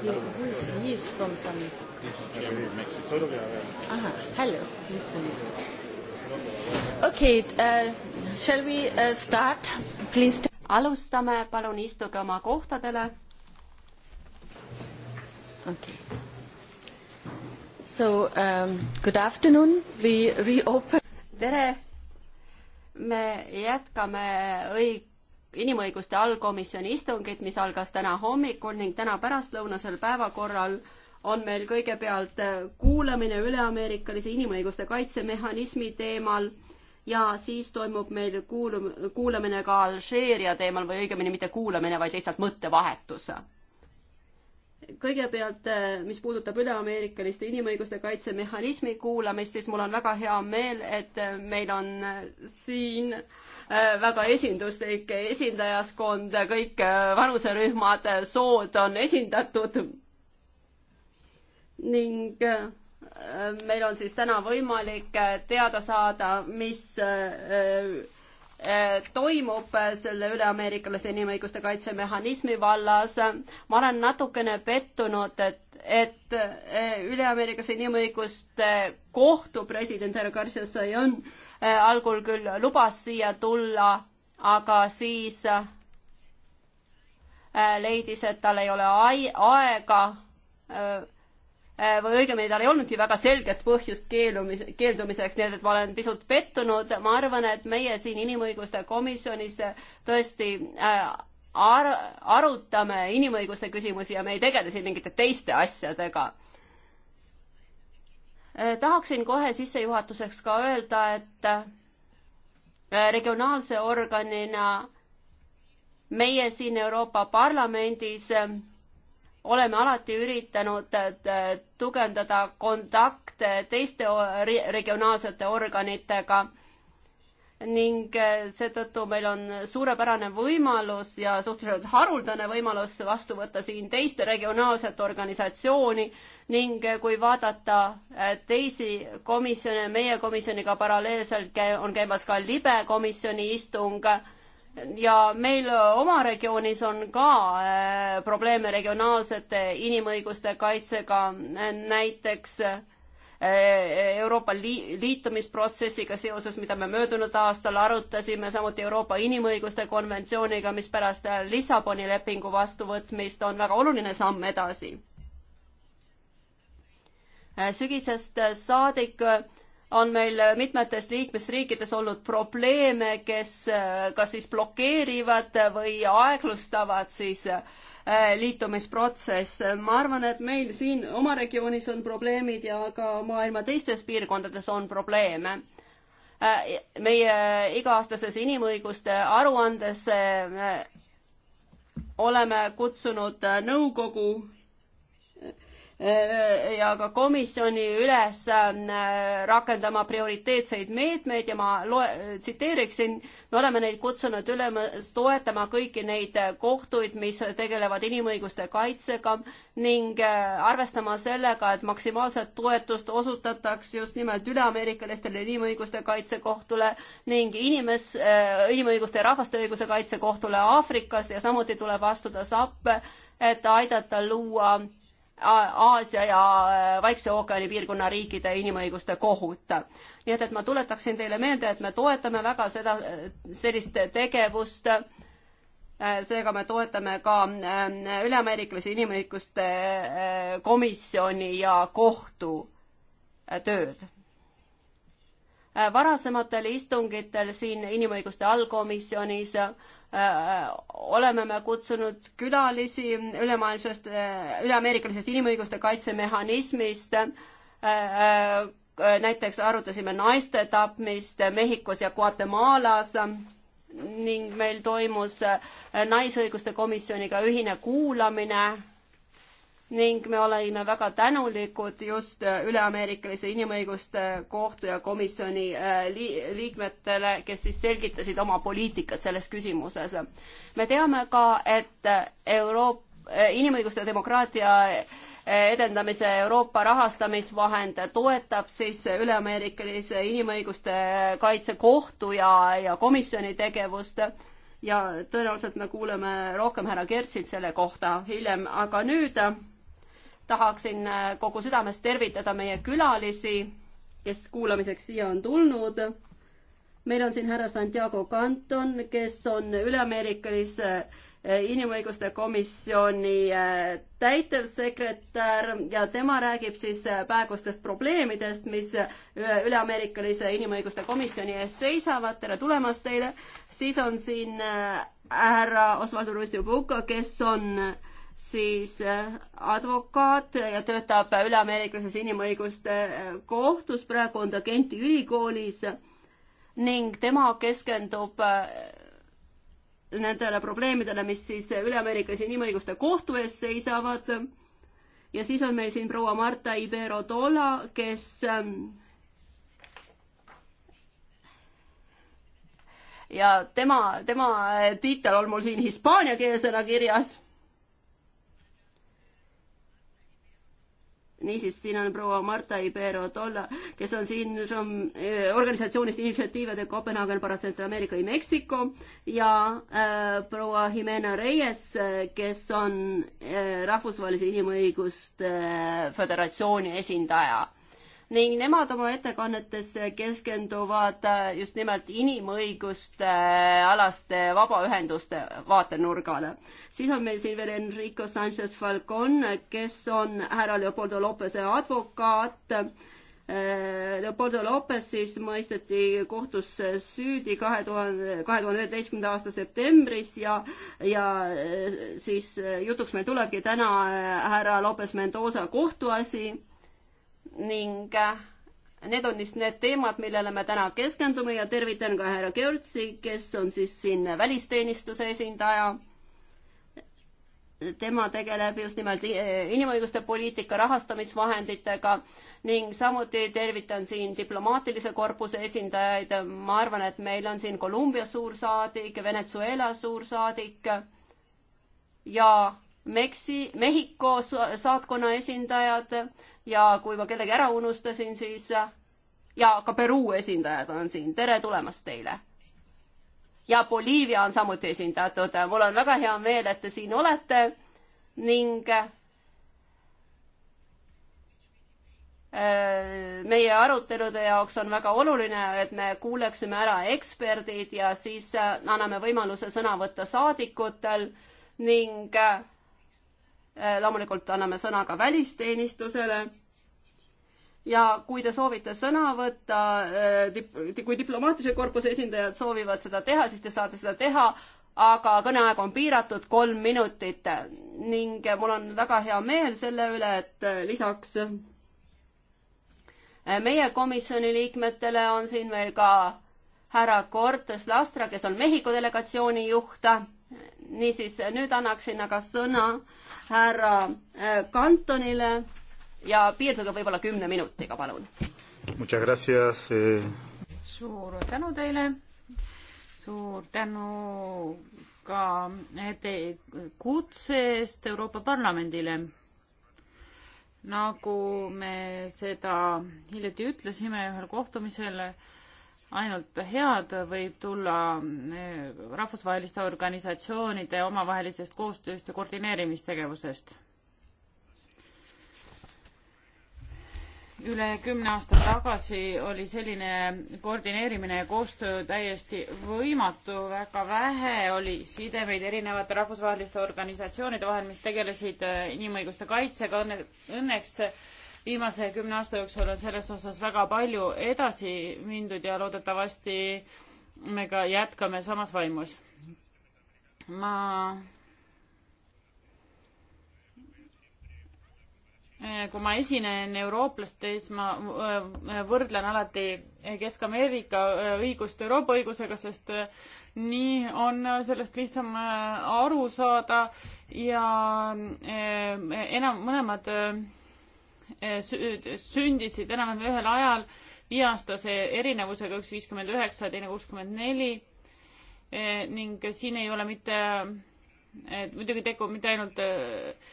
He is from some. Aha, hello, Mr. Okay, uh, shall we uh, start? Please. alustame, palun istuge oma kohtadele. Okay. So um, good afternoon, we reopen. tere, me jätkame õig-, inimõiguste allkomisjoni istungit, mis algas täna hommikul ning täna pärastlõunasel päevakorral on meil kõigepealt kuulamine üleameerikalise inimõiguste kaitsemehhanismi teemal ja siis toimub meil kuulum-, kuulamine ka Alžeeria teemal või õigemini mitte kuulamine, vaid lihtsalt mõttevahetus kõigepealt, äh, mis puudutab üleameerikaliste inimõiguste kaitsemehhanismi kuulamist, siis mul on väga hea meel, et äh, meil on äh, siin väga esinduslik esindajaskond, kõik vanuserühmad, sood on esindatud. ning meil on siis täna võimalik teada saada, mis Äh, toimub selle üleameerikalise inimõiguste kaitsemehhanismi vallas. ma olen natukene pettunud, et, et äh, üleameerikalise inimõiguste kohtu president härra Garcias Sajon äh, algul küll lubas siia tulla, aga siis leidis, et tal ei ole aega Äh, või õigemini tal ei olnudki väga selget põhjust keelumis, keeldumiseks, nii et ma olen pisut pettunud, ma arvan, et meie siin inimõiguste komisjonis tõesti äh, ar-, arutame inimõiguste küsimusi ja me ei tegele siin mingite teiste asjadega. Äh, tahaksin kohe sissejuhatuseks ka öelda, et regionaalse organina meie siin Euroopa Parlamendis oleme alati üritanud tugevdada kontakte teiste regionaalsete organitega ning eh, seetõttu meil on suurepärane võimalus ja suhteliselt haruldane võimalus vastu võtta siin teist regionaalset organisatsiooni ning eh, kui vaadata eh, teisi komisjone, meie komisjoniga paralleelselt on käimas ka libe komisjoni istung ja meil äh, oma regioonis on ka äh, probleeme regionaalsete inimõiguste kaitsega, äh, näiteks Euroopa liitumisprotsessiga seoses, mida me möödunud aastal arutasime, samuti Euroopa inimõiguste konventsiooniga, mis pärast Lissaboni lepingu vastuvõtmist on väga oluline samm edasi. sügisest saadik on meil mitmetes liikmesriikides olnud probleeme, kes äh, kas siis blokeerivad või aeglustavad siis äh, liitumisprotsess. ma arvan, et meil siin oma regioonis on probleemid ja ka maailma teistes piirkondades on probleeme. Äh, meie iga-aastases inimõiguste aruandes oleme kutsunud nõukogu Äh, ja ka komisjoni üles äh, rakendama prioriteetseid meetmeid ja ma loe-, tsiteeriksin, me oleme neid kutsunud üles toetama kõiki neid kohtuid, mis tegelevad inimõiguste kaitsega ning äh, arvestama sellega, et maksimaalset toetust osutataks just nimelt üleameerikalistele inimõiguste kaitsekohtule ning inimes-, inimõiguste ja rahvaste õiguse kaitsekohtule Aafrikas ja samuti tuleb astuda sappe, et aidata luua Aasia ja äh, Vaikse ookeani piirkonna riikide inimõiguste kohut. nii et, et ma tuletaksin teile meelde, et me toetame väga seda, äh, sellist tegevust, äh, seega me toetame ka Üle-Ameeriklase Inimõiguste Komisjoni ja kohtu tööd. varasematel istungitel siin inimõiguste allkomisjonis Äh, äh, oleme me kutsunud külalisi ülemaailmsest, äh, üleameerikalisest inimõiguste kaitsemehhanismist. näiteks arutasime naiste tapmist Mehhikos ja Guatemalas ning meil toimus naisõiguste komisjoniga ühine kuulamine ning me oleme väga tänulikud just Üle-Ameerikalise Inimõiguste Kohtu ja komisjoni äh, liikmetele, kes siis selgitasid oma poliitikat selles küsimuses. me teame ka, et Euroop-, äh, inimõiguste ja demokraatia äh, edendamise Euroopa rahastamisvahend toetab siis Üle-Ameerikalise Inimõiguste Kaitsekohtu ja, ja komisjoni tegevust ja tõenäoliselt me kuuleme rohkem härra Kertsit selle kohta hiljem, aga nüüd tahaksin äh, kogu südamest tervitada meie külalisi, kes kuulamiseks siia on tulnud. meil on siin härra Santiago Canton, kes on Üle-Ameerikalise äh, inimõiguste komisjoni äh, täitevsekretär ja tema räägib siis praegustest probleemidest, mis üle-ameerikalise inimõiguste komisjoni ees seisavad. tere tulemast teile. siis on siin härra Osvaldo Ruiz-Dubuca, kes on äh, siis äh, advokaat äh, ja töötab Üle-Ameeriklises Inimõiguste äh, Kohtus, praegu on ta Genti ülikoolis ning tema keskendub nendele probleemidele, mis siis Üle-Ameeriklise Inimõiguste Kohtu ees seisavad. ja siis on meil siin proua Marta Ibero-Tola, kes ähm, ja tema, tema tiitel on mul siin hispaaniakeelsena kirjas niisiis, siin on proua Marta Ibero Tolla, kes on siin eh, organisatsioonist Initsiatiive de Copenhagen para Centroameerika y Mexico ja äh, proua Jimena Reyes, kes on äh, rahvusvahelise inimõiguste äh, föderatsiooni esindaja ning nemad oma ettekannetes keskenduvad äh, just nimelt inimõiguste äh, alaste vabaühenduste vaatenurgale. siis on meil siin veel Enrico Sanchez Falcon, kes on härra Leopoldo Lopese advokaat äh, Leopoldo Lopes siis mõisteti kohtusse süüdi kahe tuhande, kahe tuhande üheteistkümnenda aasta septembris ja, ja siis jutuks meil tulebki täna härra Lopes Mendoza kohtuasi ning äh, need on siis need teemad, millele me täna keskendume ja tervitan ka härra Kertsi, kes on siis siin välisteenistuse esindaja. tema tegeleb just nimelt äh, inimõiguste poliitika rahastamisvahenditega ning samuti tervitan siin diplomaatilise korpuse esindajaid. ma arvan, et meil on siin Kolumbia suursaadik, Venezuela suursaadik ja Meksi, Mehhiko saatkonna esindajad ja kui ma kellegi ära unustasin, siis ja ka Peruu esindajad on siin, tere tulemast teile! ja Boliivia on samuti esindatud, mul on väga hea meel, et te siin olete ning äh, meie arutelude jaoks on väga oluline, et me kuuleksime ära eksperdid ja siis äh, anname võimaluse sõna võtta saadikutel ning äh, Eh, loomulikult anname sõna ka välisteenistusele. ja kui te soovite sõna võtta, eh, kui diplomaatilise korpuse esindajad soovivad seda teha, siis te saate seda teha, aga kõneaeg on piiratud kolm minutit ning mul on väga hea meel selle üle, et eh, lisaks meie komisjoni liikmetele on siin veel ka härra Cortes Lastra, kes on Mehhiko delegatsiooni juht niisiis, nüüd annaksin aga sõna härra äh, Kantonile ja piirduge võib-olla kümne minutiga, palun. Eh. suur tänu teile, suur tänu ka eh, te kutse eest Euroopa Parlamendile. nagu me seda hiljuti ütlesime ühel kohtumisel, ainult head, võib tulla eh, rahvusvaheliste organisatsioonide omavahelisest koostööst ja koordineerimistegevusest. üle kümne aasta tagasi oli selline koordineerimine ja koostöö täiesti võimatu, väga vähe oli sidemeid erinevate rahvusvaheliste organisatsioonide vahel, mis tegelesid eh, inimõiguste kaitsega, õnneks, õnneks viimase kümne aasta jooksul on selles osas väga palju edasi mindud ja loodetavasti me ka jätkame samas vaimus. ma eh, kui ma esinen eurooplaste ees, ma eh, võrdlen alati Kesk-Ameerika eh, õigust Euroopa õigusega, sest nii on sellest lihtsam aru saada ja enam, mõlemad Eh, sündisid enam-vähem ühel ajal, viieaastase erinevusega üks viiskümmend üheksa, teine kuuskümmend neli eh, ning siin ei ole mitte, muidugi tegu mitte ainult eh,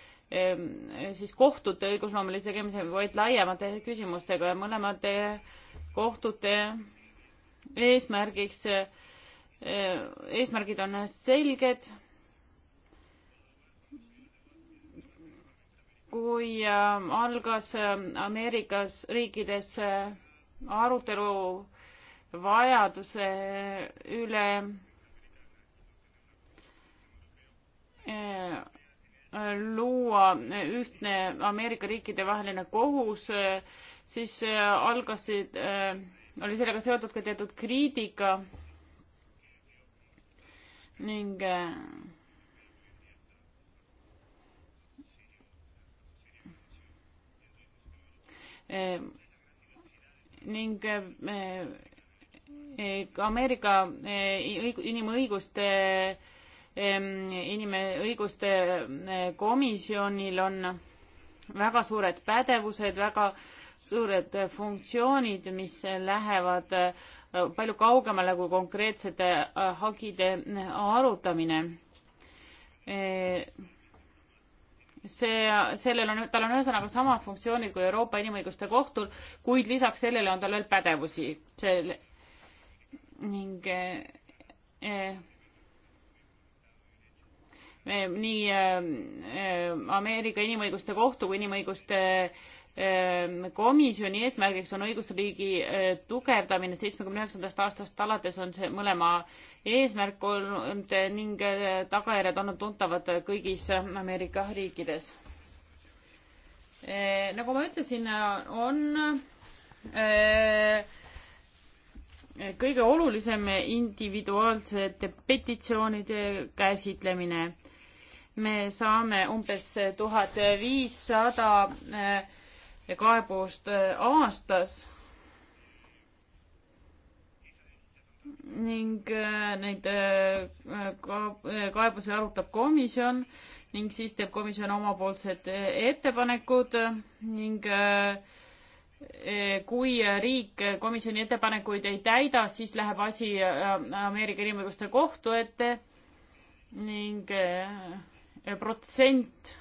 siis kohtute õigusloomelise tegemise, vaid laiemate küsimustega ja mõlemad kohtute eesmärgiks, eesmärgid on selged kui äh, algas äh, Ameerikas riikides äh, arutelu vajaduse üle luua ühtne Ameerika riikide vaheline kohus, siis algasid, oli sellega seotud ka teatud kriitika ning Ehm, ning ehm, ehm, Ameerika inimõiguste inimõiguste komisjonil on väga suured pädevused, väga suured funktsioonid, mis lähevad palju kaugemale kui konkreetsete äh, hagide arutamine see, sellel on, tal on ühesõnaga samad funktsioonid kui Euroopa Inimõiguste Kohtul, kuid lisaks sellele on tal veel pädevusi selle ning eh, eh, eh nii eh, eh, Ameerika Inimõiguste Kohtu kui Inimõiguste eh, Ehm, komisjoni eesmärgiks on õigusriigi eh, tugevdamine seitsmekümne üheksandast aastast alates on see mõlema eesmärk olnud eh, ning eh, tagajärjed on tuntavad kõigis Ameerika riikides. nagu ma ütlesin, on kõige olulisem individuaalsete petitsioonide käsitlemine. me saame umbes tuhat viissada kaebust äh, aastas. ning äh, neid äh, kaebusi arutab komisjon ning siis teeb komisjon omapoolsed ettepanekud ning kui riik komisjoni ettepanekuid ei täida, siis läheb asi Ameerika Inimõiguste Kohtu ette ning protsent,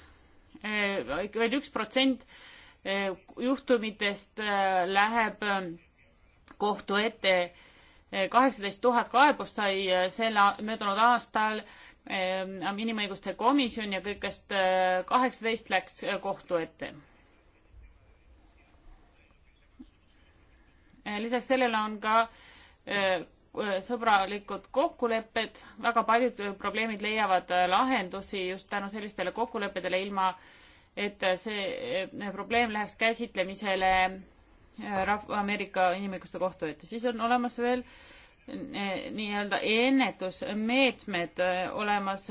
vaid üks protsent juhtumitest äh, läheb ähm, kohtu ette äh, kaheksateist tuhat kaebust sai äh, selle möödunud aastal ähm, inimõiguste komisjon ja kõigest kaheksateist läks kohtu ette. lisaks sellele on ka sõbralikud kokkulepped, väga paljud probleemid leiavad lahendusi just tänu sellistele kokkulepetele ilma äh, et see probleem läheks käsitlemisele äh, rahva, Ameerika Inimõiguste Kohtu ette, siis on olemas veel äh, nii-öelda ennetusmeetmed äh, olemas,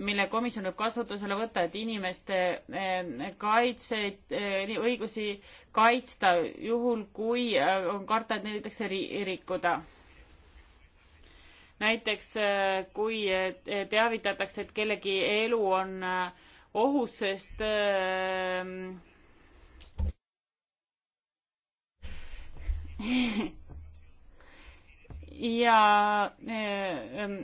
mille komisjon võib kasutusele võtta, et inimeste kaitseid, õigusi kaitsta juhul, kui on karta, et neid võidakse rikkuda. näiteks kui teavitatakse, et kellegi elu on äh, ohus, sest ähm, ja ähm,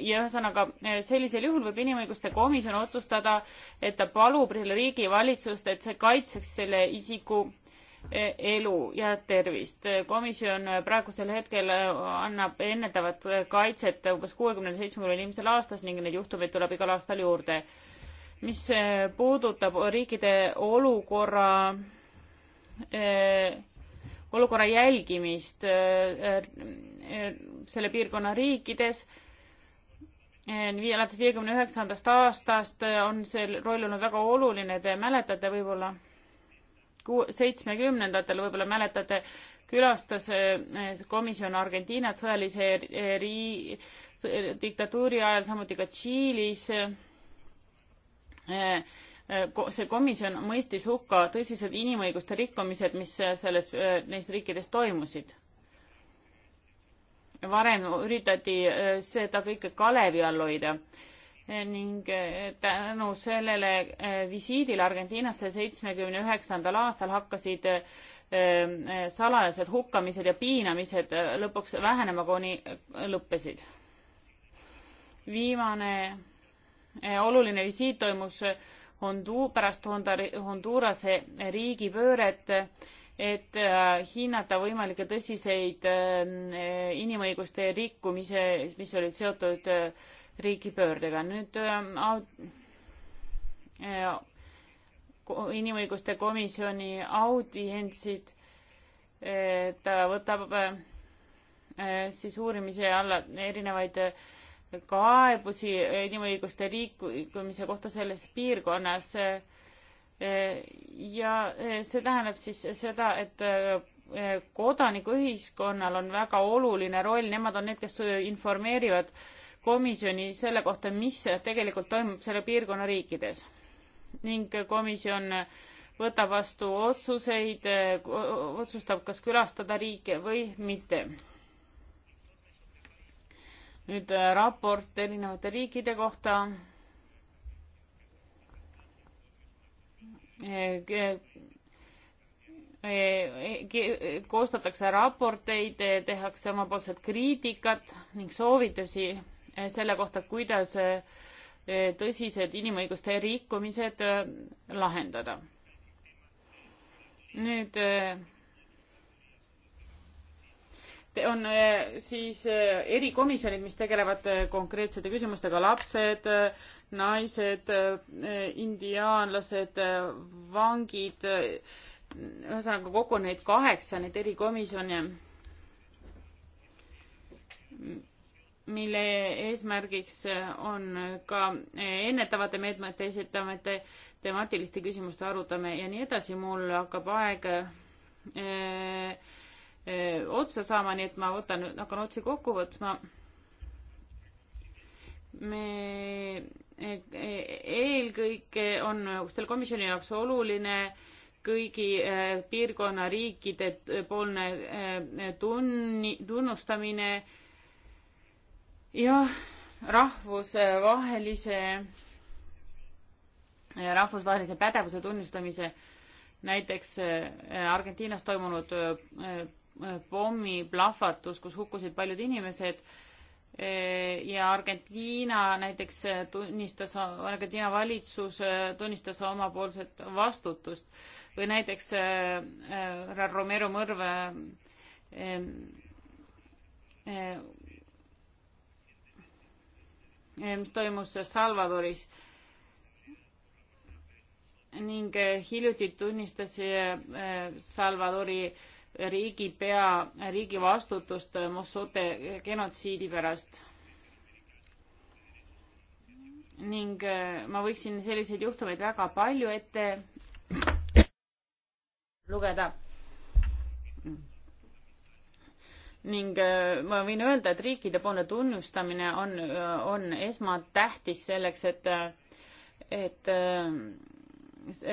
ja ühesõnaga sellisel juhul võib inimõiguste komisjon otsustada, et ta palub riigi valitsust, et see kaitseks selle isiku e, elu ja tervist. komisjon praegusel hetkel annab ennetavat kaitset umbes kuuekümnele, seitsmekümnele inimesele aastas ning neid juhtumeid tuleb igal aastal juurde mis eh, puudutab riikide olukorra, eh, olukorra jälgimist eh, selle piirkonna riikides. alates viiekümne üheksandast aastast on see roll olnud väga oluline, te mäletate võib-olla, seitsmekümnendatel võib-olla mäletate, külastas komisjon Argentiinat sõjalise rii-, diktatuuri ajal, samuti ka Tšiilis Eh, eh, see komisjon mõistis hukka tõsised inimõiguste rikkumised, mis eh, selles, neis riikides toimusid. varem üritati seda kõike kalevi all hoida ning tänu sellele visiidile Argentiinasse seitsmekümne üheksandal aastal hakkasid salajased hukkamised ja piinamised lõpuks vähenema, kuni lõppesid. viimane Eh, oluline visiit toimus eh, Hondu-, pärast Hondari-, Hondurase riigipööret, et eh, hinnata võimalikke tõsiseid inimõiguste rikkumise, mis olid seotud riigipöördega. nüüd inimõiguste komisjoni audientsid, ta võtab siis uurimise alla erinevaid kaebusi inimõiguste liikumise kohta selles piirkonnas. ja see tähendab siis seda, et kodanikuühiskonnal on väga oluline roll, nemad on need, kes informeerivad komisjoni selle kohta, mis tegelikult toimub selle piirkonna riikides. ning komisjon võtab vastu otsuseid, otsustab, kas külastada riike või mitte nüüd äh, raport erinevate riikide kohta. Äh, äh, koostatakse raporteid, tehakse omapoolset kriitikat ning soovitusi selle kohta, kuidas tõsised inimõiguste rikkumised lahendada. nüüd on äh, siis äh, erikomisjonid, mis tegelevad äh, konkreetsete küsimustega, lapsed, naised, indiaanlased, vangid, ühesõnaga kokku on neid kaheksa, neid erikomisjone, mille eesmärgiks on ka ennetavate meetmete esitamine, temaatiliste küsimuste arutamine ja nii edasi. mul hakkab aeg äh, Eh, otsa saama, nii et ma võtan, hakkan otsi kokku võtma. me e, e, eelkõige on selle komisjoni jaoks oluline kõigi eh, piirkonna riikide eh, poolne tunni, tunnustamine ja rahvusvahelise, rahvusvahelise pädevuse tunnustamise näiteks Argentiinas toimunud pommiplahvatus, kus hukkusid paljud inimesed ja Argentiina näiteks tunnistas, Argentiina valitsus tunnistas omapoolset vastutust või näiteks äh, härra Romero mõrv äh, äh, mis toimus Salvadoris ning hiljuti tunnistas Salvadori äh, riigipea, riigi vastutust Mossode genotsiidi pärast. ning äh, ma võiksin selliseid juhtumeid väga palju ette lugeda. ning äh, ma võin öelda, et riikidepoolne tunnustamine on, äh, on esmatähtis selleks, et, et,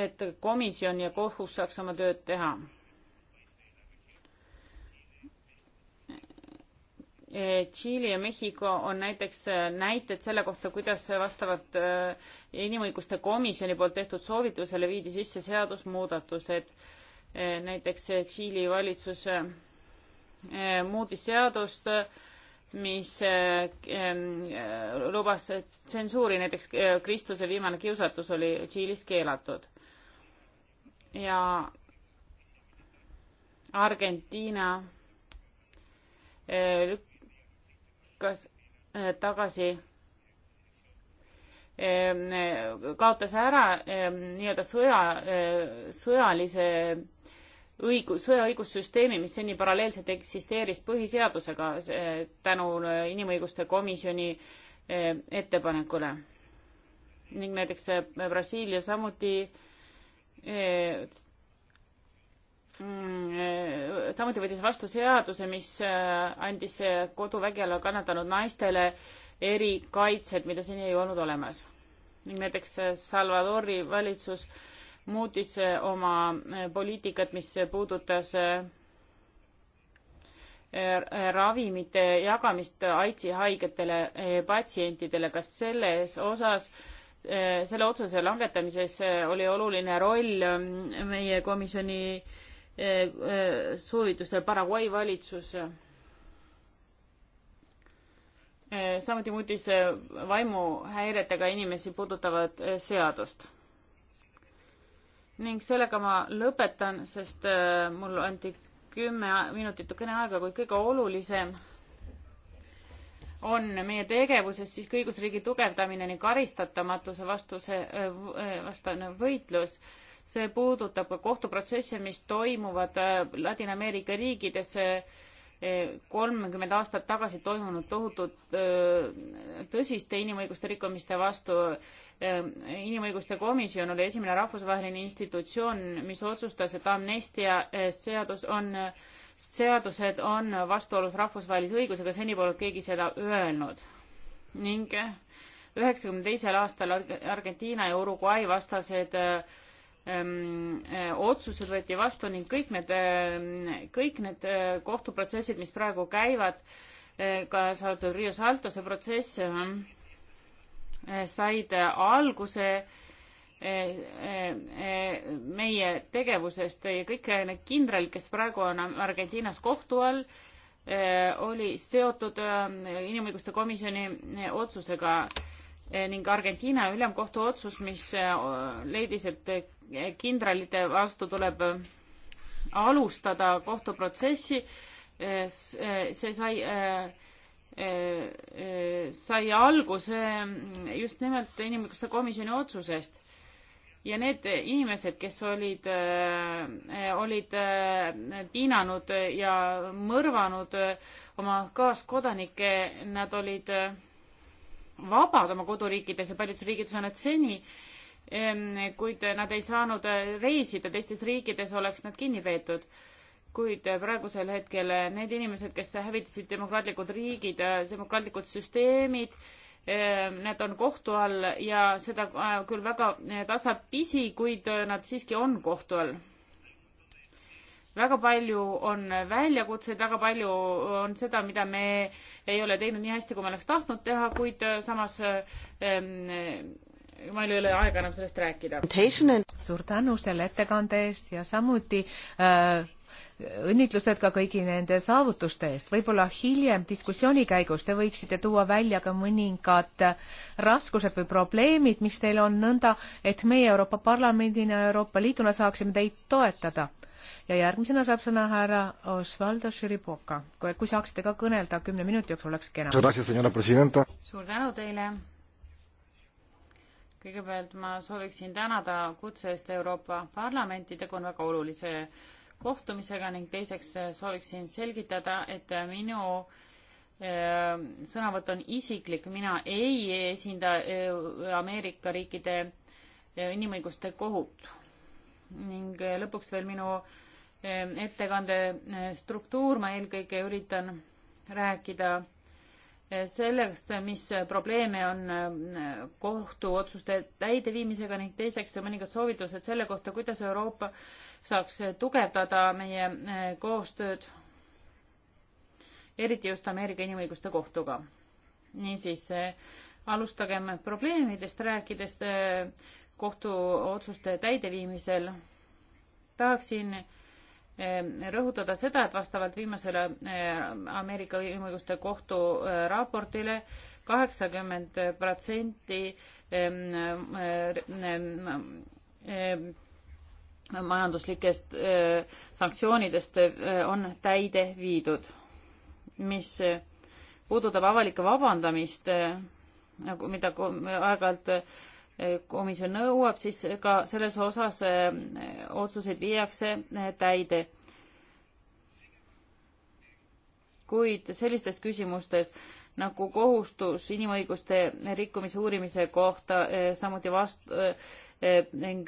et komisjon ja kohus saaks oma tööd teha Tšiili eh, ja Mehhiko on näiteks eh, näited selle kohta, kuidas vastavalt eh, inimõiguste komisjoni poolt tehtud soovitusele viidi sisse seadusmuudatused. näiteks Tšiili valitsus muutis seadust, mis lubas tsensuuri, näiteks Kristuse viimane kiusatus oli Tšiilis keelatud. ja Argentiina lükk-, lükkas äh, tagasi, ähm, äh, kaotas ära ähm, nii-öelda sõja, äh, sõjalise õigus, sõjaõigussüsteemi, mis seni paralleelselt eksisteeris põhiseadusega tänu Inimõiguste Komisjoni ettepanekule. ning näiteks Brasiilia samuti Mm, eh, samuti võttis vastu seaduse, mis eh, andis eh, koduvägijale kannatanud naistele erikaitsed, mida seni ei olnud olemas. ning näiteks Salvadori valitsus muutis oma poliitikat, mis puudutas ravimite jagamist AIDSi haigetele patsientidele, kas selles osas selle otsuse langetamises oli oluline roll mm, meie komisjoni äh, Eh, soovitustel Paraguay valitsus. Eh, samuti muutis eh, vaimuhäiretega inimesi puudutavat seadust. ning sellega ma lõpetan, sest mul anti kümme minutit kõneaega, kuid kõige olulisem on meie tegevuses siiski õigusriigi tugevdamine ning karistatamatuse vastuse, vastane võitlus see puudutab kohtuprotsesse, mis toimuvad äh, Ladina-Ameerika riikides äh, kolmkümmend aastat tagasi toimunud tohutut äh, tõsiste inimõiguste rikkumiste vastu. inimõiguste komisjon oli esimene rahvusvaheline institutsioon, mis otsustas, et amnestia seadus on, seadused on vastuolus rahvusvahelise õigusega, seni polnud keegi seda öelnud. ning üheksakümne teisel aastal Argentiina ja Uruguay vastased äh, Ehm, eh, otsused võeti vastu ning kõik need, ehm, kõik need eh, kohtuprotsessid, mis praegu käivad, eh, kaasa arvatud Rios Alto see protsess, said alguse meie tegevusest ja kõik need kindralid, kes praegu on Argentiinas kohtu all, oli seotud ehm, inimõiguste komisjoni otsusega Eh, ning Argentiina ülemkohtu otsus, mis eh, leidis, et eh, kindralite vastu tuleb alustada kohtuprotsessi, see sai, sai alguse mm, just nimelt inimõiguste komisjoni otsusest. ja need inimesed, kes olid, olid piinanud ja mõrvanud oma kaaskodanikke, nad olid vabad oma koduriikides ja paljudes riigides on nad seni, ehm, kuid nad ei saanud reisida, teistes riikides oleks nad kinni peetud. kuid praegusel hetkel need inimesed, kes hävitasid demokraatlikud riigid, demokraatlikud süsteemid, ehm, need on kohtu all ja seda äh, küll väga eh, tasapisi, kuid nad siiski on kohtu all väga palju on väljakutseid, väga palju on seda, mida me ei ole teinud nii hästi, kui me oleks tahtnud teha, kuid äh, samas ähm, meil ei ole aega enam sellest rääkida. suur tänu selle ettekande eest ja samuti äh, õnnitlused ka kõigi nende saavutuste eest. võib-olla hiljem diskussiooni käigus te võiksite tuua välja ka mõningad äh, raskused või probleemid, mis teil on nõnda, et meie Euroopa Parlamendina ja Euroopa Liiduna saaksime teid toetada ja järgmisena saab sõna härra Osvaldo Širipoka. kui saaksite ka kõnelda kümne minuti jooksul, oleks kena. suur tänu teile. kõigepealt ma sooviksin tänada kutse eest Euroopa Parlamenti, tegu on väga olulise kohtumisega ning teiseks eh, sooviksin selgitada, et eh, minu eh, sõnavõtt on isiklik, mina ei esinda Ameerika riikide inimõiguste kohut ning eh, lõpuks veel minu eh, ettekande eh, struktuur, ma eelkõige üritan rääkida sellest, mis probleeme on kohtuotsuste täideviimisega ning teiseks mõningad soovitused selle kohta, kuidas Euroopa saaks tugevdada meie koostööd, eriti just Ameerika Inimõiguste Kohtuga. niisiis, alustagem probleemidest rääkides kohtuotsuste täideviimisel. tahaksin eh, rõhutada seda, et vastavalt viimasele eh, Ameerika Inimõiguste Kohtu eh, raportile kaheksakümmend protsenti majanduslikest sanktsioonidest on täide viidud. mis puudutab avalikke vabandamist, nagu, mida aeg-ajalt komisjon nõuab, siis ka selles osas eh, otsuseid viiakse eh, täide. kuid sellistes küsimustes nagu kohustus inimõiguste rikkumise uurimise kohta, eh, samuti vast- ning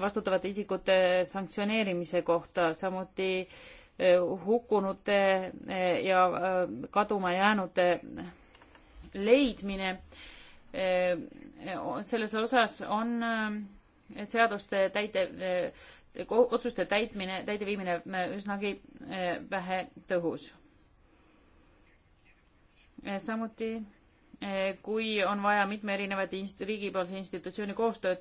vastutavate isikute sanktsioneerimise kohta, samuti hukkunute ja kaduma jäänute leidmine selles osas on äh, seaduste täide, äh, otsuste täitmine, täideviimine äh, üsnagi vähe tõhus. samuti kui on vaja mitme erineva inst-, riigipoolse institutsiooni koostööd,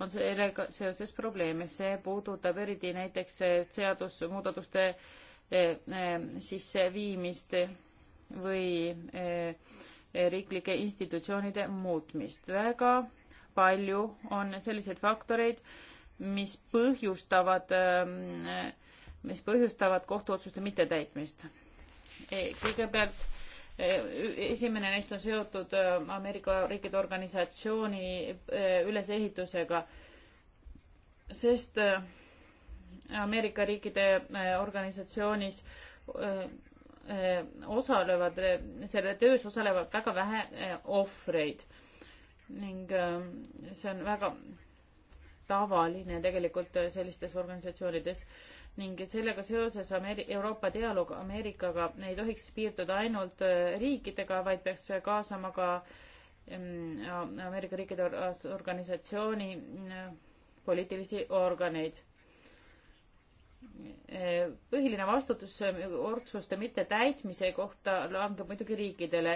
on sellega seoses probleeme, see puudutab eriti näiteks seadusmuudatuste sisseviimist või riiklike institutsioonide muutmist. väga palju on selliseid faktoreid, mis põhjustavad, ähm, mis põhjustavad kohtuotsuste mittetäitmist. E, kõigepealt e, esimene neist on seotud äh, Ameerika riikide organisatsiooni e, ülesehitusega, sest äh, Ameerika riikide äh, organisatsioonis Äh, osalevad, selle töös osalevad väga vähe äh, ohvreid. ning äh, see on väga tavaline tegelikult sellistes organisatsioonides ning sellega seoses Ameri-, Euroopa dialoog Ameerikaga ei tohiks piirduda ainult riikidega, vaid peaks kaasama ka mm, Ameerika riikide organisatsiooni mm, poliitilisi organeid põhiline vastutus otsuste mittetäitmise kohta langeb muidugi riikidele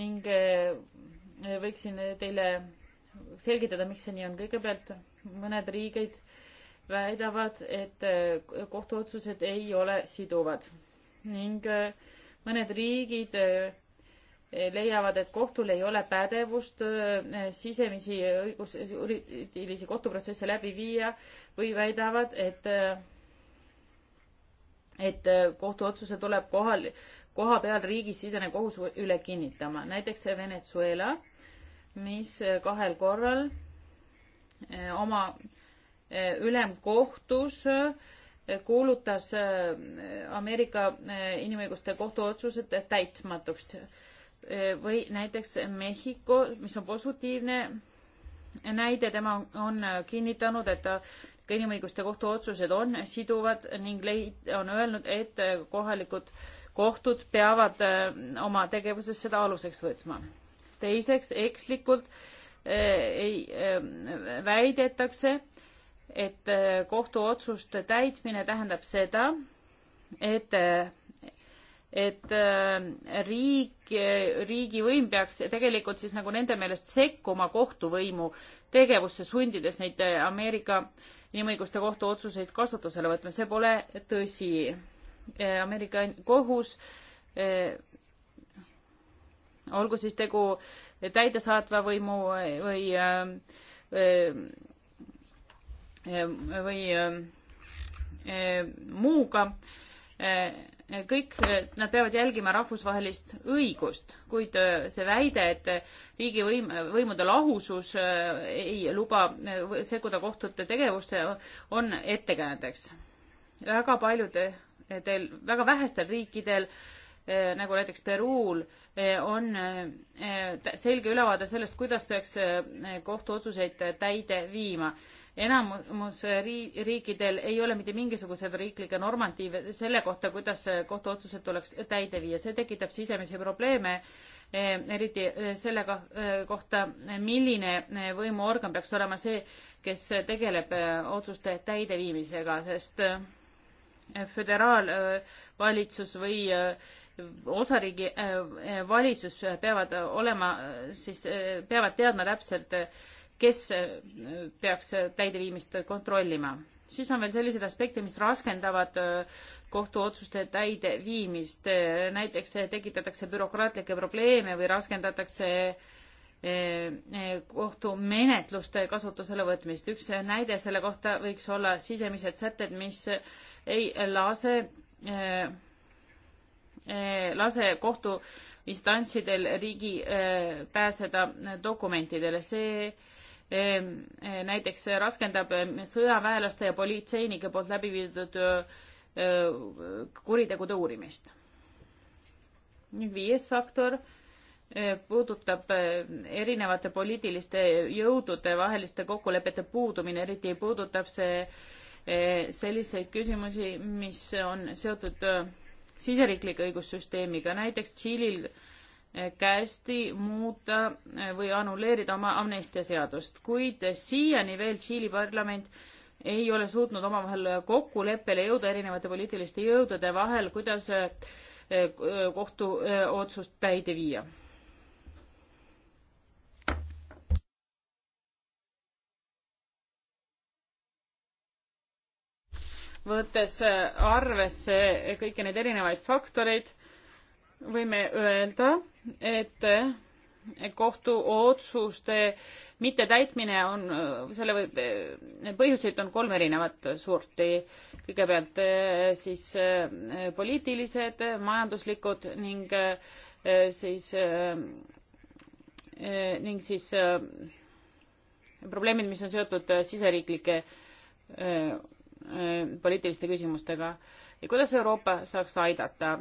ning eh, võiksin teile selgitada, miks see nii on. kõigepealt mõned riigid väidavad, et eh, kohtuotsused ei ole siduvad ning eh, mõned riigid leiavad, et kohtul ei ole pädevust sisemisi õigus, juriidilisi kohtuprotsesse läbi viia või väidavad, et et äh, kohtuotsuse tuleb kohal, koha peal riigisisene kohus üle kinnitama, näiteks Venezuela, mis äh, kahel korral äh, oma ülemkohtus kuulutas Ameerika Inimõiguste Kohtu otsused täitmatuks. või näiteks Mehhiko, mis on positiivne näide, tema on kinnitanud, et ta ka inimõiguste kohtu otsused on siduvad ning leid-, on öelnud, et kohalikud kohtud peavad äh, oma tegevuses seda aluseks võtma. teiseks, ekslikult äh, ei äh, väidetakse, et kohtuotsuste täitmine tähendab seda, et et riik, riigivõim peaks tegelikult siis nagu nende meelest sekkuma kohtuvõimu tegevusse, sundides neid Ameerika äh, inimõiguste kohtu otsuseid kasutusele võtma, see pole tõsi. E, Ameerika kohus, e, olgu siis tegu täidesaatva võimu või, e, või, või muuga, kõik nad peavad jälgima rahvusvahelist õigust, kuid äh, see väide, et äh, riigivõim, võimude lahusus äh, ei luba sekkuda kohtute tegevusse, on ettekäändeks. väga paljudel, väga vähestel riikidel nagu näiteks Peruul on selge ülevaade sellest, kuidas peaks kohtuotsuseid täide viima enamus riikidel ei ole mitte mingisuguseid riiklikke normatiive selle kohta, kuidas kohtuotsused tuleks täide viia, see tekitab sisemisi probleeme, eh, eriti eh, selle eh, kohta, milline võimuorgan peaks olema see, kes tegeleb otsuste täideviimisega, sest föderaalvalitsus või osariigi valitsus peavad olema siis, peavad teadma täpselt, kes äh, peaks täideviimist kontrollima. siis on veel sellised aspektid, mis raskendavad äh, kohtuotsuste täideviimist, näiteks tekitatakse bürokraatlikke probleeme või raskendatakse äh, kohtumenetluste kasutusele võtmist. üks näide selle kohta võiks olla sisemised sätted, mis ei lase lase kohtuinstantsidel riigi pääseda dokumentidele. see Ehm, eh, näiteks raskendab eh, sõjaväelaste ja politseinike poolt läbi viidud eh, kuritegude uurimist. viies faktor puudutab erinevate poliitiliste jõudude vaheliste kokkulepete puudumine, eriti puudutab see selliseid küsimusi, mis on seotud siseriikliku õigussüsteemiga, näiteks Tšiilil kästi muuta eh, või annuleerida oma amnestiaseadust, kuid siiani veel Tšiili parlament ei ole suutnud omavahel kokkuleppele jõuda erinevate poliitiliste jõudude vahel, kuidas eh, eh, kohtuotsust täide viia. võttes arvesse kõiki neid erinevaid faktoreid, võime öelda, et kohtuotsuste mittetäitmine on, selle võib, põhjuseid on kolm erinevat sorti. kõigepealt siis poliitilised, majanduslikud ning siis, ning siis probleemid, mis on seotud siseriiklike poliitiliste küsimustega ja kuidas Euroopa saaks aidata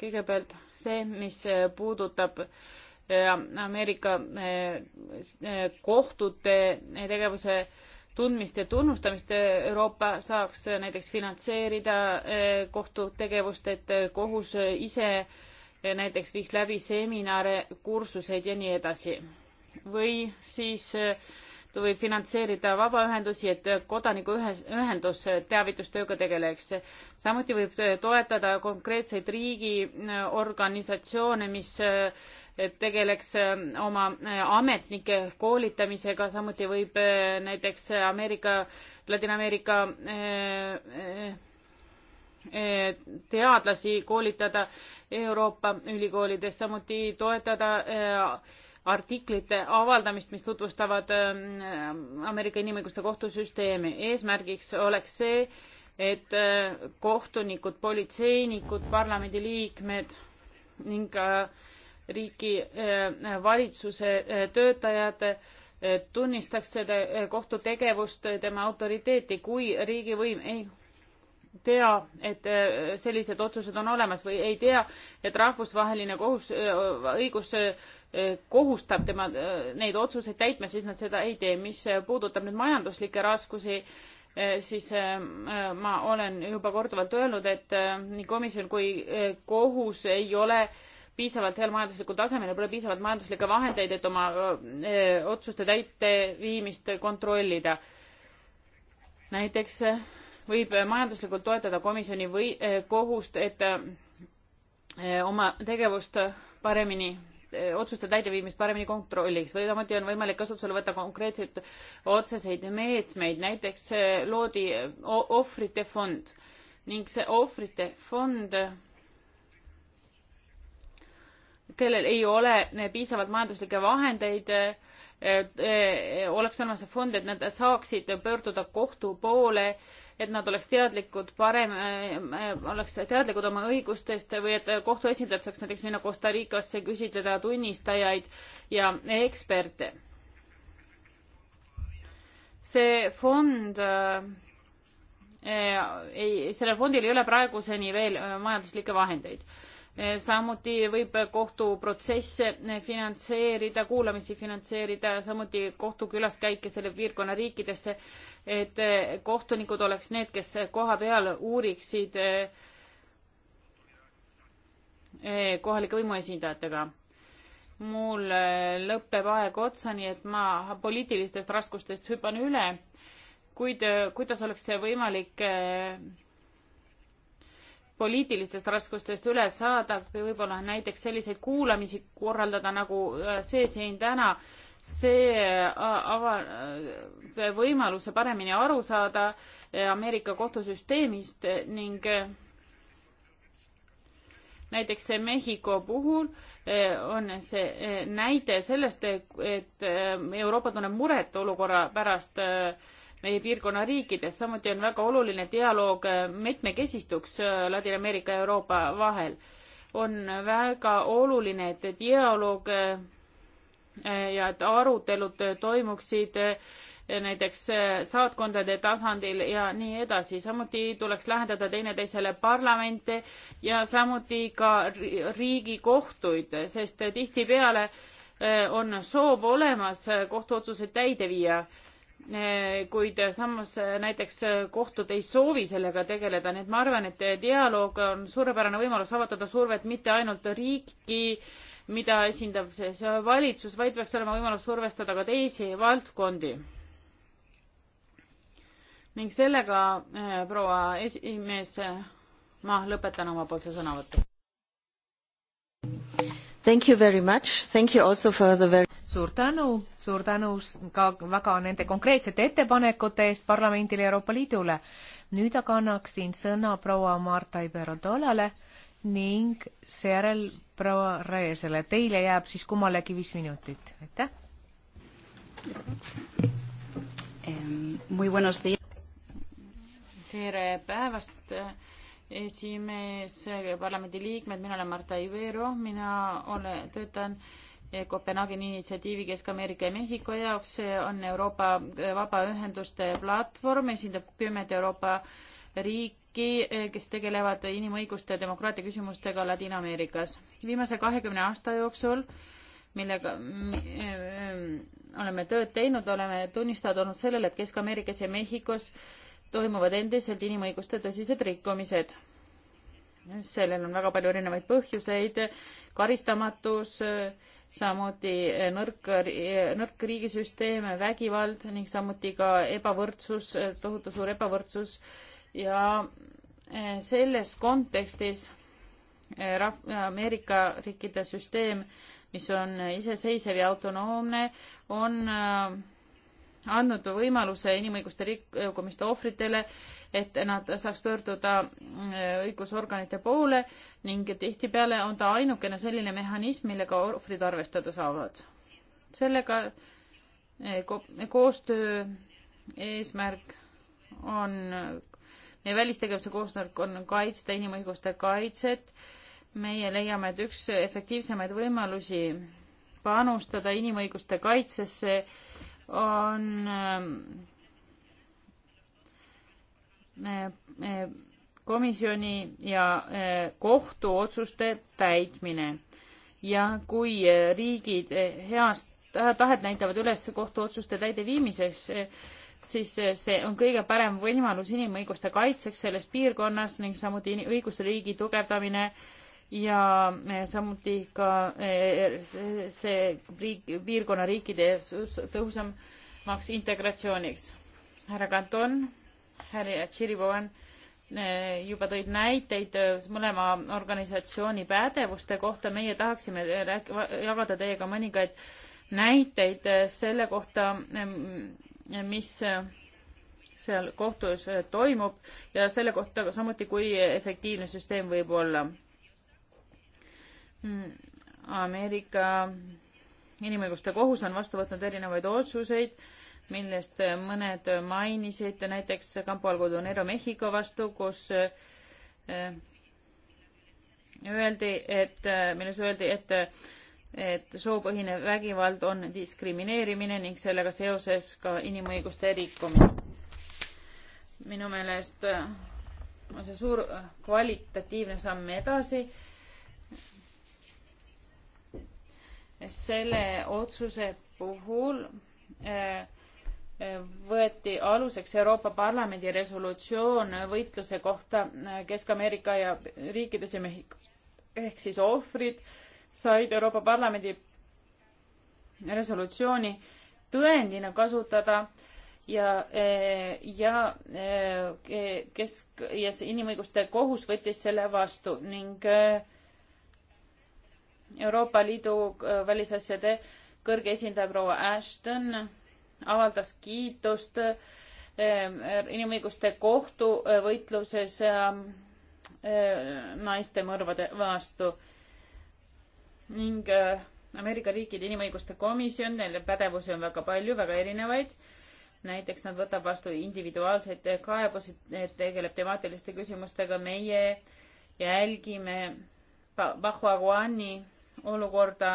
kõigepealt see, mis äh, puudutab äh, Ameerika äh, kohtute tegevuse tundmist ja tunnustamist Euroopa saaks näiteks finantseerida kohtu tegevust, et kohus ise näiteks viiks läbi seminare, kursuseid ja nii edasi. või siis äh, võib finantseerida vabaühendusi, et kodanikuühendus teavitustööga tegeleks. samuti võib toetada konkreetseid riigiorganisatsioone, mis eh, tegeleks eh, oma eh, ametnike koolitamisega, samuti võib näiteks Ameerika, Ladina-Ameerika teadlasi koolitada Euroopa ülikoolides, samuti toetada artiklite avaldamist, mis tutvustavad ähm, Ameerika Inimõiguste Kohtusüsteemi. eesmärgiks oleks see, et äh, kohtunikud, politseinikud, parlamendiliikmed ning äh, riigi äh, valitsuse töötajad tunnistaks seda kohtu tegevust, tema autoriteeti, kui riigivõim ei tea, et sellised otsused on olemas või ei tea, et rahvusvaheline kohus, õigus kohustab tema äh, neid otsuseid täitma, siis nad seda ei tee. mis puudutab nüüd majanduslikke raskusi, äh, siis äh, ma olen juba korduvalt öelnud, et nii komisjon kui kohus ei ole piisavalt heal majanduslikul tasemel ja pole piisavalt majanduslikke vahendeid, et oma otsuste täiteviimist kontrollida. näiteks võib majanduslikult toetada komisjoni või kohust, et oma tegevust paremini otsuste täideviimist paremini kontrolliks või samuti on võimalik kasutusele võtta konkreetseid otseseid meetmeid, näiteks eh, loodi ohvrite fond ning see ohvrite fond, kellel ei ole piisavalt majanduslikke vahendeid, eh, eh, oleks olemas fond, et nad saaksid pöörduda kohtu poole et nad oleks teadlikud parem äh,, oleks teadlikud oma õigustest või et kohtu esindajad saaks näiteks minna Costa Ricasse, küsitleda tunnistajaid ja eksperte. see fond äh, äh ei, sellel fondil ei ole praeguseni veel äh, majanduslikke vahendeid äh, samuti võib kohtuprotsesse finantseerida, kuulamisi finantseerida, samuti kohtukülaskäike selle piirkonna riikidesse et eh, kohtunikud oleks need, kes koha peal uuriksid eh, eh, kohalike võimuesindajatega. mul lõpeb aeg otsa, nii et ma poliitilistest raskustest hüpan üle, kuid kuidas oleks see võimalik poliitilistest raskustest üle saada või võib-olla näiteks selliseid kuulamisi korraldada, nagu see siin täna äh, see äh, ava-, äh, võimaluse paremini aru saada äh, Ameerika kohtusüsteemist ning näiteks Mehhiko puhul on see näide sellest, et Euroopa tunneb muret olukorra pärast meie piirkonna riikides, samuti on väga oluline dialoog mitmekesistuks Ladina-Ameerika ja Euroopa vahel. on väga oluline, et dialoog ja et arutelud toimuksid näiteks saatkondade tasandil ja nii edasi. samuti tuleks lähendada teineteisele parlamente ja samuti ka riigikohtuid, sest tihtipeale eh, on soov olemas kohtuotsuseid täide viia, eh, kuid samas näiteks kohtud ei soovi sellega tegeleda, nii et ma arvan, et dialoog on suurepärane võimalus avaldada survet mitte ainult riiki, mida esindab siis valitsus, vaid peaks olema võimalus survestada ka teisi valdkondi. ning sellega, äh, proua esimees, äh, ma lõpetan omapoolse sõnavõtu. Thank you very much, thank you also for the very suur tänu, suur tänu ka väga nende konkreetsete ettepanekute eest parlamendile ja Euroopa Liidule. nüüd aga annaksin sõna proua Marta Iberodolale ning seejärel proua Raesele. Teile jääb siis kummalegi viis minutit, aitäh. tere päevast, esimees, parlamendiliikmed, mina olen Marta Ivero, mina olen, töötan eh, Kopenhaageni initsiatiivi Kesk-Ameerika ja Mehhiko jaoks, see on Euroopa eh, Vabaühenduste platvorm, esindab kümmet Euroopa riiki, kõiki, eh, kes tegelevad inimõiguste ja demokraatia küsimustega Ladina-Ameerikas. viimase kahekümne aasta jooksul, millega eh, oleme tööd teinud, oleme tunnistajad olnud sellele, et Kesk-Ameerikas ja Mehhikos toimuvad endiselt inimõiguste tõsised rikkumised. sellel on väga palju erinevaid põhjuseid, karistamatus, samuti nõrk, nõrk riigisüsteem, vägivald ning samuti ka ebavõrdsus, tohutu suur ebavõrdsus äh, ja eh, selles kontekstis eh, Ameerika riikide süsteem, mis on iseseisev ja autonoomne, on eh, andnud võimaluse inimõiguste rikkumiste ohvritele, et nad saaks pöörduda õigusorganite poole ning tihtipeale on ta ainukene selline mehhanism, millega ohvrid arvestada saavad. sellega koostöö eesmärk on meie välistegevuse koostöök on kaitsta inimõiguste kaitset. meie leiame, et üks efektiivsemaid võimalusi panustada inimõiguste kaitsesse on ähm, äh, äh, komisjoni ja äh, kohtuotsuste täitmine ja kui riigid heast tahet näitavad üles kohtuotsuste täideviimises, siis see on kõige parem võimalus inimõiguste kaitseks selles piirkonnas ning samuti õiguste riigi tugevdamine ja eh, samuti ka eh, see riik, piirkonna riikide tõhusamaks integratsiooniks. härra Kanton, härra Tširibovan eh, juba tõid näiteid mõlema organisatsiooni pädevuste kohta, meie tahaksime rääk-, jagada teiega mõningaid näiteid selle kohta, mm, mis eh, seal kohtus eh, toimub ja selle kohta samuti, kui efektiivne süsteem võib olla. Mm, Ameerika inimõiguste kohus on vastu võtnud erinevaid otsuseid, millest eh, mõned mainisid, näiteks Campo Algodonero Mehhiko vastu, kus öeldi, et, milles öeldi, et et soopõhine vägivald on diskrimineerimine ning sellega seoses ka inimõiguste rikkumine. minu meelest äh, on see suur äh, kvalitatiivne samm edasi. selle otsuse puhul äh, võeti aluseks Euroopa Parlamendi resolutsioon võitluse kohta Kesk-Ameerika ja riikides ja Mehhiko ehk siis ohvrid said Euroopa Parlamendi resolutsiooni tõendina kasutada ja, eh, ja eh, kes ja see inimõiguste kohus võttis selle vastu ning eh, Euroopa Liidu välisasjade kõrge esindaja proua Ashton avaldas kiitust inimõiguste kohtu võitluses naiste mõrvade vastu ning äh, Ameerika riikide inimõiguste komisjon, neil pädevusi on väga palju, väga erinevaid. näiteks nad võtab vastu individuaalseid kaebusi, tegeleb temaatiliste küsimustega, meie jälgime Bahuaguani olukorda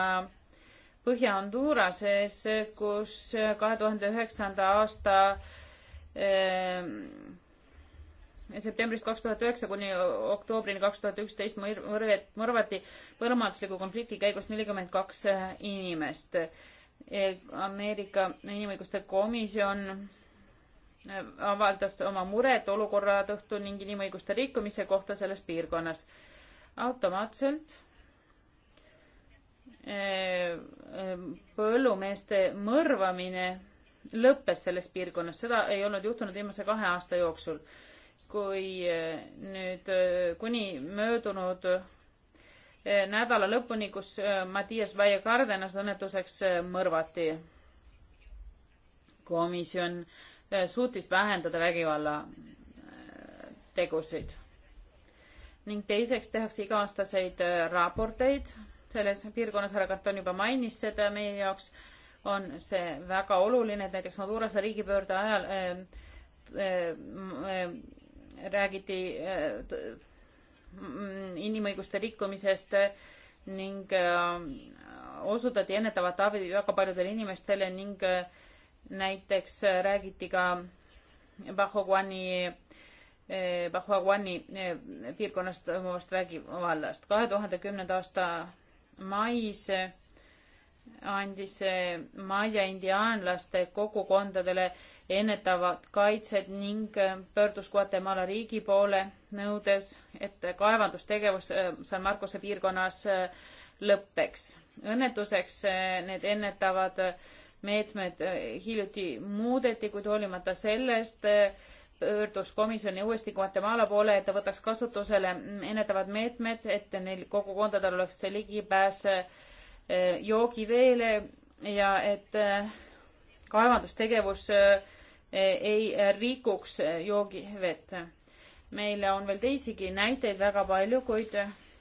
Põhja-Honduras'es, kus kahe tuhande üheksanda aasta äh, septembrist kaks tuhat üheksa kuni oktoobrini kaks tuhat üksteist mõrvet, mõrvati põllumajandusliku konflikti käigus nelikümmend kaks eh, inimest. E, Ameerika Inimõiguste Komisjon eh, avaldas oma muret olukorra tõttu ning inimõiguste rikkumise kohta selles piirkonnas. automaatselt eh, põllumeeste mõrvamine lõppes selles piirkonnas, seda ei olnud juhtunud viimase kahe aasta jooksul kui eh, nüüd eh, kuni möödunud eh, nädala lõpuni, kus Mattias Vaie Cardenas õnnetuseks mõrvati. komisjon suutis vähendada vägivalla tegusid. ning teiseks tehakse iga-aastaseid raporteid selles piirkonnas, härra Karton juba mainis seda, meie jaoks on see väga oluline, et näiteks Madurase riigipöörde ajal äh, äh, äh, räägiti äh, inimõiguste rikkumisest ning äh, osutati ennetavat abi väga paljudele inimestele ning äh, näiteks räägiti ka Bahoguani, Bahoguani piirkonnas toimuvast vägivallast. kahe tuhande kümnenda aasta mais andis Maia indiaanlaste kogukondadele ennetavat kaitset ning äh, pöördus Guatemala riigi poole, nõudes, et kaevandustegevus äh, San Marcose piirkonnas äh, lõpeks. õnnetuseks need ennetavad meetmed hiljuti muudeti, kuid hoolimata sellest pöördus komisjoni uuesti Guatemala poole, et ta võtaks kasutusele mm, ennetavad meetmed, et neil kogukondadel oleks ligipääs Eh, joogiveele eh, ja et eh, kaevandustegevus ei rikuks joogivett. meil on veel teisigi näiteid väga palju, kuid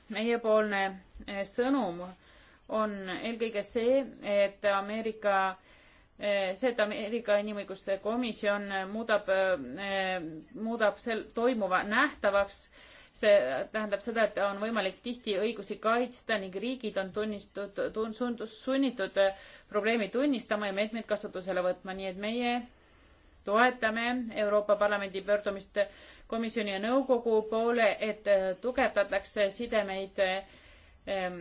meiepoolne sõnum on eelkõige see, et Ameerika, see, et Ameerika Inimõiguste Komisjon muudab, muudab sel toimuva nähtavaks see tähendab seda, et on võimalik tihti õigusi kaitsta ning riigid on tunnistatud tun,, sunnitud probleemi tunnistama ja meetmeid kasutusele võtma, nii et meie toetame Euroopa Parlamendi pöördumist komisjoni ja nõukogu poole, et tugevdatakse sidemeid ehm,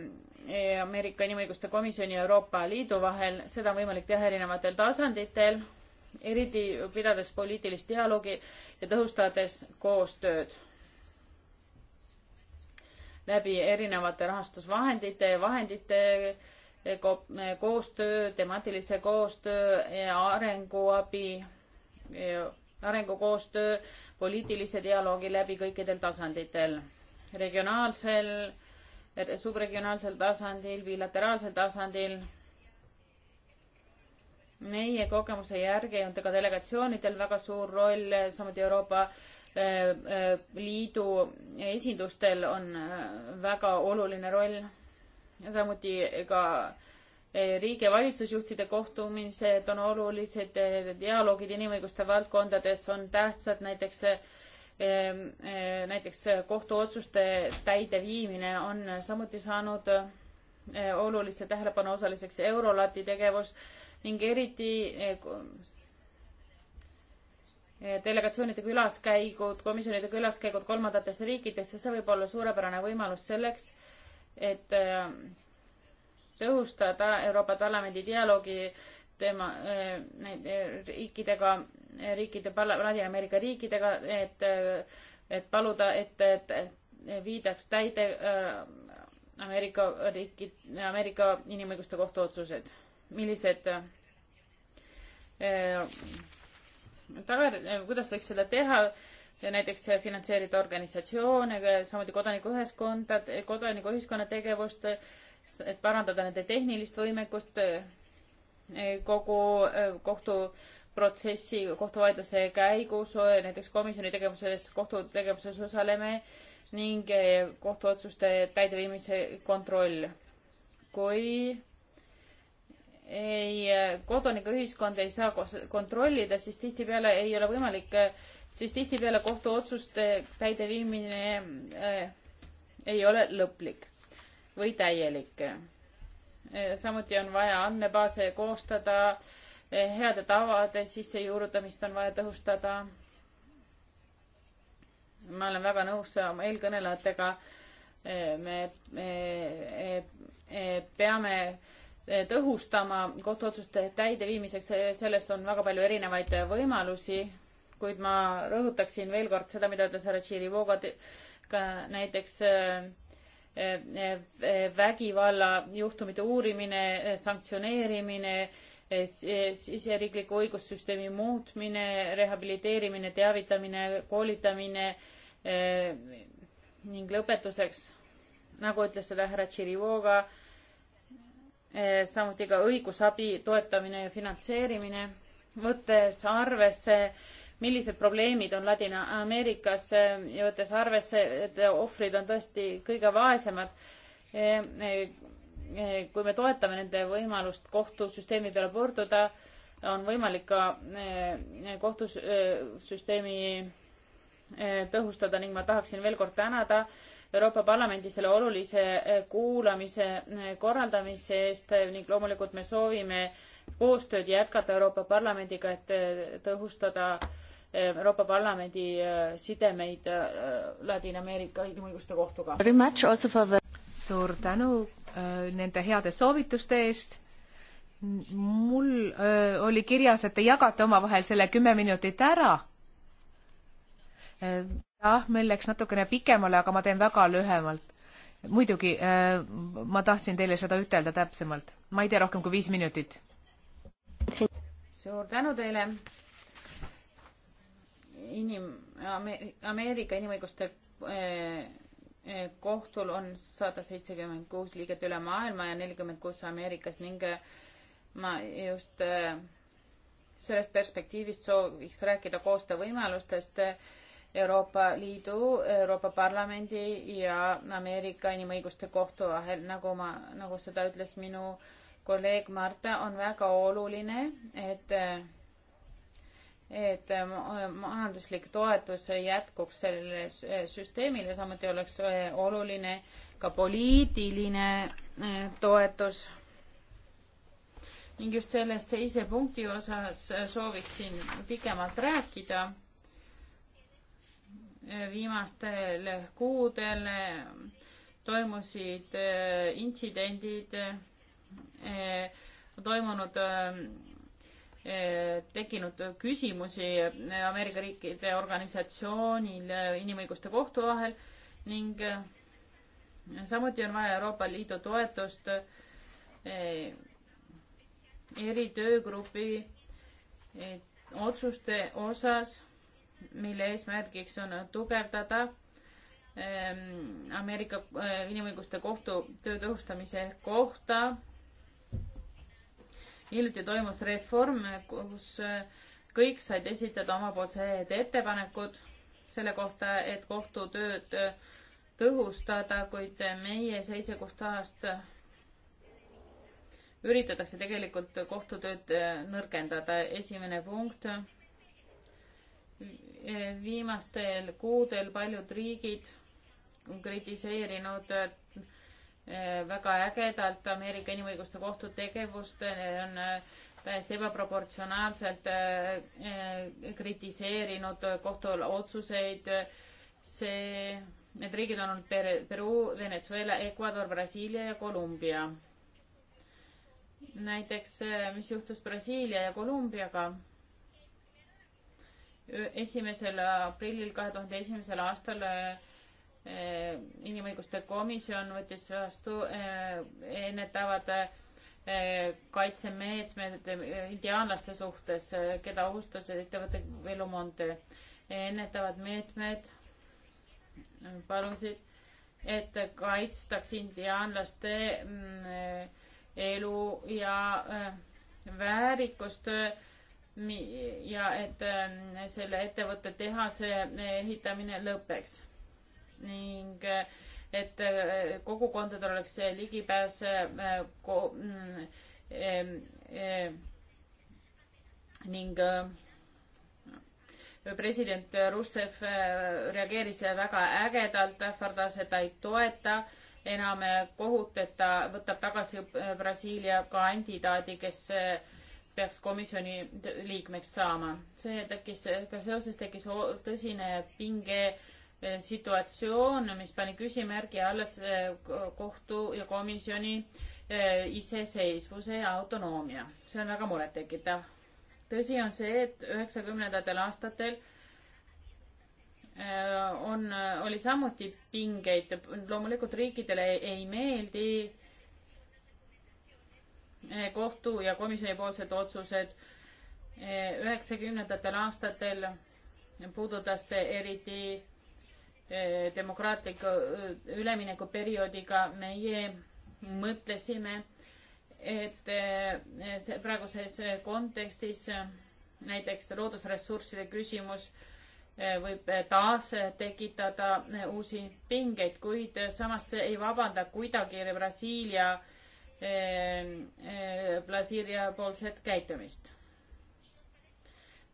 Ameerika Inimõiguste Komisjoni ja Euroopa Liidu vahel, seda on võimalik teha erinevatel tasanditel, eriti pidades poliitilist dialoogi ja tõhustades koostööd läbi erinevate rahastusvahendite, vahendite eh, ko eh, koostöö, temaatilise koostöö, arenguabi, eh, arengukoostöö, poliitilise dialoogi läbi kõikidel tasanditel, regionaalsel, er-, subregionaalsel tasandil, bilateraalsel tasandil. meie kogemuse järgi on ka delegatsioonidel väga suur roll, samuti Euroopa Äh, äh, liidu esindustel on äh, väga oluline roll, samuti ka riigi- ja valitsusjuhtide kohtumised on olulised, dialoogid inimõiguste valdkondades on tähtsad, näiteks näiteks kohtuotsuste täideviimine on samuti saanud olulise tähelepanu osaliseks Eurolati tegevus ning eriti delegatsioonide külaskäigud, komisjonide külaskäigud kolmandatesse riikidesse, see võib olla suurepärane võimalus selleks, et äh, tõhustada Euroopa Parlamendi dialoogi tema, neid äh, riikidega, riikide, Ladina-Ameerika riikidega, et, äh, et paluda, et, et viidaks täide Ameerika riiki, Ameerika Inimõiguste Kohtu otsused. millised äh, tagajärg, eh, kuidas võiks selle teha, näiteks eh, finantseerida organisatsioone, eh, samuti kodanikuühiskonda, kodanikuühiskonna tegevust, et parandada nende tehnilist võimekust kogu kohtuprotsessi, kohtuvaidluse käigus, näiteks komisjoni tegevuses, kohtutegevuses osaleme ning kohtuotsuste täideviimise kontroll. kui ei, kodanikuühiskond ei saa kontrollida, siis tihtipeale ei ole võimalik, siis tihtipeale kohtuotsuste täideviimine eh, ei ole lõplik või täielik. Eh, samuti on vaja andmebaase koostada, eh, heade tavade sissejuurutamist on vaja tõhustada. ma olen väga nõus oma eelkõnelejatega. me, me, me peame Eh, tõhustama kohtuotsuste täideviimiseks, eh, sellest on väga palju erinevaid eh, võimalusi, kuid ma rõhutaksin veel kord seda, mida ütles härra Tširivoga, ka näiteks vägivallajuhtumite uurimine, sanktsioneerimine, siseriikliku õigussüsteemi muutmine, rehabiliteerimine, teavitamine, koolitamine ning lõpetuseks, nagu ütles seda härra Tširivoga, Eh, samuti ka õigusabi toetamine ja finantseerimine, võttes arvesse, millised probleemid on Ladina-Ameerikas eh, ja võttes arvesse, et ohvrid on tõesti kõige vaesemad. Eh, kui me toetame nende võimalust kohtusüsteemi peale pöörduda, on võimalik ka kohtusüsteemi tõhustada ning ma tahaksin veel kord tänada äh, Euroopa Parlamendi selle olulise eh, kuulamise eh, korraldamise eest eh, ning loomulikult me soovime koostööd jätkata Euroopa Parlamendiga, et tõhustada Euroopa Parlamendi sidemeid Ladina-Ameerika inimõiguste kohtuga. suur tänu nende heade soovituste eest mul öö, oli kirjas, et te jagate omavahel selle kümme minutit ära jah, meil läks natukene pikemale, aga ma teen väga lühemalt. muidugi, äh, ma tahtsin teile seda ütelda täpsemalt. ma ei tea rohkem kui viis minutit. suur tänu teile. inim-, Ameerika Inimõiguste äh, äh, kohtul on sada seitsekümmend kuus liiget üle maailma ja nelikümmend kuus Ameerikas ning ma just sellest perspektiivist sooviks rääkida koostöövõimalustest äh, Euroopa Liidu, Euroopa Parlamendi ja Ameerika Inimõiguste Kohtu vahel, nagu ma, nagu seda ütles minu kolleeg Marta, on väga oluline, et et majanduslik toetus jätkuks sellele süsteemile, samuti oleks oluline ka poliitiline e, toetus. ning just sellest teise punkti osas sooviksin pikemalt rääkida viimastel kuudel toimusid äh, intsidendid, on äh, toimunud, äh, tekkinud küsimusi Ameerika riikide organisatsioonil Inimõiguste Kohtu vahel ning samuti on vaja Euroopa Liidu toetust eritöögrupi otsuste osas mille eesmärgiks on tugevdada ähm, Ameerika äh, Inimõiguste Kohtu töö tõhustamise kohta. hiljuti toimus reform, kus äh, kõik said esitada omapoolsed ettepanekud selle kohta, et kohtu tööd äh, tõhustada, kuid meie seisukohtast üritatakse tegelikult kohtutööd nõrgendada. esimene punkt viimastel kuudel paljud riigid on kritiseerinud eh, väga ägedalt Ameerika Inimõiguste Kohtu tegevust, eh, on eh, täiesti ebaproportsionaalselt kritiseerinud kohtu otsuseid. see, need riigid on olnud Peru, Venezuela, Ecuador, Brasiilia ja Kolumbia. näiteks, mis juhtus Brasiilia ja Kolumbiaga esimesel aprillil kahe tuhande esimesel aastal eh, inimõiguste komisjon võttis vastu eh, ennetavad eh, kaitsemeetmed indiaanlaste suhtes, keda ohustas ettevõte Velumonte. ennetavad meetmed palusid, et kaitstaks indiaanlaste mm, elu ja väärikust ja et ähm, selle ettevõtte tehase äh, ehitamine lõpeks ning äh, et äh, kogukondadel oleks ligipääs ko, mm, mm, ning president Russev reageeris väga ägedalt, ähvardas, et ta ei toeta enam kohut, et ta võtab tagasi Brasiilia kandidaadi, kes peaks komisjoni liikmeks saama. see tekkis, ka seoses tekkis tõsine pinge eh, situatsioon, mis pani küsimärgi alles eh, kohtu ja komisjoni eh, iseseisvuse ja autonoomia. see on väga murettekitav. tõsi on see, et üheksakümnendatel aastatel on, oli samuti pingeid, loomulikult riikidele ei, ei meeldi Eh, kohtu ja komisjoni poolsed otsused. Eh, üheksakümnendatel aastatel puudutas see eriti eh, demokraatliku üleminekuperioodiga meie mõtlesime, et see praeguses kontekstis näiteks loodusressursside küsimus võib taas tekitada uusi pingeid, kuid samas see ei vabanda kuidagi Brasiilia äh, Ehm, eh, Brasiilia poolset käitumist.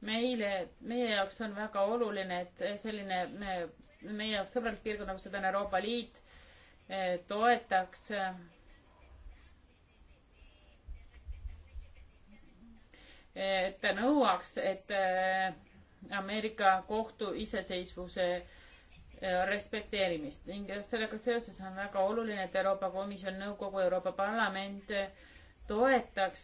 meile, meie jaoks on väga oluline, et selline me, meie jaoks sõbralik piirkond, nagu seda on Euroopa Liit, eh, toetaks eh, et ta nõuaks, et Ameerika kohtu iseseisvuse Äh, respekteerimist ning sellega seoses on väga oluline, et Euroopa Komisjon, Nõukogu, Euroopa Parlament toetaks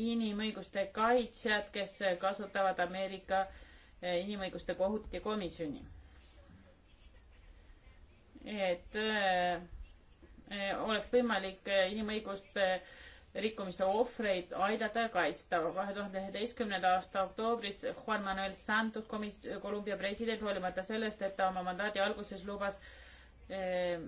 inimõiguste kaitsjad, kes kasutavad Ameerika äh, inimõiguste kohut ja komisjoni. et äh, oleks võimalik inimõiguste rikkumise ohvreid aidata ja kaitsta. kahe tuhande üheteistkümnenda aasta oktoobris Juan Manuel Santos, komis-, Kolumbia president, hoolimata sellest, et ta oma mandaadi alguses lubas eh,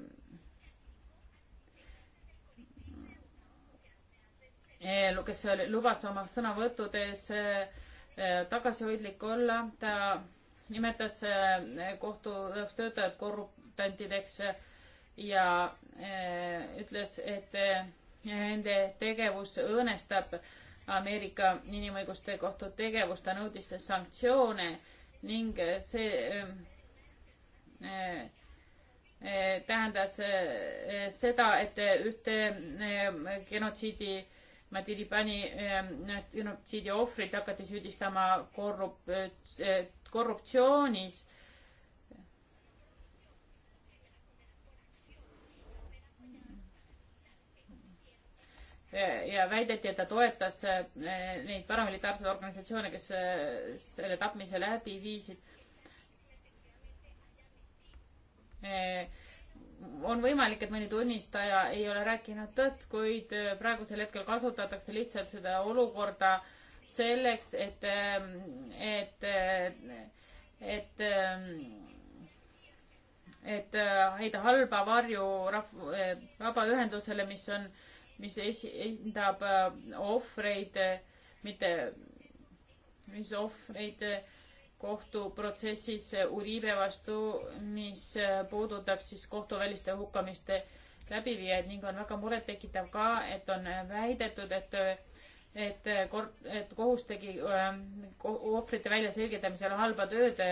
eh, kes lubas oma sõnavõttudes eh, tagasihoidlik olla, ta nimetas ehm, kohtu jaoks töötajad korruptantideks ja ehm, ütles, et ehm, nende tegevus õõnestab Ameerika Inimõiguste Kohtu tegevust, ta nõudis sanktsioone ning see ähm, äh, äh, tähendas äh, seda, et ühte ähm, genotsiidi, Madiribani ähm, genotsiidi ohvrit hakati süüdistama korrup-, äh, korruptsioonis Eh, ja väideti, et ta toetas eh, neid paramilitaarseid organisatsioone, kes eh, selle tapmise läbi viisid. on võimalik, et mõni tunnistaja ei ole rääkinud tõtt, kuid praegusel hetkel kasutatakse lihtsalt seda olukorda selleks, et, et, et, et heida halba varju rahv-, vabaühendusele, mis on äh, mis esindab äh, ohvreid, mitte, mis ohvreid kohtuprotsessis Uribe vastu, mis puudutab siis kohtuväliste hukkamiste läbiviijaid ning on väga murettekitav ka, et on väidetud, et et kord, et kohus tegi ähm, ohvrite väljaselgitamisel halba tööd,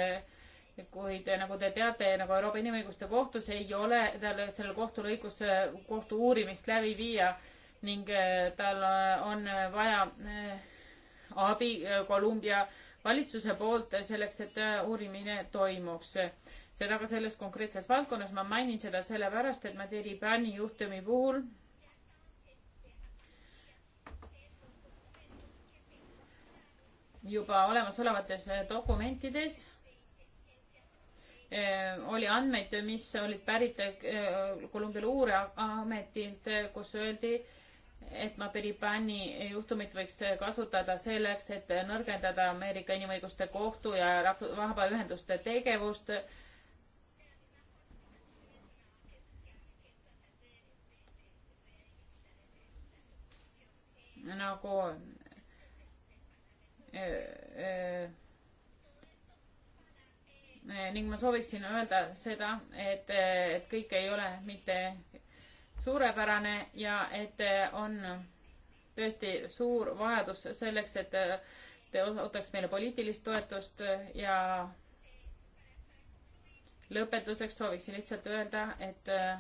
kuid nagu te teate, nagu Euroopa Inimõiguste Kohtus ei ole tal, sellel kohtul õigus kohtu uurimist läbi viia ning eh, tal eh, on eh, vaja abi Kolumbia valitsuse poolt selleks, et uurimine toimuks. seda ka selles konkreetses valdkonnas, ma mainin seda sellepärast, et Maderi Bani juhtumi puhul juba olemasolevates dokumentides oli andmeid, mis olid pärit Kolumbia luureametilt, kus öeldi, et Maberibani juhtumit võiks kasutada selleks, et nõrgendada Ameerika Inimõiguste Kohtu ja rahv-, vabaühenduste tegevust. nagu öö, äh, öö, äh, ning ma sooviksin öelda seda, et, et kõik ei ole mitte suurepärane ja et eh, on tõesti suur vajadus selleks, et eh, te ootaks meile poliitilist toetust ja lõpetuseks sooviksin lihtsalt öelda, et, eh,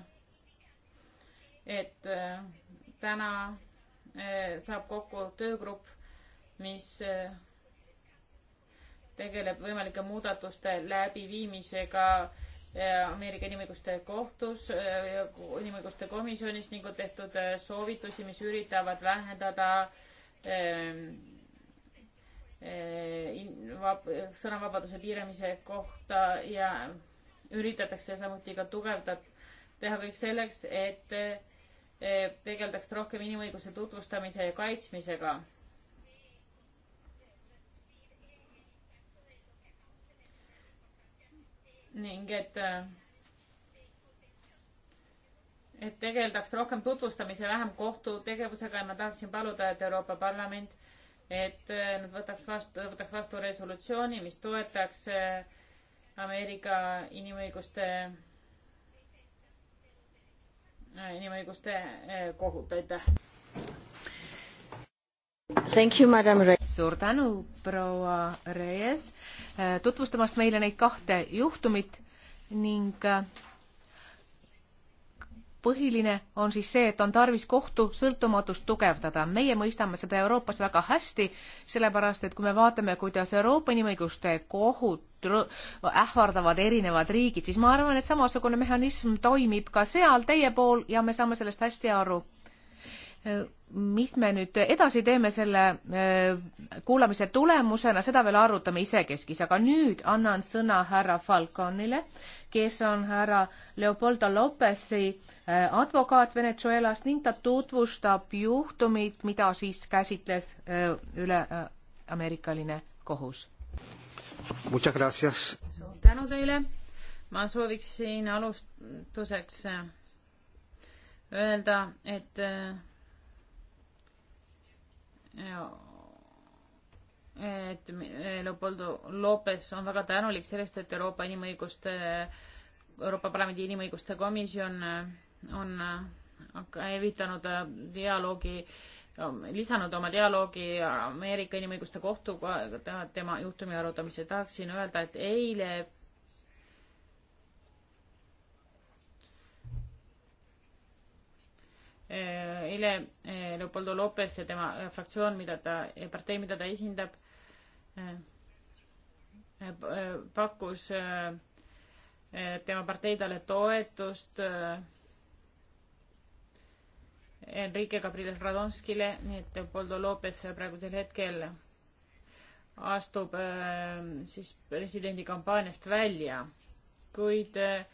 et täna saab kokku töögrupp, mis tegeleb võimalike muudatuste läbiviimisega Äh, Ameerika Inimõiguste Kohtus, äh, Inimõiguste Komisjonis ning on tehtud äh, soovitusi, mis üritavad vähendada ähm, sõnavabaduse piiramise kohta ja üritatakse samuti ka tugevdada, teha kõik selleks, et tegeldaks rohkem inimõiguse tutvustamise ja kaitsmisega. ning et, äh, et tegeldaks rohkem tutvustamise, vähem kohtutegevusega ja ma tahaksin paluda, et Euroopa Parlament, et äh, nad võtaks vastu, võtaks vastu resolutsiooni, mis toetaks äh, Ameerika inimõiguste, inimõiguste kohut, aitäh. Thank you, madam Reyes. suur tänu, proua Reyes, äh, tutvustamast meile neid kahte juhtumit ning äh, põhiline on siis see, et on tarvis kohtu sõltumatust tugevdada. meie mõistame seda Euroopas väga hästi, sellepärast et kui me vaatame, kuidas Euroopa Inimõiguste kohut ähvardavad erinevad riigid, siis ma arvan, et samasugune mehhanism toimib ka seal teie pool ja me saame sellest hästi aru mis me nüüd edasi teeme selle äh, kuulamise tulemusena, seda veel arutame isekeskis, aga nüüd annan sõna härra Falconile, kes on härra Leopoldo Lopesi äh, advokaat Venezuelast ning ta tutvustab juhtumit, mida siis käsitles äh, üleameerikaline kohus. suur tänu teile, ma sooviksin alustuseks öelda, et et eh, Leopoldo Lopes on väga tänulik sellest, et Euroopa inimõiguste, Euroopa Parlamendi inimõiguste komisjon eh, on eh, käivitanud dialoogi, lisanud oma dialoogi Ameerika Inimõiguste Kohtuga tema juhtumi arutamise. tahaksin öelda, et eile Eh, eile eh, Leopoldo Lopez ja tema eh, fraktsioon, mida ta, partei, mida ta esindab, pakkus tema partei talle toetust Enrique Gabriel Radonskile, nii et Leopoldo Lopez praegusel hetkel astub siis presidendi kampaaniast välja, kuid äh,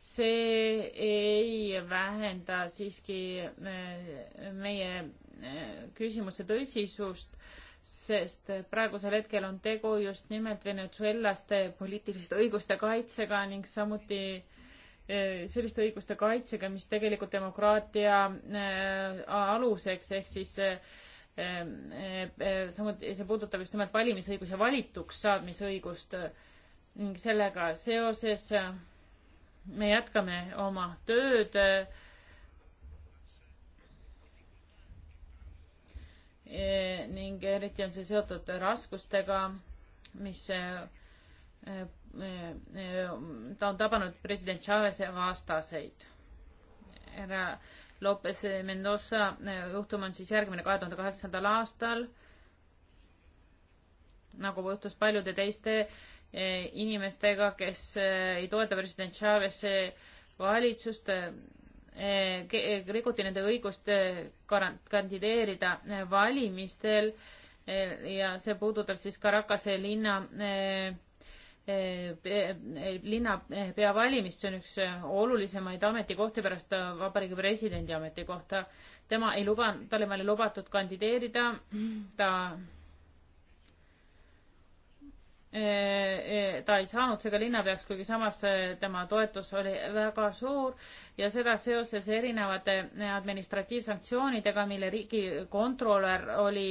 see ei vähenda siiski äh, meie äh, küsimuse tõsisust, sest praegusel hetkel on tegu just nimelt venezuelaste poliitiliste õiguste kaitsega ning samuti äh, selliste õiguste kaitsega, mis tegelikult demokraatia aluseks ehk siis samuti see puudutab just nimelt valimisõiguse valituks saamisõigust ning sellega seoses me jätkame oma tööd. ning eriti on see seotud raskustega, mis ta on tabanud president Chavez'e vastaseid. härra Lopez Mendoza juhtum on siis järgmine kahe tuhande kaheksandal aastal, nagu juhtus paljude teiste Eh, inimestega, kes eh, ei toeta president Chavez'e valitsust, eh, rikuti nende õigust kandideerida valimistel ja see puudutab siis Caracase linna linnapea valimist, see on üks olulisemaid ametikohti pärast Vabariigi Presidendi ametikohta. tema ei luba, talle ei ole lubatud kandideerida, ta ta ei saanud seda linnapeaks, kuigi samas äh, tema toetus oli väga suur ja seda seoses erinevate äh, administratiivsanktsioonidega, mille riigikontrolör oli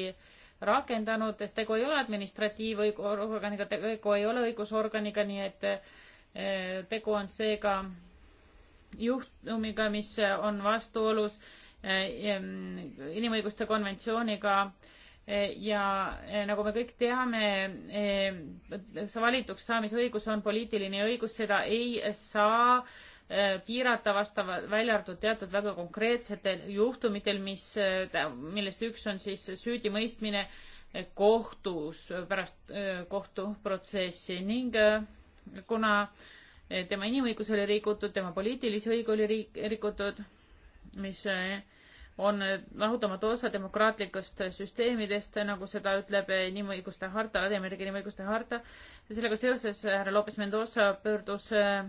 rakendanud, sest tegu ei ole administratiivorganiga, tegu ei ole õigusorganiga, nii et äh, tegu on seega juhtumiga, mis on vastuolus mm, inimõiguste konventsiooniga äh, ja eh, nagu me kõik teame, eh, see valituks saamise õigus on poliitiline õigus, seda ei saa eh, piirata vastava, välja arvatud teatud väga konkreetsetel juhtumitel, mis, millest üks on siis süüdimõistmine kohtus pärast kohtuprotsessi ning kuna tema inimõigus oli rikutud, tema poliitilisi õigusi oli rikutud, mis on lahutamatu osa demokraatlikust süsteemidest, nagu seda ütleb inimõiguste harta, Ladimeri inimõiguste harta. ja sellega seoses härra Lopes Mendoza pöördus äh,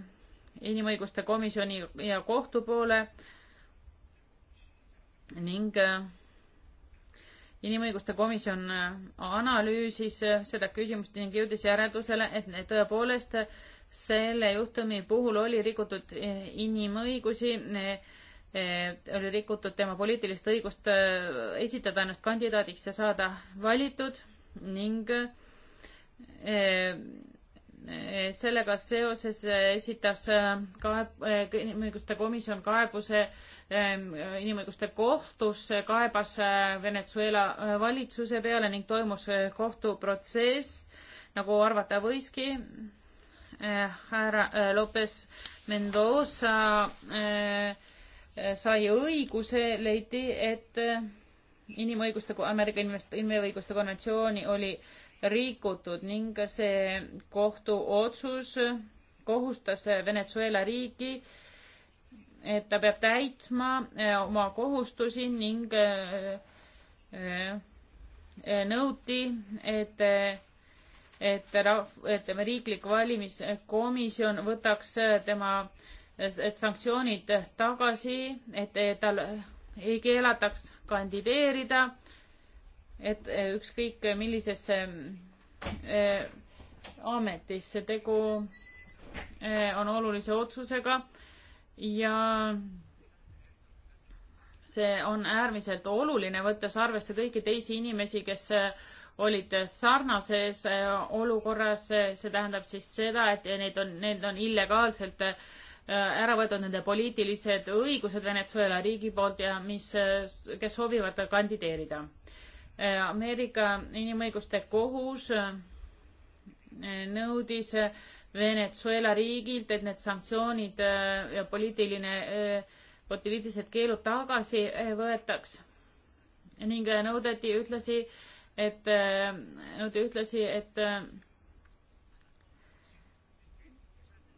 inimõiguste komisjoni ja kohtu poole ning äh, inimõiguste komisjon äh, analüüsis seda küsimust ning jõudis järeldusele, et tõepoolest selle juhtumi puhul oli rikutud inimõigusi oli rikutud tema poliitilist õigust äh, esitada ennast kandidaadiks ja saada valitud ning äh, sellega seoses esitas äh, kaeb-, inimõiguste komisjon kaebuse ähm, inimõiguste kohtusse, kaebas Venezuela valitsuse peale ning toimus kohtuprotsess, nagu arvata võiski. härra Lopez Mendoza äh, sai õiguse, leiti, et äh, inimõiguste, Ameerika inimõiguste konventsiooni oli rikutud ning see kohtuotsus kohustas Venezuela riiki, et ta peab täitma äh, oma kohustusi ning äh, nõuti, et, et rahv-, et riiklik valimiskomisjon võtaks tema äh, et sanktsioonid tagasi, et tal ei keelataks kandideerida, et e, ükskõik millisesse e, ametisse tegu e, on olulise otsusega ja see on äärmiselt oluline, võttes arvesse kõiki teisi inimesi, kes olid sarnases olukorras, see tähendab siis seda, et neid on, need on illegaalselt äh, Äh, ära võetud nende poliitilised õigused Venezuela riigi poolt ja mis, äh, kes soovivad kandideerida. Äh, Ameerika Inimõiguste Kohus nõudis Venezuela riigilt, et need sanktsioonid ja poliitiline, poliitilised keelud tagasi võetaks ning nõudeti ühtlasi, et, nõuti ühtlasi, et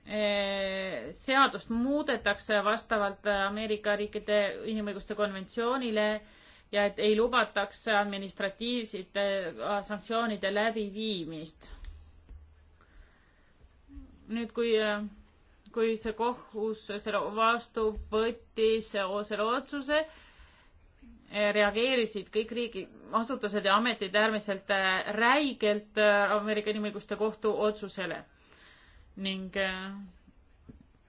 Eh, seadust muudetakse vastavalt Ameerika riikide inimõiguste konventsioonile ja et ei lubatakse administratiivsete äh, sanktsioonide läbiviimist. nüüd, kui, äh, kui see kohus selle vastu võttis selle otsuse, äh, reageerisid kõik riigiasutused ja ametid äärmiselt räigelt Ameerika Inimõiguste Kohtu otsusele ning äh,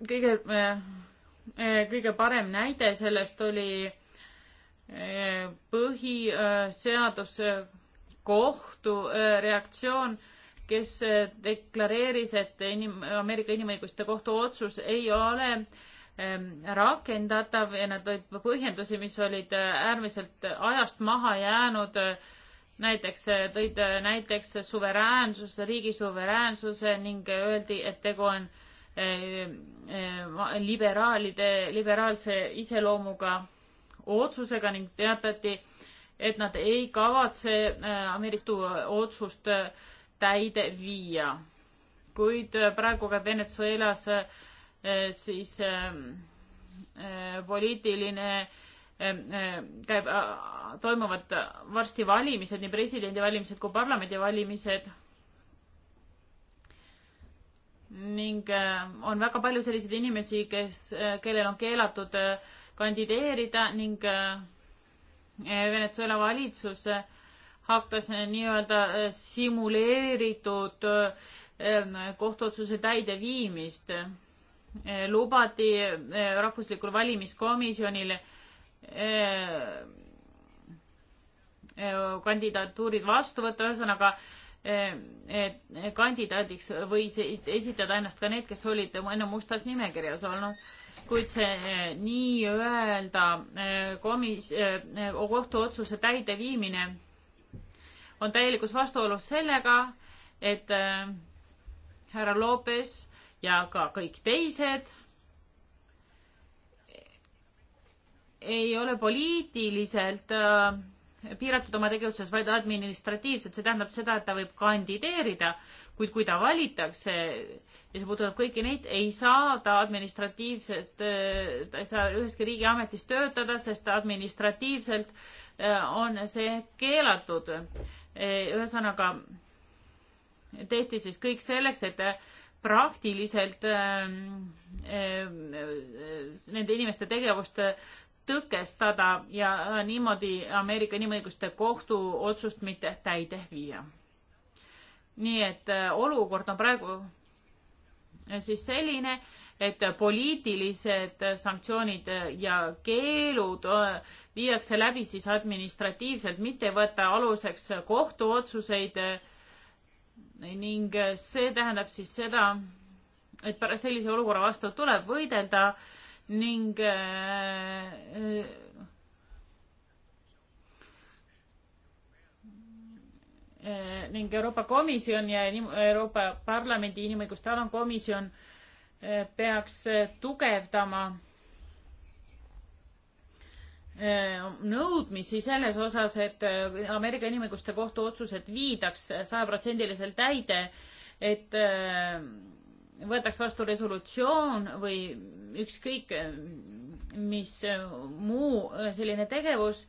kõige, äh, äh, kõige parem näide sellest oli põhiseaduskohtu reaktsioon, kes deklareeris, et inim-, Ameerika Inimõiguste Kohtu otsus ei ole ähm, rakendatav ja nad tõid põhjendusi, mis olid äärmiselt ajast maha jäänud äh, näiteks eh, tõid näiteks suveräänsuse, riigi suveräänsuse ning öeldi, et tegu on eh, eh, liberaalide, liberaalse iseloomuga otsusega ning teatati, et nad ei kavatse Ameeriku otsust täide viia. kuid praegu ka Venezuelas siis poliitiline äh, käib, toimuvad varsti valimised, nii presidendivalimised kui parlamendivalimised. ning on väga palju selliseid inimesi, kes, e, kellel on keelatud e, kandideerida ning e, Venezuela valitsus hakkas nii-öelda simuleeritud kohtuotsuse täideviimist. lubati rahvuslikul valimiskomisjonil Äh, äh, kandidatuurid vastu võtta, ühesõnaga äh, kandidaadiks võis esitada ennast ka need, kes olid enne mustas nimekirjas olnud, kuid see nii-öelda komis-, kohtuotsuse täideviimine on täielikus vastuolus sellega, et härra Lopes ja ka kõik teised ei ole poliitiliselt äh, piiratud oma tegevuses, vaid administratiivselt, see tähendab seda, et ta võib kandideerida, kuid kui ta valitakse ja see puudutab kõiki neid, ei saa ta administratiivsest, äh, ta ei saa üheski riigiametis töötada, sest administratiivselt äh, on see keelatud. ühesõnaga tehti siis kõik selleks, et praktiliselt ähm, nende inimeste tegevust tõkestada ja äh, niimoodi Ameerika Inimõiguste Kohtu otsust mitte täide viia. nii et äh, olukord on praegu äh, siis selline, et poliitilised sanktsioonid ja keelud viiakse läbi siis administratiivselt, mitte ei võta aluseks kohtuotsuseid ning see tähendab siis seda, et sellise olukorra vastu tuleb võidelda ning äh, äh, ning Euroopa Komisjon ja Euroopa Parlamendi inimõiguste alamkomisjon äh, peaks tugevdama nõudmisi selles osas, et Ameerika Inimõiguste Kohtu otsused viidaks sajaprotsendiliselt täide, et võetaks vastu resolutsioon või ükskõik mis muu selline tegevus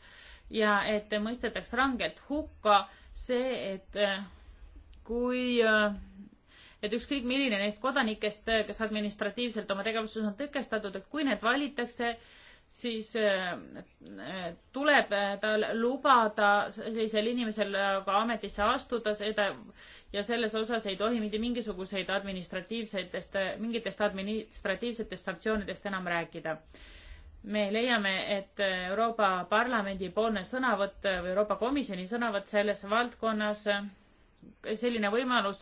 ja et mõistetaks rangelt hukka see, et kui, et ükskõik milline neist kodanikest, kes administratiivselt oma tegevuses on tõkestatud, et kui need valitakse äh, siis äh, tuleb äh, tal lubada sellisel inimesel äh, ka ametisse astuda, seda ja selles osas ei tohi mitte mingisuguseid administratiivsetest, mingitest administratiivsetest sanktsioonidest enam rääkida. me leiame, et Euroopa Parlamendi poolne sõnavõtt või Euroopa Komisjoni sõnavõtt selles valdkonnas selline võimalus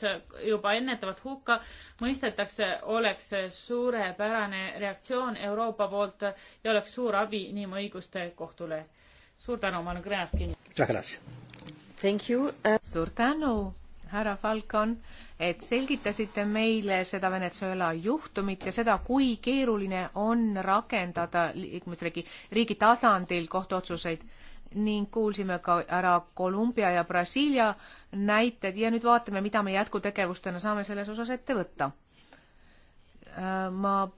juba ennetavalt hukka mõistetakse, oleks suurepärane reaktsioon Euroopa poolt ja oleks suur abi inimõiguste kohtule. suur tänu, ma olen kõnest kinni. Uh, suur tänu, härra Falcon, et selgitasite meile seda Venezuela juhtumit ja seda, kui keeruline on rakendada liikmesriigi, riigi tasandil kohtuotsuseid ning kuulsime ka ära Kolumbia ja Brasiilia näited ja nüüd vaatame, mida me jätkutegevustena saame selles osas ette võtta. Äh, ma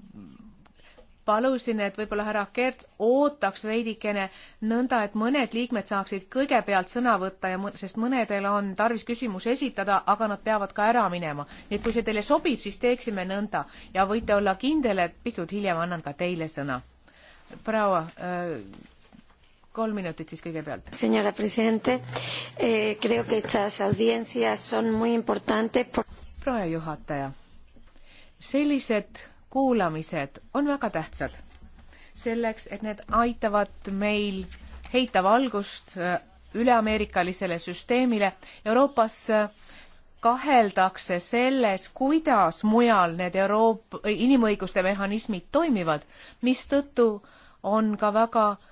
palusin, et võib-olla härra Kert ootaks veidikene nõnda, et mõned liikmed saaksid kõigepealt sõna võtta ja mõ-, sest mõnedel on tarvis küsimusi esitada, aga nad peavad ka ära minema. nii et kui see teile sobib, siis teeksime nõnda ja võite olla kindel, et pisut hiljem annan ka teile sõna. proua äh, kolm minutit siis kõigepealt. Senora presidente eh,, creo que estas audiencias son muy importantes por.... proua juhataja, sellised kuulamised on väga tähtsad selleks, et need aitavad meil heita valgust eh, üleameerikalisele süsteemile. Euroopas eh, kaheldakse selles, kuidas mujal need Euroopa eh, inimõiguste mehhanismid toimivad, mistõttu on ka väga äh,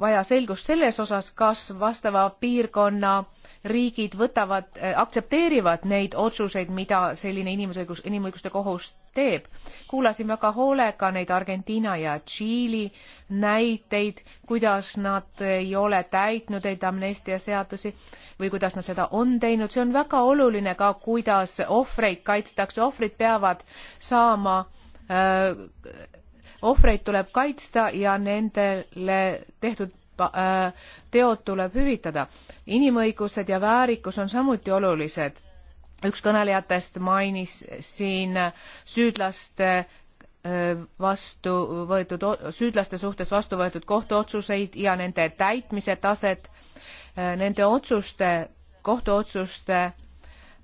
vaja selgust selles osas, kas vastava piirkonna riigid võtavad, eh, aktsepteerivad neid otsuseid, mida selline inimõigus, inimõiguste kohus teeb. kuulasin väga hoolega neid Argentiina ja Tšiili näiteid, kuidas nad ei ole täitnud neid amnestiaseadusi või kuidas nad seda on teinud, see on väga oluline ka, kuidas ohvreid kaitstakse, ohvrid peavad saama öö, äh, ohvreid tuleb kaitsta ja nendele tehtud äh, teod tuleb hüvitada. inimõigused ja väärikus on samuti olulised. üks kõnelejatest mainis siin süüdlaste äh, vastu võetud, süüdlaste suhtes vastu võetud kohtuotsuseid ja nende täitmise taset, äh, nende otsuste, kohtuotsuste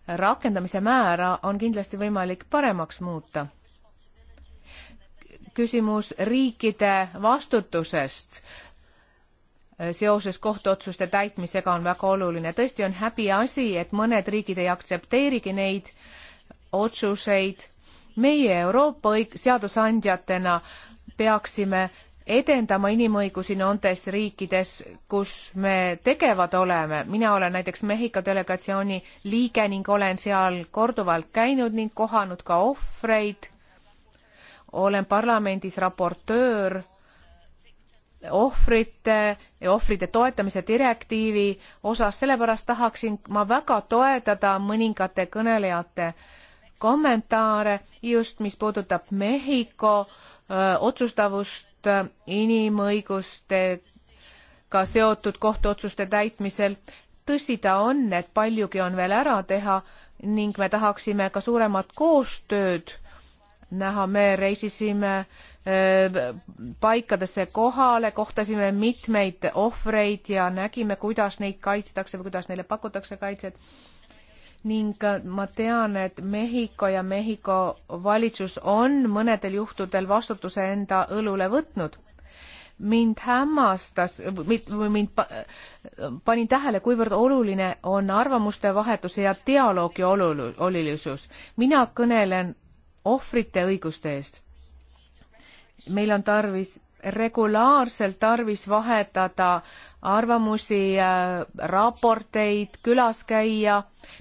rakendamise määra on kindlasti võimalik paremaks muuta kysymys riikide vastutusest seoses kohtuotsuste täitmisega on väga oluline. tõesti on häbiasi, et mõned riigid ei aktsepteerigi neid otsuseid. meie Euroopa õig-, seadusandjatena peaksime edendama inimõigusi nendes riikides, kus me tegevad oleme. mina olen näiteks Mehhiko delegatsiooni liige ning olen seal korduvalt käinud ning kohanud ka ohvreid olen parlamendis raportöör ohvrite ja ohvrite toetamise direktiivi osas, sellepärast tahaksin ma väga toetada mõningate kõnelejate kommentaare just, mis puudutab Mehhiko otsustavust inimõigustega seotud kohtuotsuste täitmisel. tõsi ta on, et paljugi on veel ära teha ning me tahaksime ka suuremat koostööd näha, me reisisime äh, paikadesse kohale, kohtasime mitmeid ohvreid ja nägime, kuidas neid kaitstakse või kuidas neile pakutakse kaitset. ning äh, ma tean, et Mehhiko ja Mehhiko valitsus on mõnedel juhtudel vastutuse enda õlule võtnud. mind hämmastas, mind panin tähele, kuivõrd oluline on arvamuste vahetuse ja dialoogi olulisus. mina kõnelen ohvrite õiguste eest. meil on tarvis regulaarselt tarvis vahetada arvamusi, äh, raporteid, külas käia.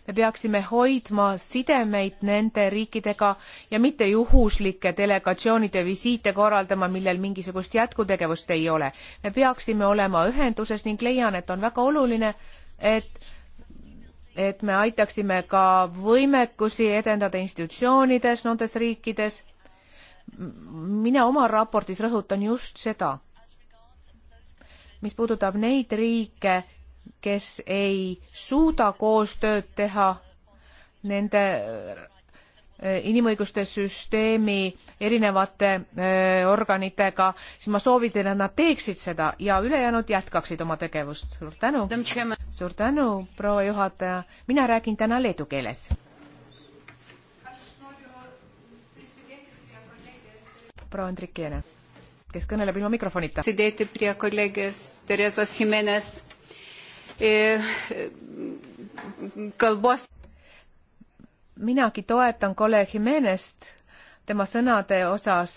me peaksime hoidma sidemeid nende riikidega ja mitte juhuslike delegatsioonide visiite korraldama, millel mingisugust jätkutegevust ei ole. me peaksime olema ühenduses ning leian, et on väga oluline, et et me aitaksime ka võimekusi edendada institutsioonides nendes riikides. mina oma raportis rõhutan just seda, mis puudutab neid riike, kes ei suuda koostööd teha nende Eh, inimõiguste süsteemi erinevate eh, organitega, siis ma soovitan, et nad teeksid seda ja ülejäänud jätkaksid oma tegevust. suur tänu. suur tänu, proua juhataja. mina räägin täna leedu keeles. proua Andrikiene, kes kõneleb ilma mikrofonita. Eh, kalbos minagi toetan kolleeg Jimenest tema sõnade osas.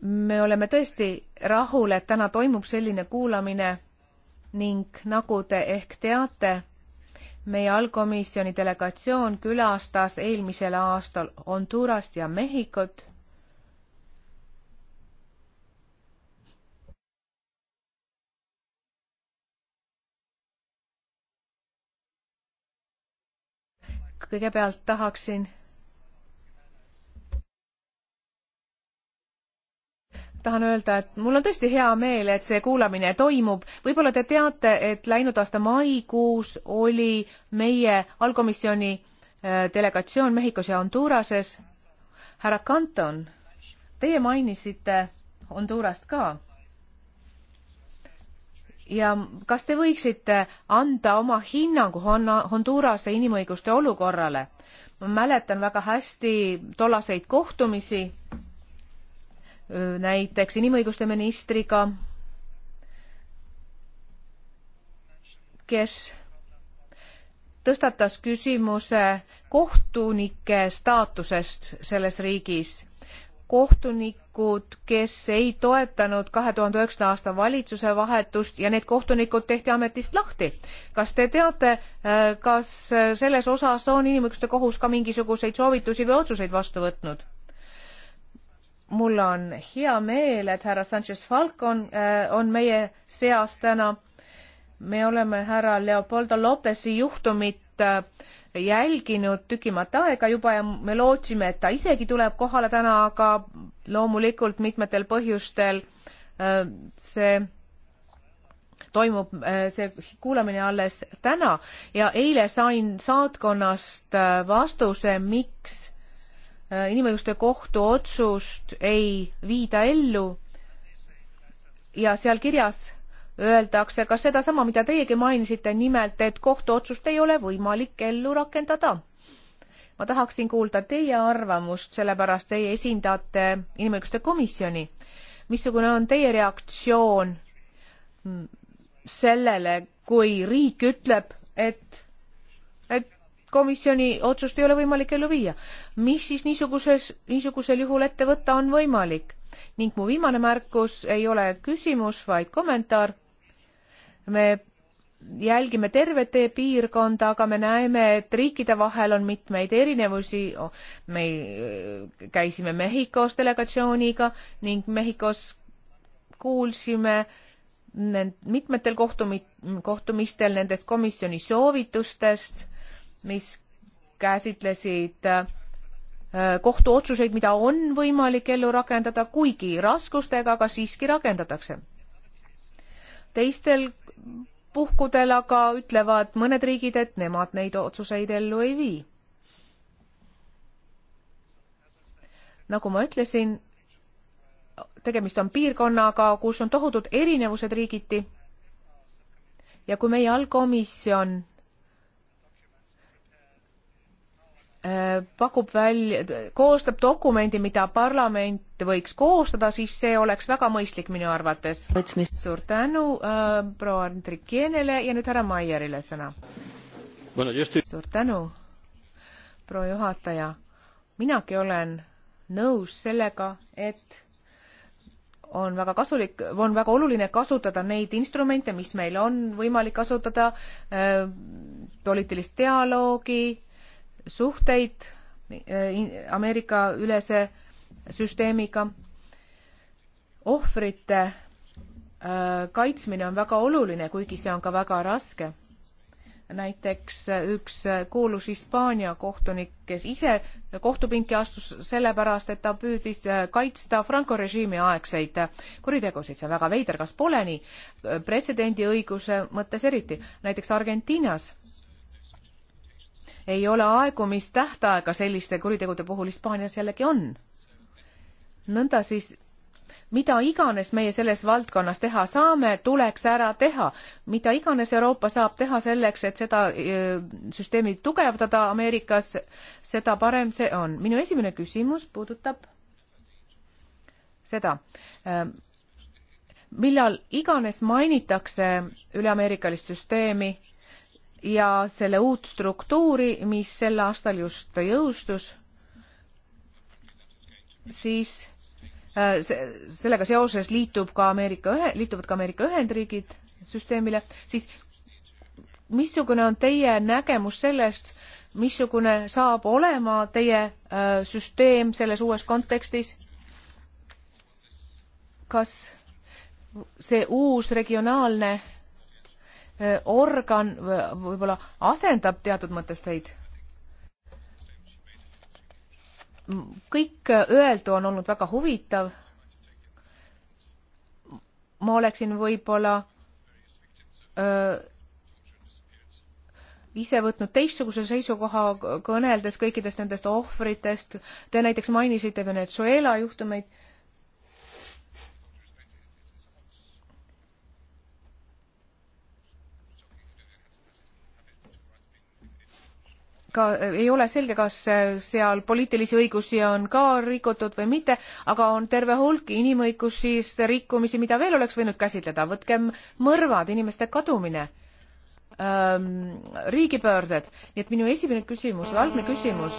me oleme tõesti rahul, et täna toimub selline kuulamine ning nagu te ehk teate, meie allkomisjoni delegatsioon külastas eelmisel aastal Hondurast ja Mehhikut kõigepealt tahaksin tahan öelda, et mul on tõesti hea meel, et see kuulamine toimub. võib-olla te teate, et läinud aasta maikuus oli meie allkomisjoni äh, delegatsioon Mehhikos ja Honduras'es. härra Kanton, teie mainisite Hondurast ka ja kas te võiksite anda oma hinnangu Hondurase inimõiguste olukorrale? ma mäletan väga hästi tollaseid kohtumisi näiteks inimõiguste ministriga, kes tõstatas küsimuse kohtunike staatusest selles riigis kohtunikud, kes ei toetanud kahe tuhande üheksanda aasta valitsuse vahetust ja need kohtunikud tehti ametist lahti. kas te teate, äh, kas selles osas on inimõiguste kohus ka mingisuguseid soovitusi või otsuseid vastu võtnud? mul on hea meel, et härra Sanchez Falcon äh, on meie seas täna. me oleme härra Leopoldo Lopesi juhtumit äh, jälginud tükimat aega juba ja me lootsime, et ta isegi tuleb kohale täna, aga loomulikult mitmetel põhjustel äh, see toimub äh, see kuulamine alles täna ja eile sain saatkonnast äh, vastuse, miks inimõiguste kohtu otsust ei viida ellu. ja seal kirjas öeldakse ka sedasama, mida teiegi mainisite, nimelt, et kohtuotsust ei ole võimalik ellu rakendada. ma tahaksin kuulda teie arvamust, sellepärast teie esindate inimõiguste komisjoni. missugune on teie reaktsioon mm, sellele, kui riik ütleb, et, et komisjoni otsust ei ole võimalik ellu viia. mis siis niisuguses, niisugusel juhul ette võtta on võimalik? ning mu viimane märkus ei ole küsimus, vaid kommentaar me jälgime tervet piirkonda, aga me näeme, et riikide vahel on mitmeid erinevusi. me äh, käisime Mehhikos delegatsiooniga ning Mehhikos kuulsime mitmetel kohtumi-, kohtumistel nendest komisjoni soovitustest, mis käsitlesid äh, kohtuotsuseid, mida on võimalik ellu rakendada, kuigi raskustega, aga siiski rakendatakse. teistel puhkudel aga ütlevad mõned riigid, et nemad neid otsuseid ellu ei vii. nagu ma ütlesin, tegemist on piirkonnaga, kus on tohutud erinevused riigiti. ja kui meie allkomisjon pakub välja, koostab dokumendi, mida parlament võiks koostada, siis see oleks väga mõistlik minu arvates. suur tänu äh, proua Andrikienele ja nüüd härra Maierile sõna bueno,. suur tänu, proua juhataja. minagi olen nõus sellega, et on väga kasulik, on väga oluline kasutada neid instrumente, mis meil on võimalik kasutada äh,, poliitilist dialoogi suhteid eh, Ameerika ülese süsteemiga. ohvrite eh, kaitsmine on väga oluline, kuigi see on ka väga raske. näiteks eh, üks kuulus Hispaania kohtunik, kes ise kohtupinki astus sellepärast, et ta püüdis kaitsta Franco režiimi aegseid kuritegusid. see on väga veider, kas pole nii? pretsedendi õiguse mõttes eriti. näiteks Argentiinas ei ole aegumistähtaega selliste kuritegude puhul Hispaanias jällegi on. nõnda siis mida iganes meie selles valdkonnas teha saame, tuleks ära teha. mida iganes Euroopa saab teha selleks, et seda süsteemi tugevdada Ameerikas, seda parem see on. minu esimene küsimus puudutab seda, millal iganes mainitakse üleameerikalist süsteemi ja selle uut struktuuri, mis sel aastal just jõustus, siis äh, sellega seoses liitub ka Ameerika ühe, liituvad ka Ameerika Ühendriigid süsteemile, siis missugune on teie nägemus sellest, missugune saab olema teie äh, süsteem selles uues kontekstis? kas see uus regionaalne organ võib-olla asendab teatud mõttes teid? kõik öeldu on olnud väga huvitav. ma oleksin võib-olla ise võtnud teistsuguse seisukoha, kõneldes kõikidest nendest ohvritest. Te näiteks mainisite Venezuela juhtumeid ka ei ole selge, kas seal poliitilisi õigusi on ka rikutud või mitte, aga on terve hulk inimõigusist rikkumisi, mida veel oleks võinud käsitleda, võtkem mõrvad, inimeste kadumine ähm,, riigipöörded, nii et minu esimene küsimus, algne küsimus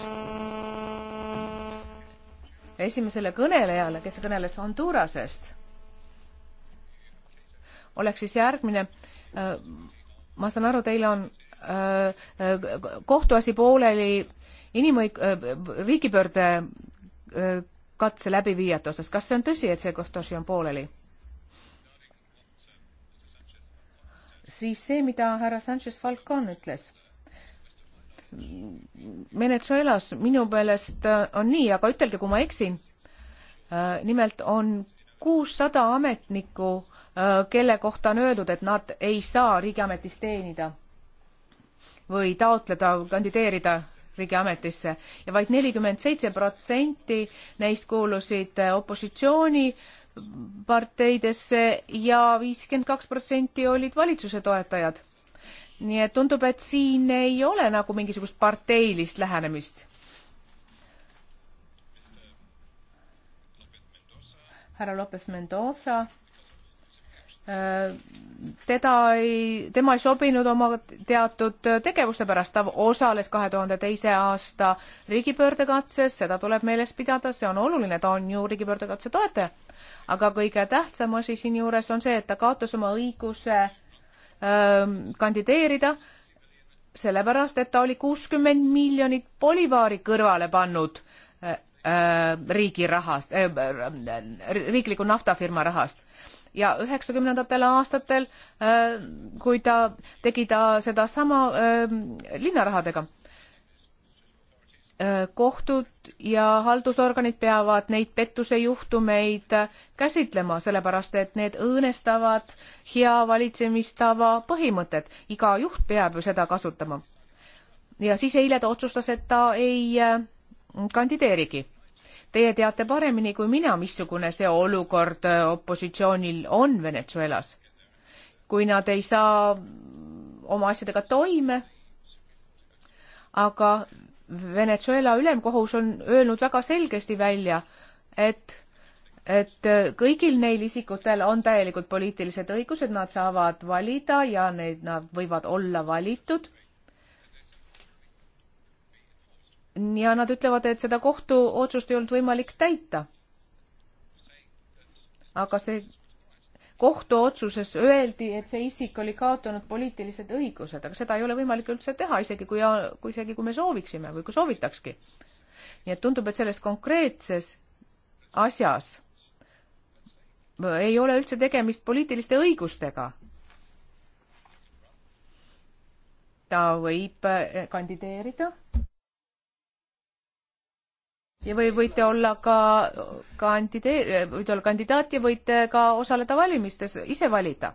esimesele kõnelejale, kes kõneles Hondurasest, oleks siis järgmine äh,, ma saan aru, teil on kohtuasi pooleli inimõig-, riigipöörde katse läbiviijate osas, kas see on tõsi, et see kohtuasi on pooleli? siis see, mida härra Sanchez Falcon ütles. Venezuelas minu meelest on nii, aga ütelge, kui ma eksin. nimelt on kuussada ametnikku, kelle kohta on öeldud, et nad ei saa riigiametis teenida või taotleda, kandideerida riigiametisse ja vaid nelikümmend seitse protsenti neist kuulusid äh, opositsiooniparteidesse ja viiskümmend kaks protsenti olid valitsuse toetajad. nii et tundub, et siin ei ole nagu mingisugust parteilist lähenemist. härra Lopez Mendoza teda ei, tema ei sobinud oma teatud tegevuste pärast, ta osales kahe tuhande teise aasta riigipöördekatses, seda tuleb meeles pidada, see on oluline, ta on ju riigipöördekatse toetaja. aga kõige tähtsam asi siinjuures on see, et ta kaotas oma õiguse öö, ähm, kandideerida, sellepärast et ta oli kuuskümmend miljonit bolivaari kõrvale pannud öö, äh, äh, riigi rahast, äh, riikliku naftafirma rahast ja üheksakümnendatel aastatel, äh, kui ta tegi ta sedasama äh, linnarahadega. Äh, kohtud ja haldusorganid peavad neid pettusejuhtumeid käsitlema, sellepärast et need õõnestavad hea valitsemistava põhimõtet. iga juht peab ju seda kasutama. ja siis eile ta otsustas, et ta ei kandideerigi Teie teate paremini kui mina, missugune see olukord äh, opositsioonil on Venezuelas. kui nad ei saa oma asjadega toime, aga Venezuela ülemkohus on öelnud väga selgesti välja, et, et äh, kõigil neil isikutel on täielikud poliitilised õigused, nad saavad valida ja need, nad võivad olla valitud ja nad ütlevad, et seda kohtuotsust ei olnud võimalik täita. aga see kohtuotsuses öeldi, et see isik oli kaotanud poliitilised õigused, aga seda ei ole võimalik üldse teha, isegi kui, kui isegi kui me sooviksime või kui soovitakski. nii et tundub, et selles konkreetses asjas ei ole üldse tegemist poliitiliste õigustega. ta võib kandideerida ja või võite olla ka kandidee-, võite olla kandidaat ja võite ka osaleda valimistes, ise valida.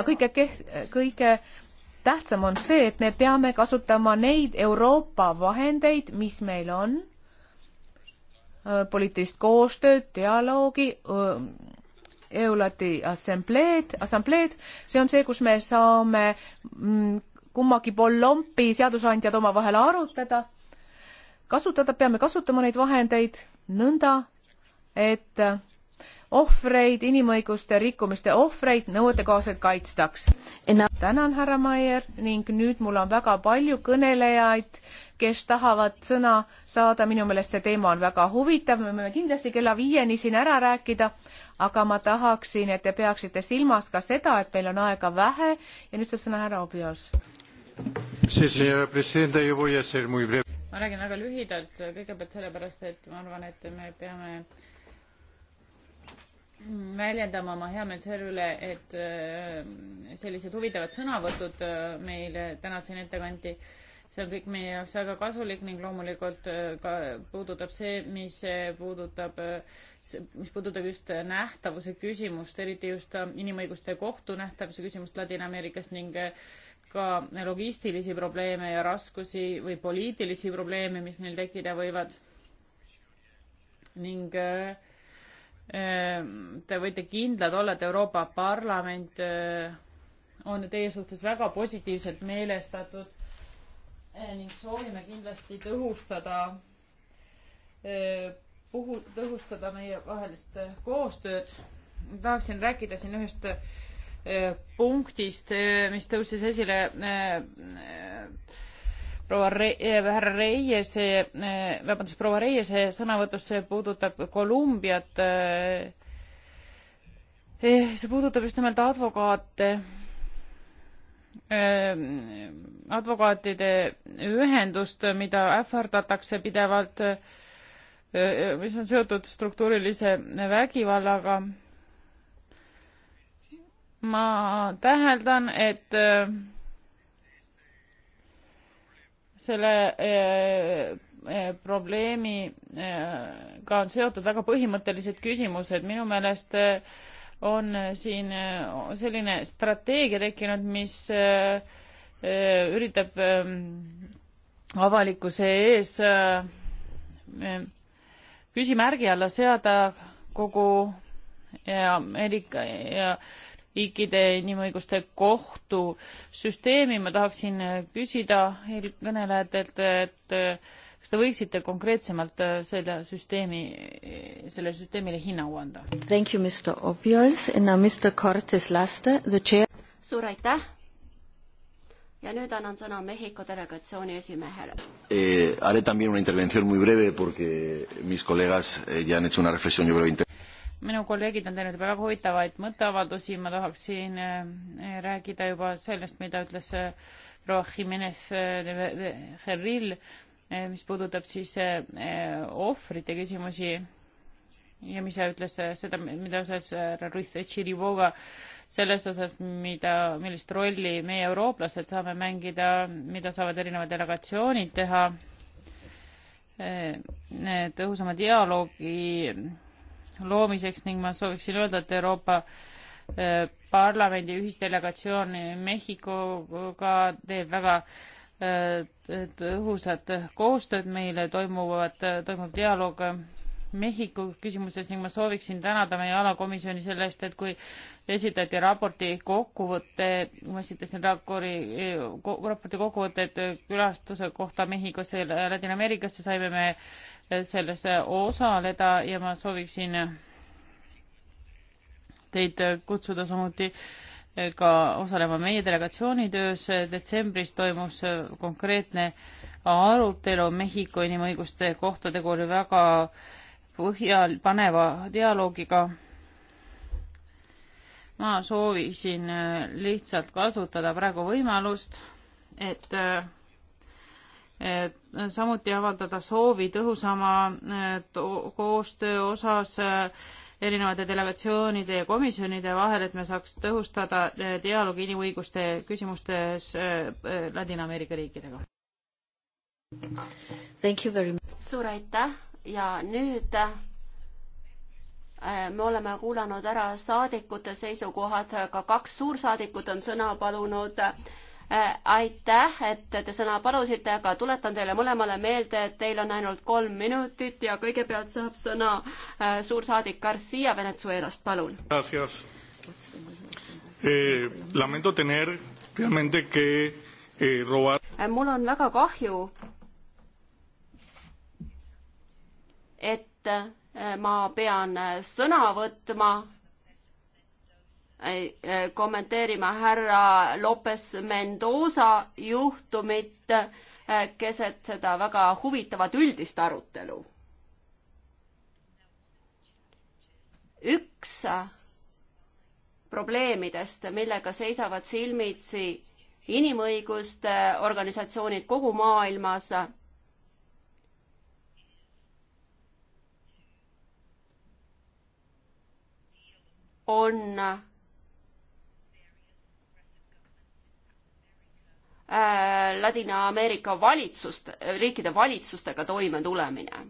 aga kõige keht-, kõige tähtsam on see, et me peame kasutama neid Euroopa vahendeid, mis meil on, poliitilist koostööd, dialoogi, EULAT-i assambleed, assambleed, see on see, kus me saame mm, kummagi pollompi seadusandjad omavahel arutada. kasutada, peame kasutama neid vahendeid nõnda, et ohvreid, inimõiguste rikkumiste ohvreid nõuetekohaselt kaitstaks. tänan, härra Maier ning nüüd mul on väga palju kõnelejaid, kes tahavad sõna saada, minu meelest see teema on väga huvitav, me võime kindlasti kella viieni siin ära rääkida, aga ma tahaksin, et te peaksite silmas ka seda, et meil on aega vähe ja nüüd saab sõna härra Obiols ma räägin väga lühidalt, kõigepealt sellepärast, et ma arvan, et me peame väljendama oma heameelt selle üle, et äh, sellised huvitavad sõnavõtud äh, meile täna siin ette kanti. see on kõik meie jaoks väga kasulik ning loomulikult äh, ka puudutab see, mis puudutab, mis puudutab just nähtavuse küsimust, eriti just inimõiguste kohtu nähtavuse küsimust Ladina-Ameerikas ning äh, ka logistilisi probleeme ja raskusi või poliitilisi probleeme, mis neil tekkida võivad. ning äh, äh, te võite kindlad olla, et Euroopa Parlament äh, on teie suhtes väga positiivselt meelestatud ning soovime kindlasti tõhustada, puhu, tõhustada meie vahelist koostööd. tahaksin rääkida siin ühest Äh, punktist, äh, mis tõusis esile äh, proua Re-, härra Reiese, vabandust, proua Reiese sõnavõtus, see puudutab Kolumbiat, eh, see puudutab just nimelt advokaate, advokaatide ühendust, mida ähvardatakse pidevalt, mis on seotud struktuurilise vägivallaga ma täheldan, et äh, selle äh, äh, probleemiga on seotud väga põhimõttelised küsimused. minu meelest on siin selline strateegia tekkinud, mis üritab ähm, avalikkuse ees küsimärgi alla seada kogu Ameerika ja, Amerika ja riikide inimõiguste kohtu süsteemi, ma tahaksin küsida eelkõnelejatelt, et kas te võiksite konkreetsemalt selle süsteemi, sellele süsteemile hinnangu anda? suur aitäh ja nüüd annan sõna Mehhiko delegatsiooni esimehele eh,. Haré también una intervención muy breve porque mis colegas eh, ya han hecho una reflexión yo creo inter- minu kolleegid on teinud juba väga huvitavaid mõtteavaldusi, ma tahaksin eh, rääkida juba sellest, mida ütles eh, proua Jimenez Herril, eh, mis puudutab siis ohvrite küsimusi ja mis ütles seda, mida ütles härra Ruiz Chiriboga selles osas, mida, millist rolli meie, eurooplased, saame mängida, mida saavad erinevad delegatsioonid teha, tõhusama dialoogi loomiseks ning ma sooviksin öelda, et Euroopa eh, Parlamendi ühisdelegatsioon Mehhikoga teeb väga eh, tõhusat koostööd meile, toimuvad, toimub dialoog Mehhiko küsimuses ning ma sooviksin tänada meie alakomisjoni selle eest, et kui esitati raporti kokkuvõte, ma esitasin rapori, raporti eh, kokkuvõtet külastuse kohta Mehhikosse ja Ladina-Ameerikasse, saime me selles osaleda ja ma sooviksin teid kutsuda samuti ka osalema meie delegatsiooni töös. detsembris toimus konkreetne arutelu Mehhiko inimõiguste kohta, tegu oli väga põhjapaneva dialoogiga. ma soovisin lihtsalt kasutada praegu võimalust, et samuti avaldada soovi tõhusama eh, koostöö osas eh, erinevate delegatsioonide ja komisjonide vahel, et me saaks tõhustada eh, dialoogi inimõiguste küsimustes Ladina-Ameerika riikidega. suur aitäh ja nüüd me oleme kuulanud ära saadikute seisukohad, ka kaks suursaadikut on sõna palunud Äh, aitäh, et te sõna palusite, aga tuletan teile mõlemale meelde, et teil on ainult kolm minutit ja kõigepealt saab sõna äh, suursaadik Garcia Venezuelast, palun. Eh, lamento tener realmente que eh, robar. Äh, mul on väga kahju, et ma pean sõna võtma Äh, äh, kommenteerima härra Lopes Mendoza juhtumit äh, keset seda väga huvitavat üldist arutelu. üks probleemidest, millega seisavad silmitsi inimõiguste organisatsioonid kogu maailmas, on Äh, Ladina-Ameerika valitsust, riikide valitsustega toime tulemine.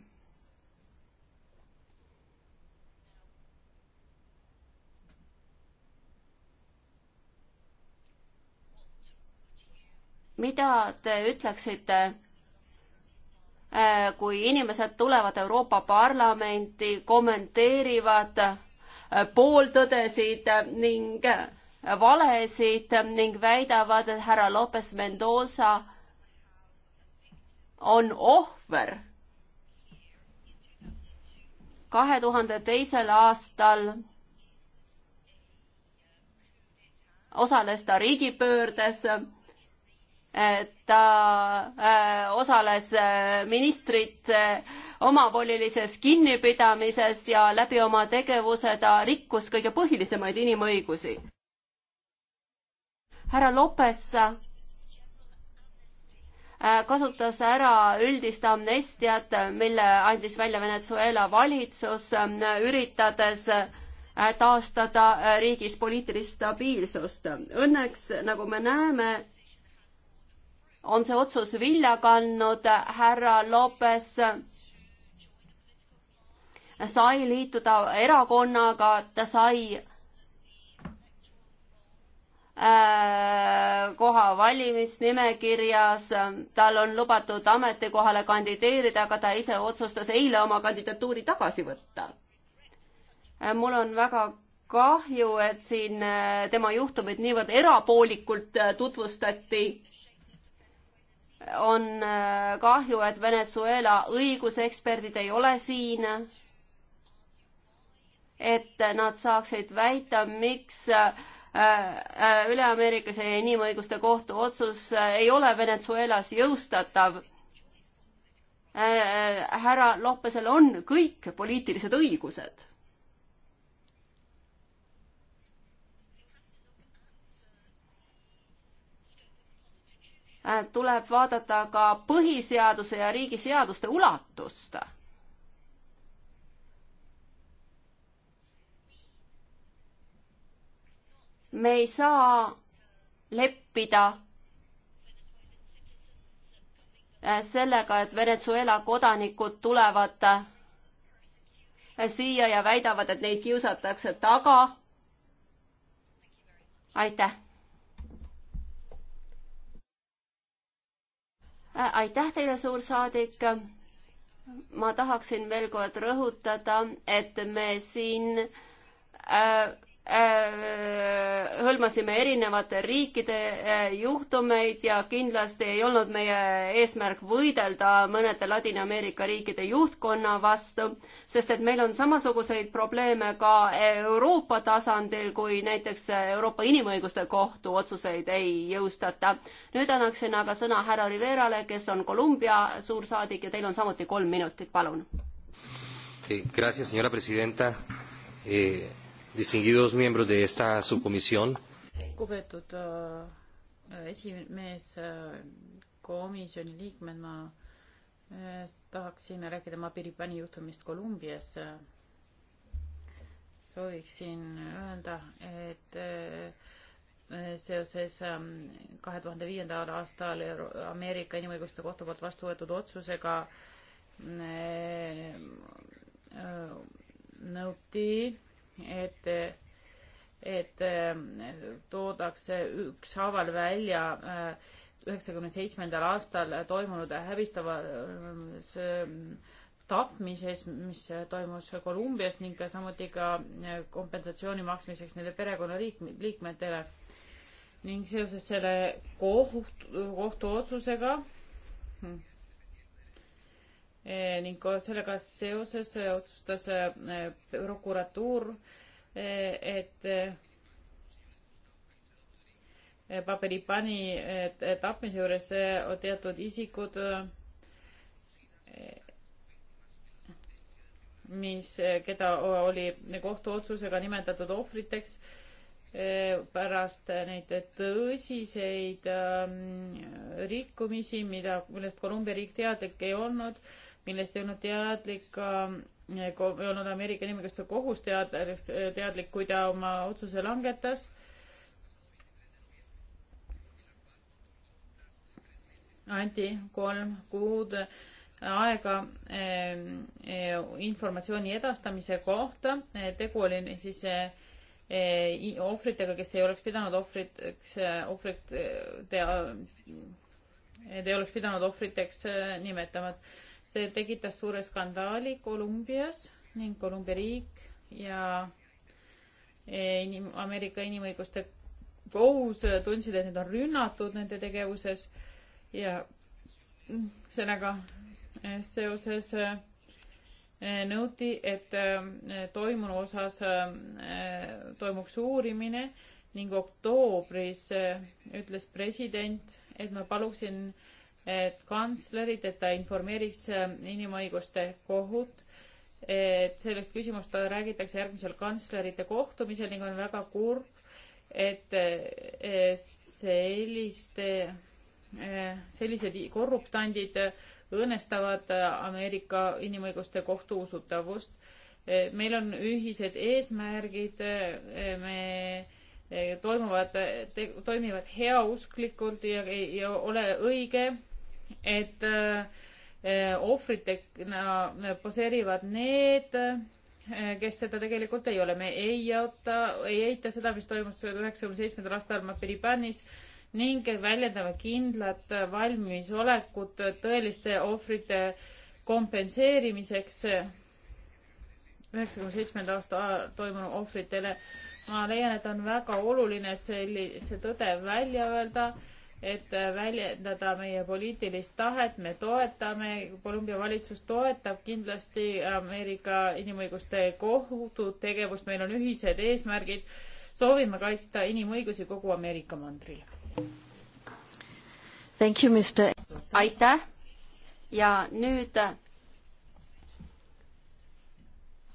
mida te ütleksite, äh, kui inimesed tulevad Euroopa Parlamenti, kommenteerivad äh, pooltõdesid ning valesid ning väidavad, et härra Lopez Mendoza on ohver. kahe tuhande teisel aastal osales ta riigipöördes ta äh, osales äh, ministrite omavolilises kinnipidamises ja läbi oma tegevuse ta rikkus kõige põhilisemaid inimõigusi härra Lopes äh, kasutas ära üldist amnestiat, mille andis välja Venezuela valitsus, äh, üritades äh, taastada riigis poliitilist stabiilsust. Õnneks, nagu me näeme, on see otsus vilja kandnud, härra Lopes sai liituda erakonnaga, ta sai Äh, koha valimisnimekirjas, tal on lubatud ametikohale kandideerida, aga ta ise otsustas eile oma kandidatuuri tagasi võtta. Äh, mul on väga kahju, et siin äh, tema juhtumit niivõrd erapoolikult tutvustati on kahju, et Venezuela õiguseksperdid ei ole siin, et nad saaksid väita, miks Äh, äh, üleameeriklase inimõiguste kohtu otsus äh, ei ole Venezuelas jõustatav. härra Lopesel on kõik poliitilised õigused. tuleb vaadata ka põhiseaduse ja riigiseaduste ulatust me ei saa leppida äh, sellega, et Venezuela kodanikud tulevad äh, siia ja väidavad, et neid kiusatakse taga. aitäh. Äh, aitäh teile, suursaadik. ma tahaksin veel kord rõhutada, et me siin äh, Äh, hõlmasime erinevate riikide äh, juhtumeid ja kindlasti ei olnud meie eesmärk võidelda mõnede Ladina-Ameerika riikide juhtkonna vastu, sest et meil on samasuguseid probleeme ka Euroopa tasandil, kui näiteks Euroopa Inimõiguste Kohtu otsuseid ei jõustata. nüüd annaksin aga sõna härra Riverale, kes on Kolumbia suursaadik ja teil on samuti kolm minutit, palun. Eh, gracias, señora presidenta eh distinguidos miembros de esta subcomisión. lugupeetud äh, esimees, äh, komisjoni liikmed, ma äh, tahaksin rääkida Mabiribani juhtumist Kolumbias. sooviksin öelda, et seoses ähm, kahe tuhande viiendal aastal Ameerika Inimõiguste Kohtu poolt vastu võetud otsusega nõuti et, et äh, toodakse ükshaaval välja äh, üheksakümne seitsmendal aastal toimunud hävistavas äh, tapmises, mis toimus Kolumbias ning ka samuti ka kompensatsiooni maksmiseks nende perekonnaliikmetele. ning seoses selle kohtu, kohtuotsusega hm, Eh, ning sellega seoses eh, otsustas eh, prokuratuur, et Paperipani tapmise juures teatud isikud, mis, keda oli kohtuotsusega nimetatud ohvriteks, pärast neid tõsiseid mm, rikkumisi, mida, millest Kolumbia riik teadlik ei olnud millest ei olnud teadlik eh, ei olnud Ameerika inimõiguste kohus tead-, teadlik, kui ta oma otsuse langetas. anti kolm kuud aega eh, eh, informatsiooni edastamise kohta, tegu oli siis ohvritega, kes ei oleks pidanud ohvriteks, ohvrit, te, te oleks pidanud ohvriteks nimetama, et see tekitas suure skandaali Kolumbias ning Kolumbia riik ja eh, inim-, Ameerika inimõiguste kohus tundsid, et need on rünnatud nende tegevuses ja sellega eh, seoses eh, nõuti, et toimunu osas toimuks uurimine ning oktoobris ütles president, et ma paluksin äh, et kantslerit, et ta informeeriks äh, inimõiguste kohut, et sellest küsimust räägitakse järgmisel kantslerite kohtumisel ning on väga kurb, et äh, selliste, äh, sellised korruptandid õõnestavad Ameerika Inimõiguste Kohtu usutavust. meil on ühised eesmärgid, me toimuvad, toimivad heausklikult ja ei ole õige et eh, ohvritena poseerivad need, eh, kes seda tegelikult ei ole. me ei jaota, ei eita seda, mis toimus üheksakümne seitsmendal aastal Mapiribanis ning väljendame kindlat valmisolekut tõeliste ohvrite kompenseerimiseks üheksakümne seitsmenda aasta toimunu ohvritele. ma leian, et on väga oluline selline tõde välja öelda et väljendada meie poliitilist tahet, me toetame, Kolumbia valitsus toetab kindlasti Ameerika Inimõiguste Kohtu tegevust, meil on ühised eesmärgid, soovime kaitsta inimõigusi kogu Ameerika mandril. aitäh ja nüüd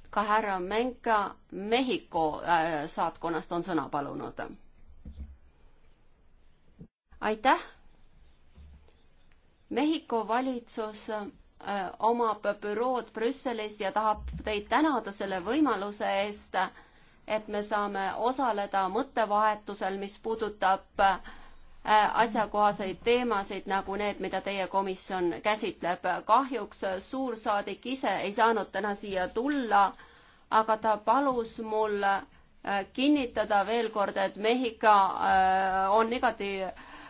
ka härra Menka Mehhiko äh, saatkonnast on sõna palunud aitäh. Mehhiko valitsus äh, omab bürood Brüsselis ja tahab teid tänada selle võimaluse eest, et me saame osaleda mõttevahetusel, mis puudutab äh, asjakohaseid teemasid nagu need, mida teie komisjon käsitleb. kahjuks suursaadik ise ei saanud täna siia tulla, aga ta palus mul äh, kinnitada veel kord, et Mehhika on igati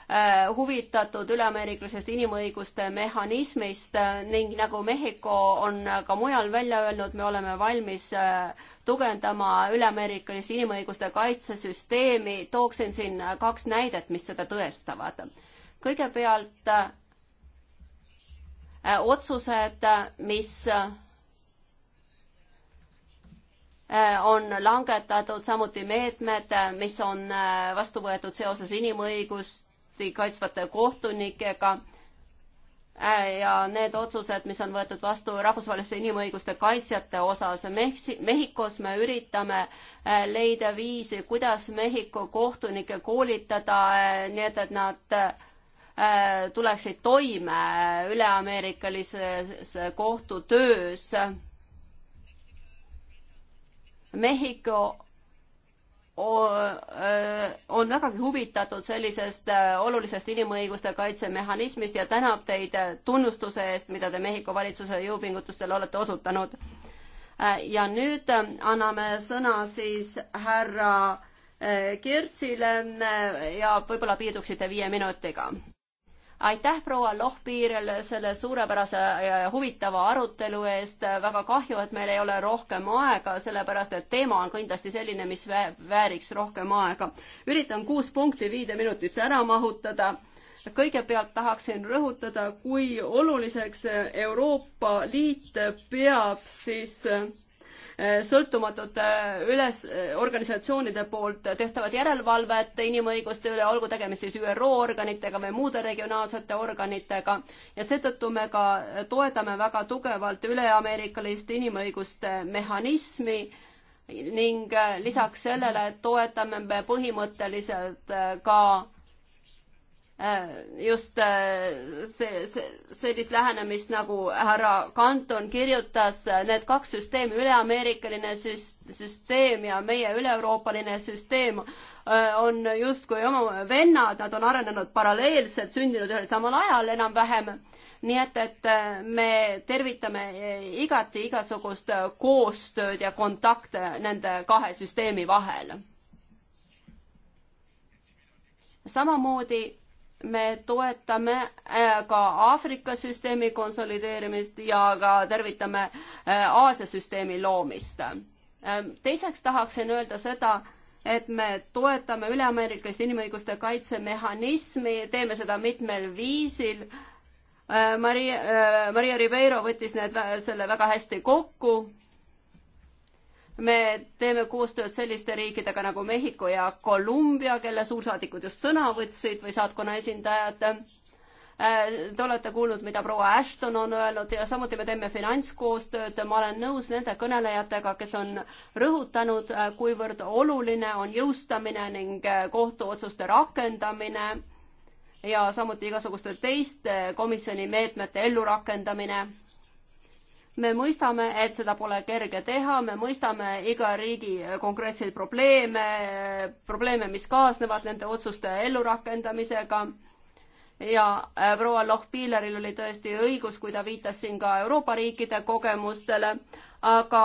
Äh, huvitatud üleameeriklasest inimõiguste mehhanismist äh, ning nagu Mehhiko on ka mujal välja öelnud, me oleme valmis äh, tugevdama üleameerikalist inimõiguste kaitsesüsteemi. tooksin siin kaks näidet, mis seda tõestavad. kõigepealt äh, otsused, mis on langetatud samuti meetmed, mis on vastu võetud seoses inimõigust, õigusi kaitsvate kohtunikega äh, ja need otsused, mis on võetud vastu rahvusvaheliste inimõiguste kaitsjate osas Mehhikos, me üritame äh, leida viisi, kuidas Mehhiko kohtunikke koolitada, äh, nii et, et nad tuleksid toime üleameerikalises kohtutöös. Mehhiko on vägagi huvitatud sellisest olulisest inimõiguste kaitsemehhanismist ja tänab teid tunnustuse eest, mida te Mehhiko valitsuse jõupingutustele olete osutanud. ja nüüd anname sõna siis härra Kertsile ja võib-olla piirduksite viie minutiga aitäh, proua Lohpiirel selle suurepärase ja huvitava arutelu eest. väga kahju, et meil ei ole rohkem aega, sellepärast et teema on kindlasti selline, mis vääriks rohkem aega. üritan kuus punkti viide minutisse ära mahutada. kõigepealt tahaksin rõhutada, kui oluliseks Euroopa Liit peab siis Äh, sõltumatute äh, üles, äh, organisatsioonide poolt tehtavat järelevalvet inimõiguste üle, olgu tegemist siis ÜRO organitega või muude regionaalsete organitega. ja seetõttu me ka toetame väga tugevalt üleameerikalist inimõiguste mehhanismi ning lisaks sellele toetame me põhimõtteliselt ka Äh, just äh, see, see, sellist lähenemist, nagu härra Kanton kirjutas, äh, need kaks süsteemi, üleameerikaline süsteem ja meie üle-euroopaline süsteem, on justkui oma vennad, nad on arenenud paralleelselt, sündinud ühel samal ajal enam-vähem. nii et, et me tervitame igati igasugust koostööd ja kontakte nende kahe süsteemi vahel. samamoodi me toetame äh, ka Aafrika süsteemi konsolideerimist ja ka tervitame äh, Aasia süsteemi loomist. Äh, teiseks tahaksin öelda seda, et me toetame üleameeriklast inimõiguste kaitsemehhanismi, teeme seda mitmel viisil. Maria, Maria Ribeiro võttis need, selle väga hästi kokku me teeme koostööd selliste riikidega nagu Mehhiko ja Kolumbia, kelle suursaadikud just sõna võtsid või saatkonna esindajad. Äh, te olete kuulnud, mida proua Ashton on öelnud ja samuti me teeme finantskoostööd. ma olen nõus nende kõnelejatega, kes on rõhutanud, äh, kuivõrd oluline on jõustamine ning äh, kohtuotsuste rakendamine ja samuti igasuguste teiste komisjoni meetmete ellurakendamine me mõistame, et seda pole kerge teha, me mõistame iga riigi konkreetseid probleeme, probleeme, mis kaasnevad nende otsuste ellurakendamisega. ja äh, proua Lohpiileril oli tõesti õigus, kui ta viitas siin ka Euroopa riikide kogemustele, aga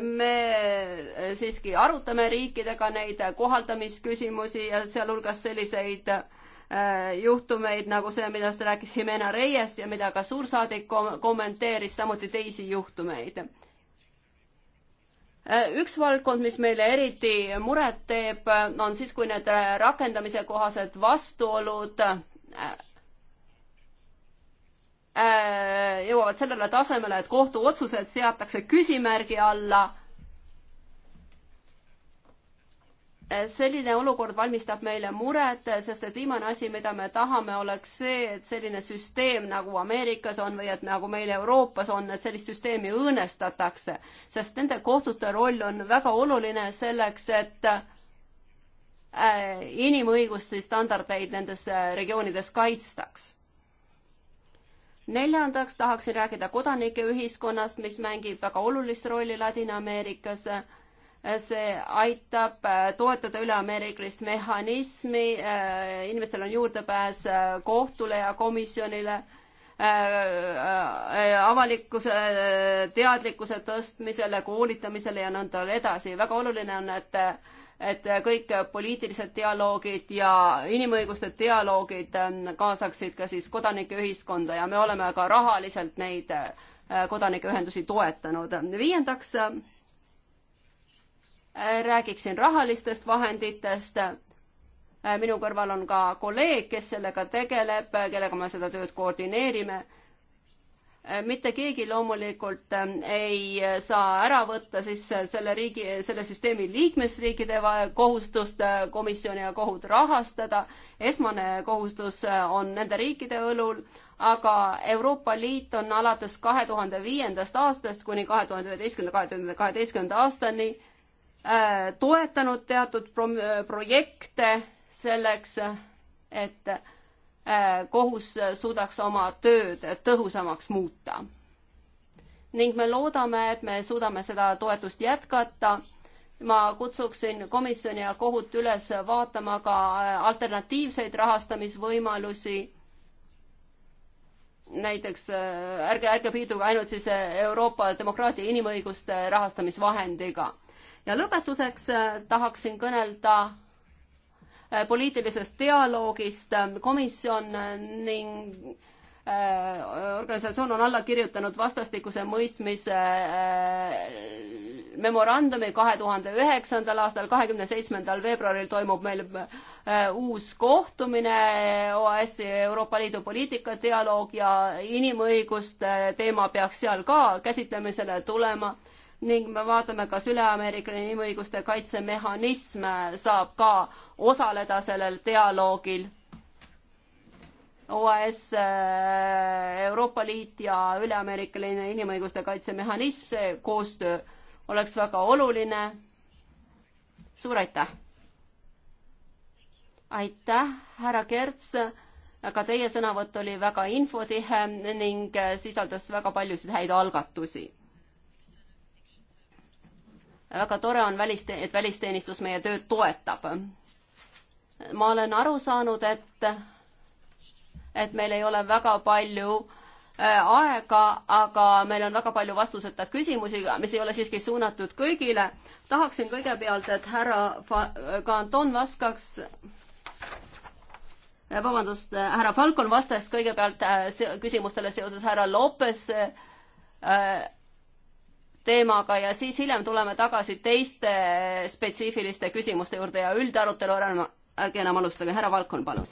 me äh, siiski arutame riikidega neid kohaldamisküsimusi ja sealhulgas selliseid äh, Äh, juhtumeid nagu see, millest rääkis Jimena Reyes ja mida ka suursaadik kommenteeris, samuti teisi juhtumeid. Äh, üks valdkond, mis meile eriti muret teeb, on siis, kui need äh, rakendamise kohased vastuolud jõuavad sellele tasemele, et kohtuotsused seatakse küsimärgi alla selline olukord valmistab meile muret, sest et viimane asi, mida me tahame, oleks see, et selline süsteem nagu Ameerikas on või et nagu meil Euroopas on, et sellist süsteemi õõnestatakse, sest nende kohtute roll on väga oluline selleks, et äh, inimõiguste standardeid nendes äh, regioonides kaitstaks neljandaks tahaksin rääkida kodanike ühiskonnast, mis mängib väga olulist rolli Ladina-Ameerikas see aitab äh, toetada üleameeriklist mehhanismi, äh, inimestel on juurdepääs äh, kohtule ja komisjonile, avalikkuse teadlikkuse tõstmisele, koolitamisele ja nõnda edasi. väga oluline on, et et kõik poliitilised dialoogid ja inimõiguste dialoogid ähm, kaasaksid ka siis kodanikeühiskonda ja me oleme ka rahaliselt neid kodanikeühendusi toetanud. viiendaks Äh, räägiksin rahalistest vahenditest. Äh, minu kõrval on ka kolleeg, kes sellega tegeleb, äh, kellega me seda tööd koordineerime. mitte keegi loomulikult ähm, ei saa ära võtta siis selle riigi, selle süsteemi liikmesriikide kohustust komisjoni ja kohut rahastada. esmane kohustus on nende riikide õlul aga Euroopa Liit on alates kahe tuhande viiendast aastast kuni kahe tuhande üheteistkümnenda, kahe tuhande kaheteistkümnenda aastani Äh, toetanud teatud pro-, äh, projekte selleks, et äh, kohus suudaks oma tööd tõhusamaks muuta. ning me loodame, et me suudame seda toetust jätkata. ma kutsuksin komisjoni ja kohut üles vaatama ka alternatiivseid rahastamisvõimalusi. näiteks ärge, ärge piirduge ainult siis Euroopa demokraatia inimõiguste rahastamisvahendiga ja lõpetuseks äh, tahaksin kõnelda äh, poliitilisest dialoogist. Äh, komisjon ning organisatsioon on alla kirjutanud vastastikuse mõistmise memorandumi kahe tuhande üheksandal aastal, kahekümne seitsmendal veebruaril toimub meil uus kohtumine, OAS-i Euroopa Liidu poliitikadialoog ja inimõiguste teema peaks seal ka käsitlemisele tulema ning me vaatame, kas üleameerikline inimõiguste kaitsemehhanism saab ka osaleda sellel dialoogil. OAS, äh, Euroopa Liit ja üleameerikline inimõiguste kaitsemehhanism, see koostöö oleks väga oluline. suur aitäh! aitäh, härra Kerts, ka teie sõnavõtt oli väga infotihe ning äh, sisaldas väga paljusid häid algatusi väga tore on väliste-, et välisteenistus meie tööd toetab. ma olen aru saanud, et, et meil ei ole väga palju äh, aega, aga meil on väga palju vastuseta küsimusi, mis ei ole siiski suunatud kõigile. tahaksin kõigepealt, et härra Kanton vastaks äh, vabandust, äh, härra Falcon vastas kõigepealt küsimustele seoses härra Lopes äh, teemaga ja siis hiljem tuleme tagasi teiste spetsiifiliste küsimuste juurde ja üldarutelu ära, ärge enam alustage, härra Valkon, palun.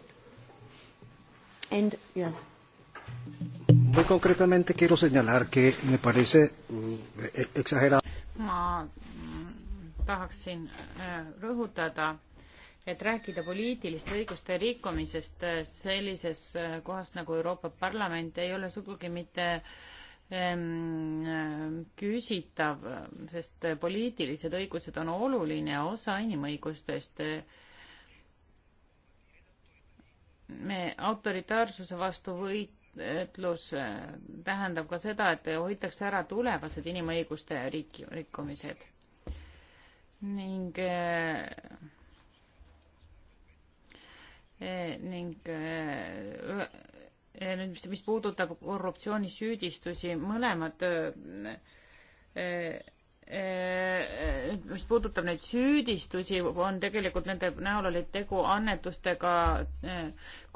And yeah. Muy concretamente quiero señalar que me parece eh, exagerado. Ma tahaksin eh, rõhutada, et rääkida poliitiliste õiguste rikkumisest eh, sellises kohas nagu Euroopa Parlament ei ole sugugi mitte äh, Ähm, küsitav, sest poliitilised õigused on oluline osa inimõigustest. me autoritaarsuse vastu võitlus äh, tähendab ka seda, et hoitakse ära tulevased inimõiguste riik-, rikkumised. ning äh, äh, ning Eh, nüüd, mis, mis puudutab korruptsioonisüüdistusi, mõlemad mis puudutab neid süüdistusi, on tegelikult nende näol olid tegu annetustega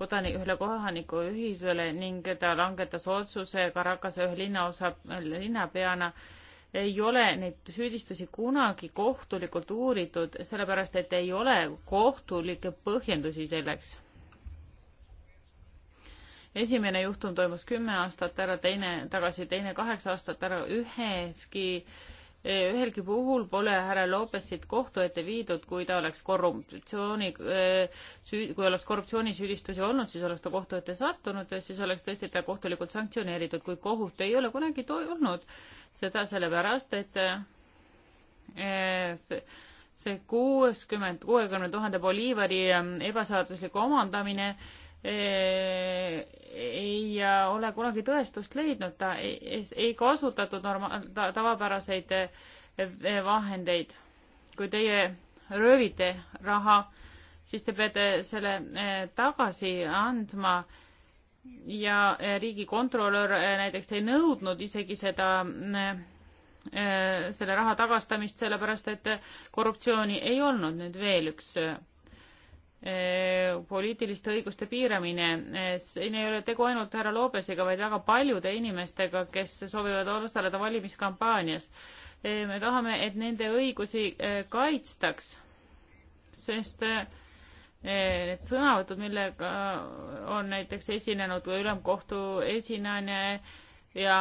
kodanik, ühele kodanikuühisele ning ta langetas otsuse Karakase ühe linnaosa, linnapeana. ei ole neid süüdistusi kunagi kohtulikult uuritud, sellepärast et ei ole kohtulikke põhjendusi selleks esimene juhtum toimus kümme aastat ära, teine tagasi, teine kaheksa aastat ära, üheski, ühelgi puhul pole härra Lopesit kohtu ette viidud, kui ta oleks korruptsiooni, kui oleks korruptsioonisüüdistusi olnud, siis oleks ta kohtu ette sattunud ja siis oleks tõesti ta kohtulikult sanktsioneeritud, kuid kohut ei ole kunagi olnud. seda sellepärast, et eh, see, see kuuskümmend, kuuekümne tuhande Boliivari ebaseaduslik eh, omandamine äh, Äh, ei äh, ole kunagi tõestust leidnud, ta ei, ei kasutatud norma-, tavapäraseid äh, vahendeid. kui teie röövite raha, siis te peate selle tagasi andma ja riigikontrolör näiteks ei nõudnud isegi seda, selle raha tagastamist, sellepärast et korruptsiooni ei olnud nüüd veel üks Eh, poliitiliste õiguste piiramine. Eh, siin ei ole tegu ainult härra Loobesega, vaid väga paljude inimestega, kes soovivad osaleda valimiskampaanias. Eh, me tahame, et nende õigusi kaitstaks, sest need sõnavõtud, millega on näiteks esinenud ülemkohtu esinejana ja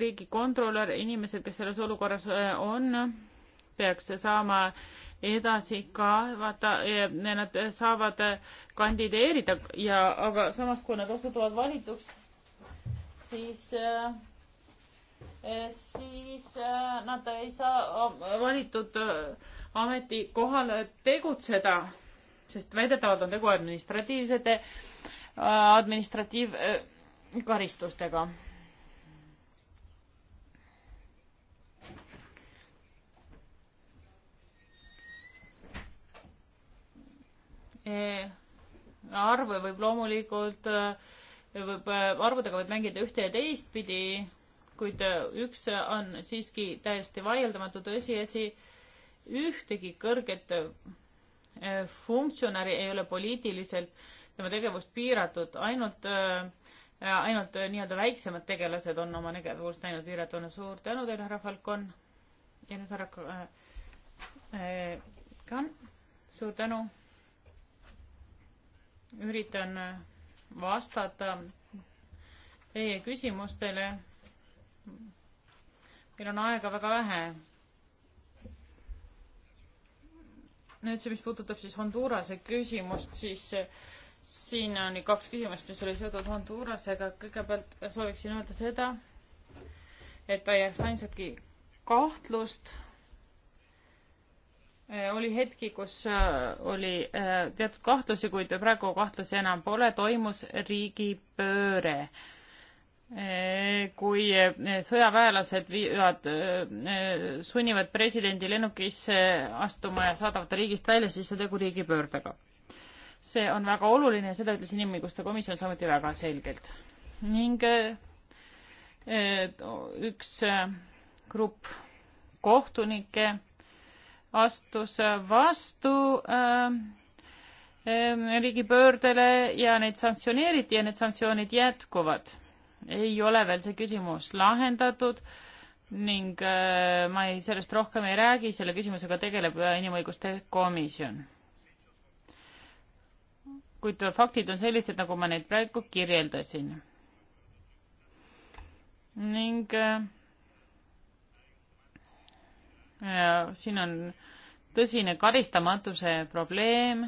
riigikontrolör, inimesed, kes selles olukorras on, peaks saama edasi kaevata, nad saavad kandideerida ja, aga samas, kui nad osutuvad valituks, siis eh, siis eh, nad ei saa eh, valitud ametikohal tegutseda, sest väidetavalt on tegu administratiivsete, administratiivkaristustega E, arve võib loomulikult, e, võib, e, arvudega võib mängida ühte ja teistpidi, kuid üks on siiski täiesti vaieldamatu tõsiasi, ühtegi kõrget funktsionäri ei ole poliitiliselt tema tegevust piiratud, ainult ainult nii-öelda väiksemad tegelased on oma tegevust näinud piiratuna. suur tänu teile, härra Falcon. ja nüüd härra äh, äh, Kann, suur tänu üritan vastata teie küsimustele. meil on aega väga vähe. nüüd see, mis puudutab siis Hondurase küsimust, siis siin on kaks küsimust, mis olid seotud Hondurasega. kõigepealt sooviksin öelda seda, et ta ei jääks ainsatki kahtlust Äh, oli hetki, kus äh, oli äh, teatud kahtlusi, kuid praegu kahtlusi enam pole, toimus riigipööre. kui sõjaväelased viivad, sunnivad presidendi lennukisse astuma ja saadavad ta riigist välja, siis on tegu riigipöördega. see on väga oluline ja seda ütles Inimõiguste Komisjon samuti väga selgelt. ning üks grupp kohtunikke astus vastu äh, riigipöördele ja neid sanktsioneeriti ja need sanktsioonid jätkuvad. ei ole veel see küsimus lahendatud ning äh, ma ei, sellest rohkem ei räägi, selle küsimusega tegeleb äh, Inimõiguste Komisjon. kuid faktid on sellised, nagu ma neid praegu kirjeldasin. ning äh, siin on tõsine karistamatuse probleem,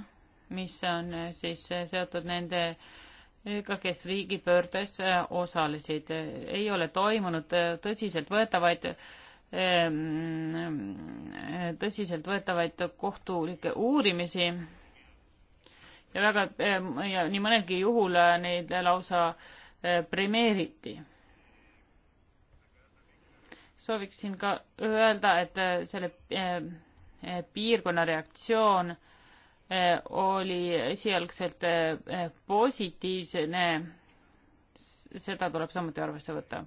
mis on eh, siis eh, seotud nende eh, ka kes riigipöördes osalesid. ei ole toimunud tõsiseltvõetavaid, ehm, tõsiseltvõetavaid kohtulikke uurimisi ja väga, ja nii mõnelgi juhul neid lausa premeeriti sooviksin ka öelda, et äh, selle äh, äh, piirkonna reaktsioon oli esialgselt positiivsene, seda tuleb samuti arvesse võtta.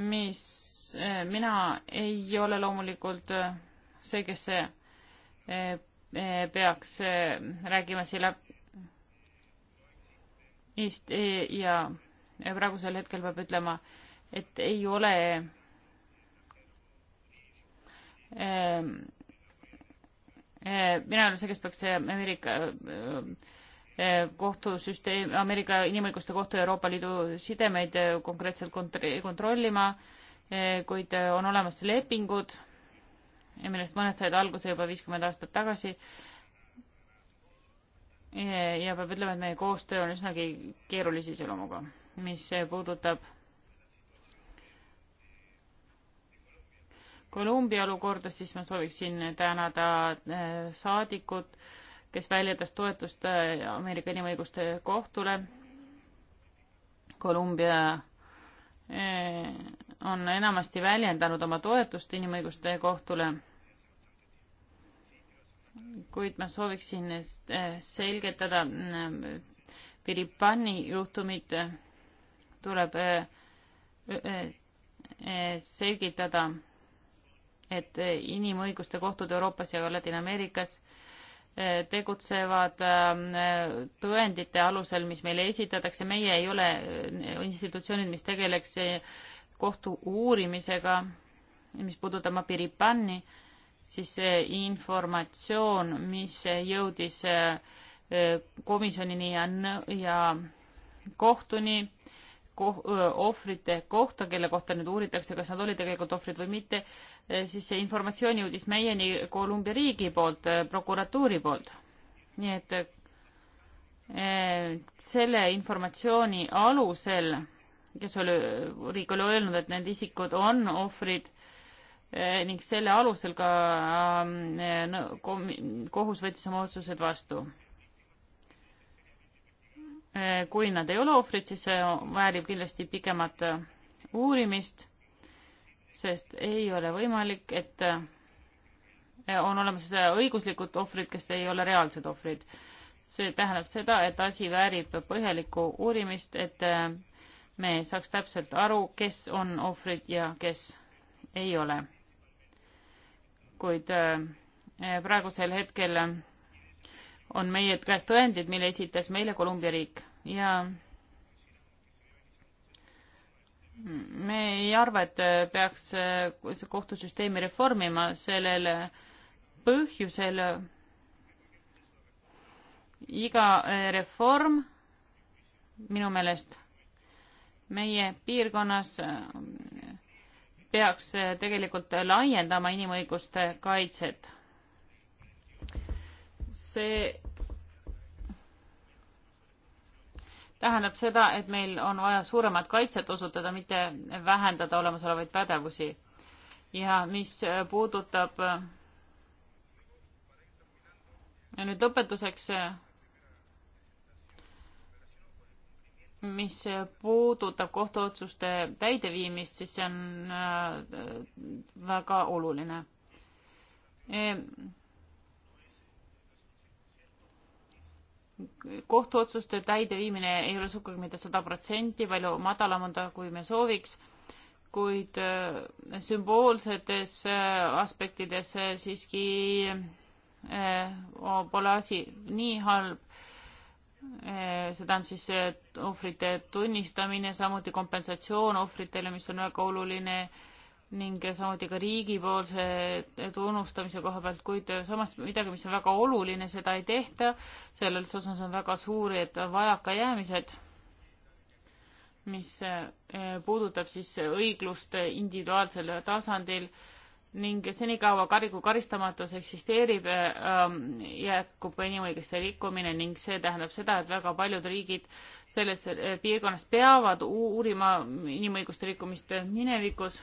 mis, mina ei ole loomulikult see, kes see peaks rääkima siin läbi ja praegusel hetkel peab ütlema, et ei ole ähm, äh, mina ei ole see, kes peaks Ameerika äh, äh, kohtusüsteem, Ameerika Inimõiguste Kohtu ja Euroopa Liidu sidemeid konkreetselt kont-, kontrollima, kuid on olemas lepingud, millest mõned said alguse juba viiskümmend aastat tagasi, ja peab ütlema, et meie koostöö on üsnagi keerulise iseloomuga mis puudutab Kolumbia olukorda, siis ma sooviksin tänada äh, saadikut, kes väljendas toetust äh, Ameerika Inimõiguste Kohtule. Kolumbia äh, on enamasti väljendanud oma toetust Inimõiguste Kohtule, kuid ma sooviksin selgitada Piripani juhtumit tuleb äh, äh, äh, selgitada, et inimõiguste kohtud Euroopas ja ka Ladina-Ameerikas tegutsevad ähm, tõendite alusel, mis meile esitatakse, meie ei ole institutsioonid, mis tegeleks kohtu uurimisega, mis puudutab Mapiripanni, siis see informatsioon, mis jõudis komisjonini ja, ja kohtuni, koh-, ohvrite kohta, kelle kohta nüüd uuritakse, kas nad olid tegelikult ohvrid või mitte, siis see informatsioon jõudis meieni Kolumbia riigi poolt, prokuratuuri poolt. nii et selle informatsiooni alusel, kes oli, riik oli öelnud, et need isikud on ohvrid ning selle alusel ka no, kohus võttis oma otsused vastu Eh, kui nad ei ole ohvrid, siis see väärib kindlasti pikemat eh, uurimist, sest ei ole võimalik, et eh, on olemas õiguslikud ohvrid, kes ei ole reaalsed ohvrid. see tähendab seda, et asi väärib põhjalikku uurimist, et me saaks täpselt aru, kes on ohvrid ja kes ei ole. kuid praegusel hetkel on meie käes tõendid, mille esitas meile Kolumbia riik ja me ei arva, et peaks kohtusüsteemi reformima sellel põhjusel. iga reform minu meelest meie piirkonnas peaks tegelikult laiendama inimõiguste kaitset see tähendab seda, et meil on vaja suuremat kaitset osutada, mitte vähendada olemasolevaid pädevusi. ja mis puudutab ja nüüd lõpetuseks, mis puudutab kohtuotsuste täideviimist, siis see on äh, väga oluline ehm, kohtuotsuste täideviimine ei ole sugugi mitte sada protsenti, palju madalam on ta, kui me sooviks, kuid äh, sümboolsetes äh, aspektides äh, siiski pole asi nii halb. seda on siis ohvrite tunnistamine, samuti kompensatsioon ohvritele, mis on väga oluline ning samuti ka riigipoolse tunnustamise koha pealt, kuid samas midagi, mis on väga oluline, seda ei tehta, selles osas on väga suured vajakajäämised, mis eh, puudutab siis õiglust individuaalsel tasandil ning senikaua kariku karistamatus eksisteerib, ähm, jätkub ka inimõiguste rikkumine ning see tähendab seda, et väga paljud riigid selles äh, piirkonnas peavad uurima inimõiguste rikkumist minevikus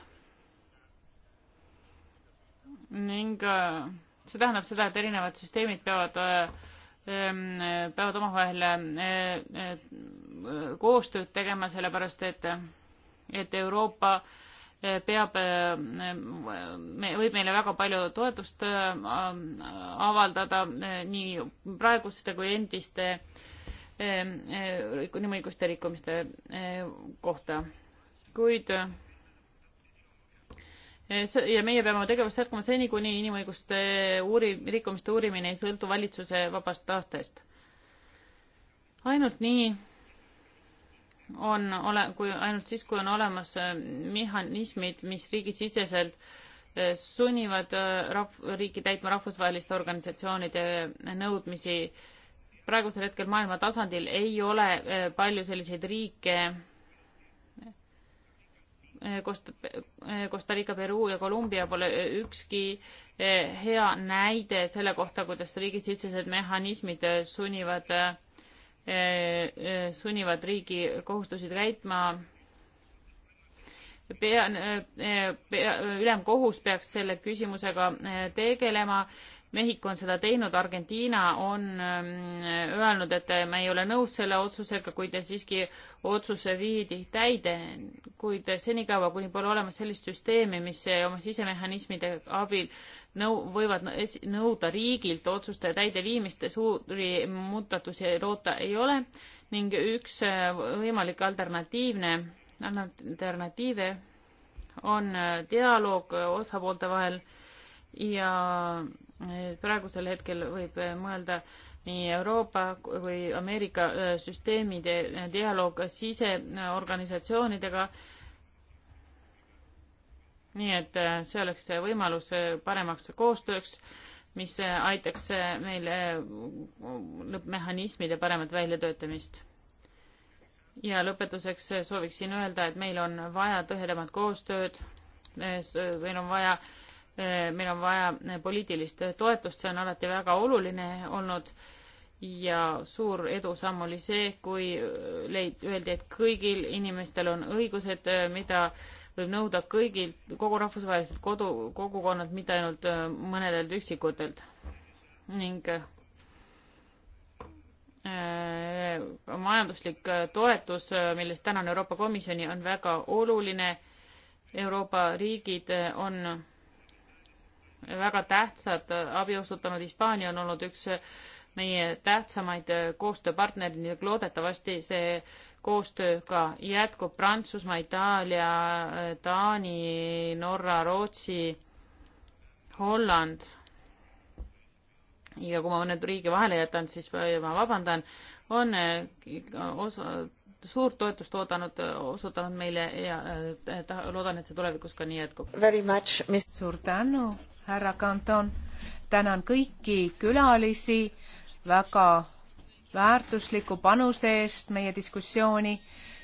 ning äh, see tähendab seda, et erinevad süsteemid peavad äh, ähm, peavad omavahel äh, koostööd tegema, sellepärast et, et Euroopa peab, me, võib meile väga palju toetust avaldada nii praeguste kui endiste inimõiguste rikkumiste kohta, kuid Eh, ja meie peame oma tegevust jätkama seni, kuni inimõiguste uuri-, rikkumiste uurimine ei sõltu valitsuse vabast tahtest. ainult nii on ole-, kui ainult siis, kui on olemas äh, mehhanismid, mis riigisiseselt äh, sunnivad äh, rahv-, riiki täitma rahvusvaheliste organisatsioonide nõudmisi. praegusel hetkel maailma tasandil ei ole palju selliseid riike, Eh, Costa, eh, Costa Rica, Peruu ja Kolumbia pole eh, ükski hea näide selle kohta, kuidas riigisisesed mehhanismid sunnivad, sunnivad riigi kohustusi täitma. pea, pea, ülemkohus peaks selle küsimusega tegelema Mehhiko on seda teinud, Argentiina on ähm, öelnud, et me ei ole nõus selle otsusega, kuid siiski otsuse viidi täide, kuid senikaua, kuni pole olemas sellist süsteemi, mis oma sisemehhanismide abil nõu-, võivad nõuda riigilt otsuste täideviimist, suuri muudatusi loota ei ole ning üks äh, võimalik alternatiivne, alternatiive on äh, dialoog äh, osapoolte vahel ja praegusel hetkel võib eh, mõelda nii Euroopa kui Ameerika eh, süsteemide eh, dialoog siseorganisatsioonidega. nii et see oleks võimalus paremaks koostööks, mis aitaks meil lõppmehhanismide paremat väljatöötamist. ja lõpetuseks sooviksin öelda, et meil on vaja tõhedamat koostööd, meil on vaja äh, Eh, meil on vaja eh, poliitilist eh, toetust, see on alati väga oluline olnud ja suur edusamm oli see, kui leid-, öeldi, et kõigil inimestel on õigused, mida võib nõuda kõigilt, kogu rahvusvahelised kodu, kogukonnad, mitte ainult mõnedelt üksikutelt. ning majanduslik toetus, millest tänan Euroopa Komisjoni, on väga oluline. Euroopa riigid on väga tähtsad, abi osutanud Hispaania on olnud üks meie tähtsamaid koostööpartnereid ning loodetavasti see koostöö ka jätkub Prantsusmaa, Itaalia, Taani, Norra, Rootsi, Holland. ja kui ma mõned riigi vahele jätan, siis ma vabandan, on äh, osa, suurt toetust oodanud, osutanud meile ja äh, ta, loodan, et see tulevikus ka nii jätkub. suur tänu härra Kanton. tänan kõiki külalisi väga väärtusliku panuse eest meie diskussiooni.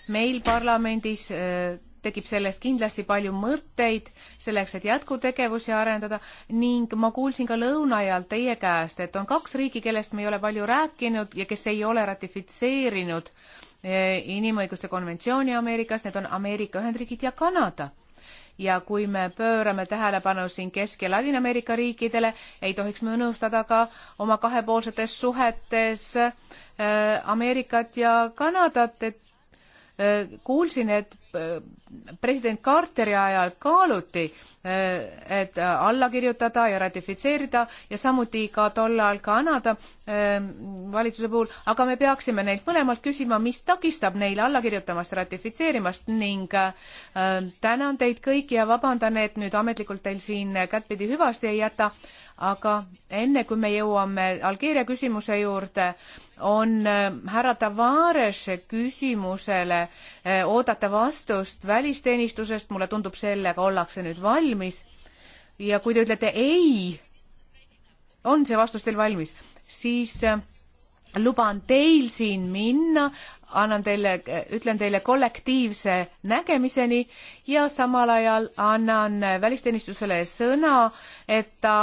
meil parlamendis äh, tekib sellest kindlasti palju mõtteid selleks, et jätkutegevusi arendada ning ma kuulsin ka lõuna ajal teie käest, et on kaks riiki, kellest me ei ole palju rääkinud ja kes ei ole ratifitseerinud äh, inimõiguste konventsiooni Ameerikas, need on Ameerika Ühendriigid ja Kanada ja kui me pöörame tähelepanu siin Kesk- ja Ladina-Ameerika riikidele, ei tohiks me unustada ka oma kahepoolsetes suhetes äh, Ameerikat ja Kanadat, et äh, kuulsin, et Äh, president Carteri ajal kaaluti, äh, et äh, alla kirjutada ja ratifitseerida ja samuti ka tol ajal Kanada valitsuse puhul, aga me peaksime neilt mõlemalt küsima, mis takistab neil alla kirjutamast, ratifitseerimast ning tänan teid kõiki ja vabandan, et nüüd ametlikult teil siin kättpidi hüvasti ei jäta, aga enne kui me jõuame Algeeria küsimuse juurde, on härra Tavares küsimusele oodata vastust, vastust välisteenistusest, mulle tundub, sellega ollakse nüüd valmis. ja kui te ütlete ei, on see vastus teil valmis, siis äh, luban teil siin minna, annan teile, äh, ütlen teile kollektiivse nägemiseni ja samal ajal annan äh, välisteenistusele sõna, et ta,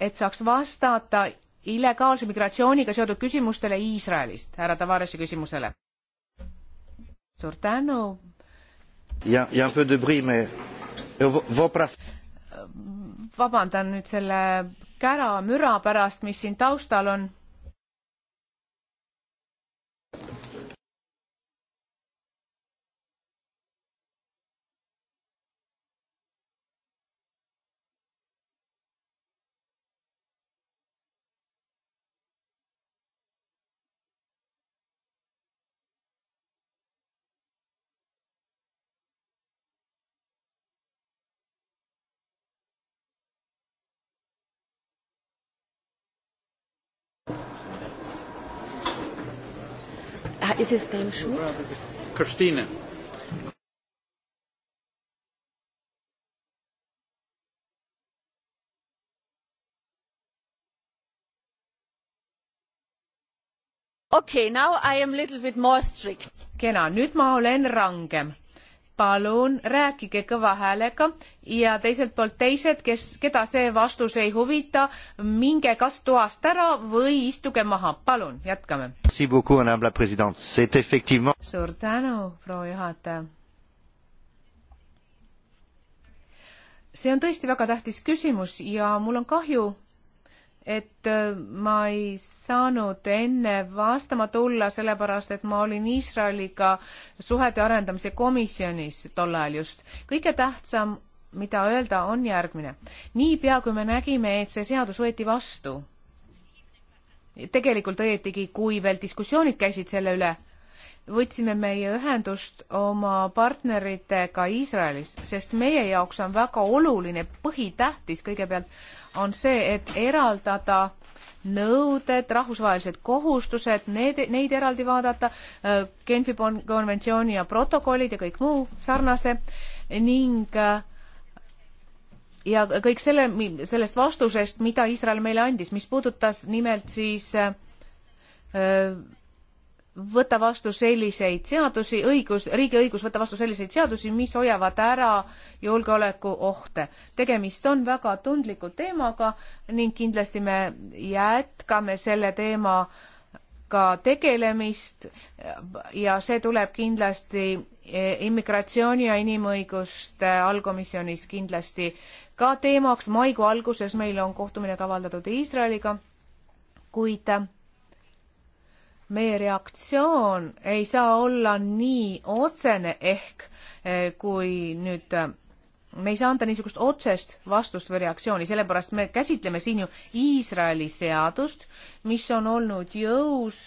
et saaks vastata illegaalse migratsiooniga seotud küsimustele Iisraelist, härra Tavaresi küsimusele. suur tänu, il y, y a un peu de bris, mais euh, vabandan nüüd selle kära müra pärast, mis siin taustal on Is his name Schmidt? Christina. okei okay,, now I am little bit more strict. kena, nüüd ma olen rangem palun rääkige kõva häälega ja teiselt poolt teised, kes, keda see vastus ei huvita, minge kas toast ära või istuge maha, palun, jätkame. suur tänu, proua juhataja. see on tõesti väga tähtis küsimus ja mul on kahju, et äh, ma ei saanud enne vastama tulla, sellepärast et ma olin Iisraeliga suhete arendamise komisjonis tol ajal just. kõige tähtsam, mida öelda, on järgmine. niipea, kui me nägime, et see seadus võeti vastu, tegelikult õietigi, kui veel diskussioonid käisid selle üle võtsime meie ühendust oma partneritega Iisraelis, sest meie jaoks on väga oluline, põhitähtis kõigepealt on see, et eraldada nõuded, rahvusvahelised kohustused, need, neid eraldi vaadata, Genfi konventsiooni ja protokollid ja kõik muu sarnase ning ja kõik selle, sellest vastusest, mida Iisrael meile andis, mis puudutas nimelt siis äh, võta vastu selliseid seadusi, õigus, riigi õigus võtta vastu selliseid seadusi, mis hoiavad ära julgeolekuohte. tegemist on väga tundliku teemaga ning kindlasti me jätkame selle teemaga tegelemist ja see tuleb kindlasti eh, immigratsiooni ja inimõiguste allkomisjonis kindlasti ka teemaks. maikuu alguses meil on kohtumine kavandatud Iisraeliga, kuid meie reaktsioon ei saa olla nii otsene ehk eh, kui nüüd eh, me ei saa anda niisugust otsest vastust või reaktsiooni, sellepärast me käsitleme siin ju Iisraeli seadust, mis on olnud jõus,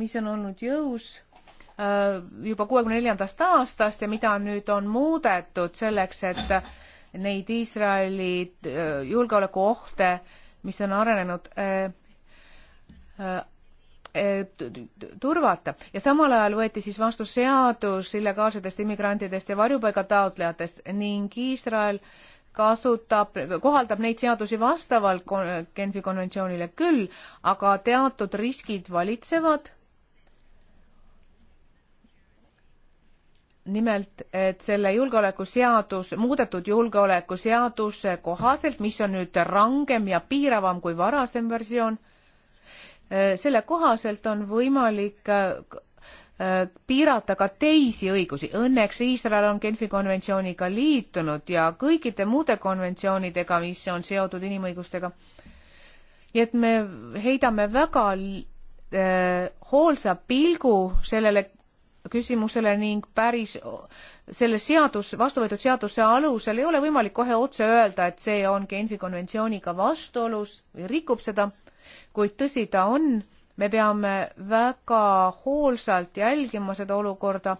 mis on olnud jõus eh, juba kuuekümne neljandast aastast ja mida nüüd on muudetud selleks, et neid Iisraeli julgeolekuohte, mis on arenenud, Äh, turvata ja samal ajal võeti siis vastu seadus illegaalsetest immigrantidest ja varjupaigataotlejatest ning Iisrael kasutab, kohaldab neid seadusi vastavalt Genfi konventsioonile küll, aga teatud riskid valitsevad. nimelt, et selle julgeolekuseadus, muudetud julgeolekuseaduse kohaselt, mis on nüüd rangem ja piiravam kui varasem versioon Äh, selle kohaselt on võimalik äh, äh, piirata ka teisi õigusi. Õnneks Iisrael on Genfi konventsiooniga liitunud ja kõikide muude konventsioonidega, mis on seotud inimõigustega. nii et me heidame väga äh, hoolsa pilgu sellele küsimusele ning päris selle seadus, vastu võetud seaduse alusel ei ole võimalik kohe otse öelda, et see on Genfi konventsiooniga vastuolus või rikub seda kuid tõsi ta on, me peame väga hoolsalt jälgima seda olukorda,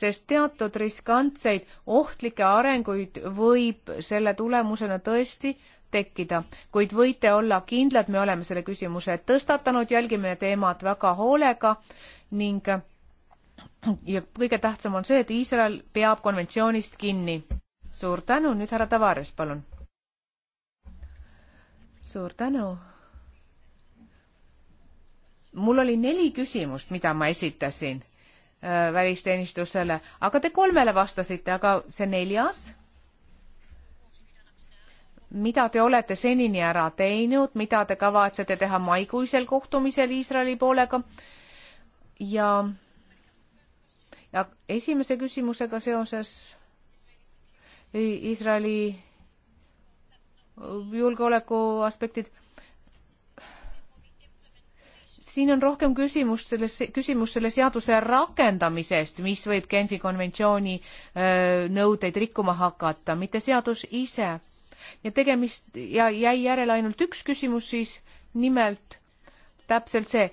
sest teatud riskantseid ohtlikke arenguid võib selle tulemusena tõesti tekkida, kuid võite olla kindlad, me oleme selle küsimuse tõstatanud, jälgime teemat väga hoolega ning ja kõige tähtsam on see, et Iisrael peab konventsioonist kinni. suur tänu, nüüd härra Tavares, palun. suur tänu mul oli neli küsimust, mida ma esitasin äh, välisteenistusele, aga te kolmele vastasite, aga see neljas? mida te olete senini ära teinud, mida te kavatsete teha maikuisel kohtumisel Iisraeli poolega? ja, ja esimese küsimusega seoses Iisraeli julgeoleku aspektid siin on rohkem küsimus selles, küsimus selle seaduse rakendamisest, mis võib Genfi konventsiooni öö, nõudeid rikkuma hakata, mitte seadus ise. ja tegemist ja jäi järele ainult üks küsimus siis, nimelt täpselt see,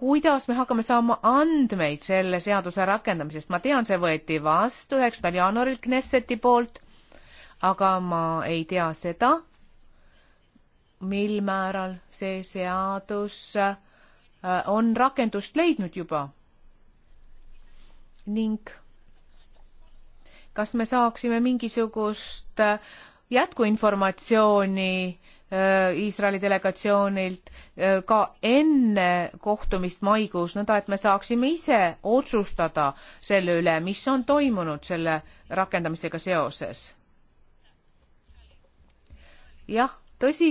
kuidas me hakkame saama andmeid selle seaduse rakendamisest, ma tean, see võeti vastu üheksandal jaanuaril Knesseti poolt, aga ma ei tea seda, mil määral see seadus äh, Äh, on rakendust leidnud juba. ning kas me saaksime mingisugust äh, jätkuinformatsiooni äh, Iisraeli delegatsioonilt ka enne kohtumist maikuus, nõnda et me saaksime ise otsustada selle üle, mis on toimunud selle rakendamisega seoses. jah, tõsi,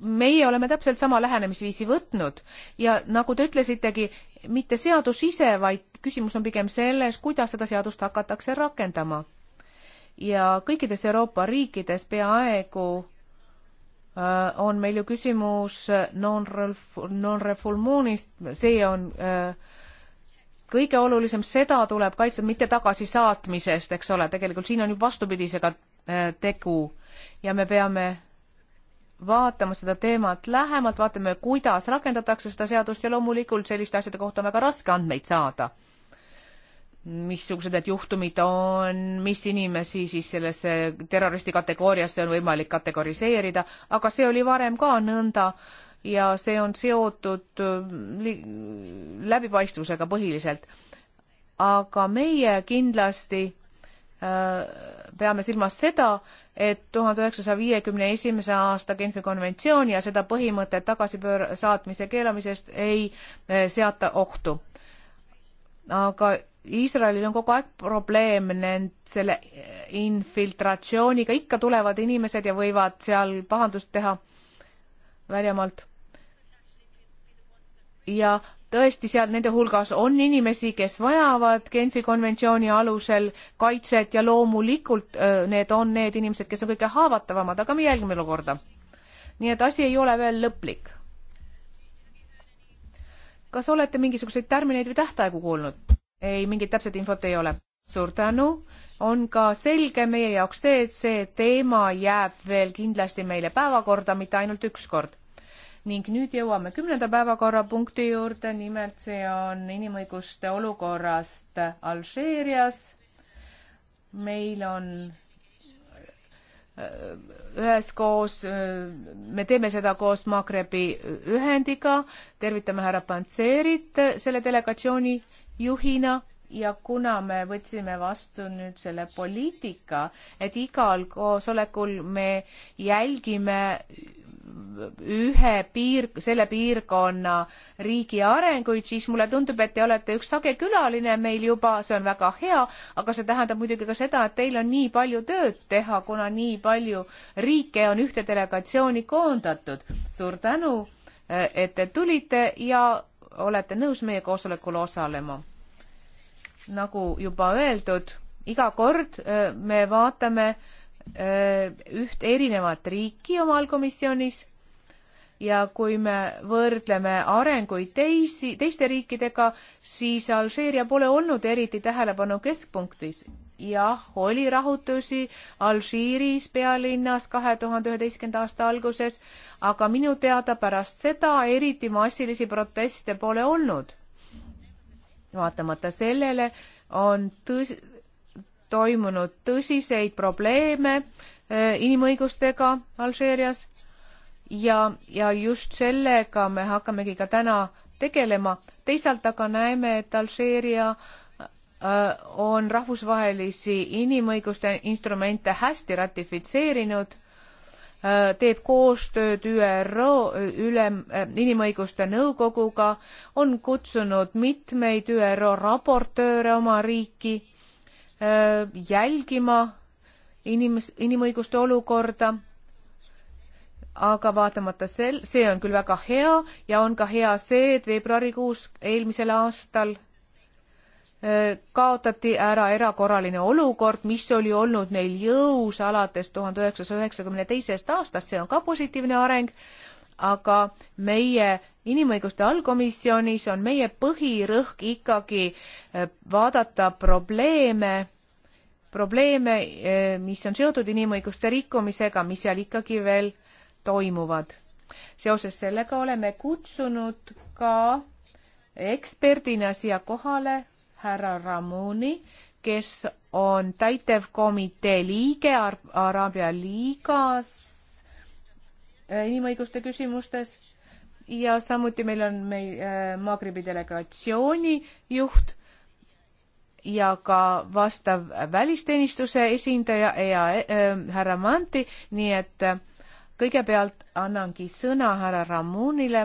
meie oleme täpselt sama lähenemisviisi võtnud ja nagu te ütlesitegi, mitte seadus ise, vaid küsimus on pigem selles, kuidas seda seadust hakatakse rakendama. ja kõikides Euroopa riikides peaaegu äh, on meil ju küsimus non-refulmoonist, non see on äh, kõige olulisem, seda tuleb kaitsta, mitte tagasisaatmisest, eks ole, tegelikult siin on ju vastupidisega äh, tegu ja me peame vaatama seda teemat lähemalt, vaatame, kuidas rakendatakse seda seadust ja loomulikult selliste asjade kohta on väga raske andmeid saada. missugused need juhtumid on, mis inimesi siis sellesse terroristi kategooriasse on võimalik kategoriseerida, aga see oli varem ka nõnda ja see on seotud äh, läbipaistvusega põhiliselt. aga meie kindlasti peame silmas seda, et tuhande üheksasaja viiekümne esimese aasta Genfi konventsiooni ja seda põhimõtet tagasipöör-, saatmise keelamisest ei eh, seata ohtu. aga Iisraelil on kogu aeg probleem nend-, selle eh, infiltratsiooniga, ikka tulevad inimesed ja võivad seal pahandust teha väljamaalt. ja tõesti, seal nende hulgas on inimesi, kes vajavad Genfi konventsiooni alusel kaitset ja loomulikult need on need inimesed, kes on kõige haavatavamad, aga me jälgime olukorda. nii et asi ei ole veel lõplik. kas olete mingisuguseid tärmineid või tähtaegu kuulnud? ei, mingit täpset infot ei ole. suur tänu, on ka selge meie jaoks see, et see teema jääb veel kindlasti meile päevakorda, mitte ainult üks kord ning nüüd jõuame kümnenda päevakorrapunkti juurde, nimelt see on inimõiguste olukorrast Alžeerias. meil on äh, üheskoos, äh, me teeme seda koos Maagrebi ühendiga, tervitame härra Pantseerit selle delegatsiooni juhina ja kuna me võtsime vastu nüüd selle poliitika, et igal koosolekul me jälgime ühe piir, selle piirkonna riigi arenguid, siis mulle tundub, et te olete üks sage külaline meil juba, see on väga hea, aga see tähendab muidugi ka seda, et teil on nii palju tööd teha, kuna nii palju riike on ühte delegatsiooni koondatud. suur tänu, eh, et te tulite ja olete nõus meie koosolekul osalema. nagu juba öeldud, iga kord eh, me vaatame Äh, üht erinevat riiki omal komisjonis ja kui me võrdleme arenguid teisi, teiste riikidega, siis Alžeeria pole olnud eriti tähelepanu keskpunktis. jah, oli rahutusi Alžiiris pealinnas kahe tuhande üheteistkümnenda aasta alguses, aga minu teada pärast seda eriti massilisi proteste pole olnud. vaatamata sellele on tõs-, toimunud tõsiseid probleeme eh, inimõigustega Alžeerias ja, ja just sellega me hakkamegi ka täna tegelema. teisalt aga näeme, et Alžeeria eh, on rahvusvahelisi inimõiguste instrumente hästi ratifitseerinud, eh, teeb koostööd ÜRO ülem, inimõiguste nõukoguga, on kutsunud mitmeid ÜRO raportööre oma riiki Äh, jälgima inimes-, inimõiguste olukorda, aga vaatamata sel-, see on küll väga hea ja on ka hea see, et veebruarikuus eelmisel aastal äh, kaotati ära erakorraline olukord, mis oli olnud neil jõus alates tuhande üheksasaja üheksakümne teisest aastast, see on ka positiivne areng aga meie inimõiguste allkomisjonis on meie põhirõhk ikkagi eh, vaadata probleeme, probleeme, eh, mis on seotud inimõiguste rikkumisega, mis seal ikkagi veel toimuvad. seoses sellega oleme kutsunud ka eksperdina siia kohale härra Ramuni, kes on täitevkomitee liige Araabia liigas Äh, inimõiguste küsimustes ja samuti meil on meie äh, Maagribi delegatsiooni juht ja ka vastav välisteenistuse esindaja ja äh, härra Manti, nii et kõigepealt annangi sõna härra Ramunile,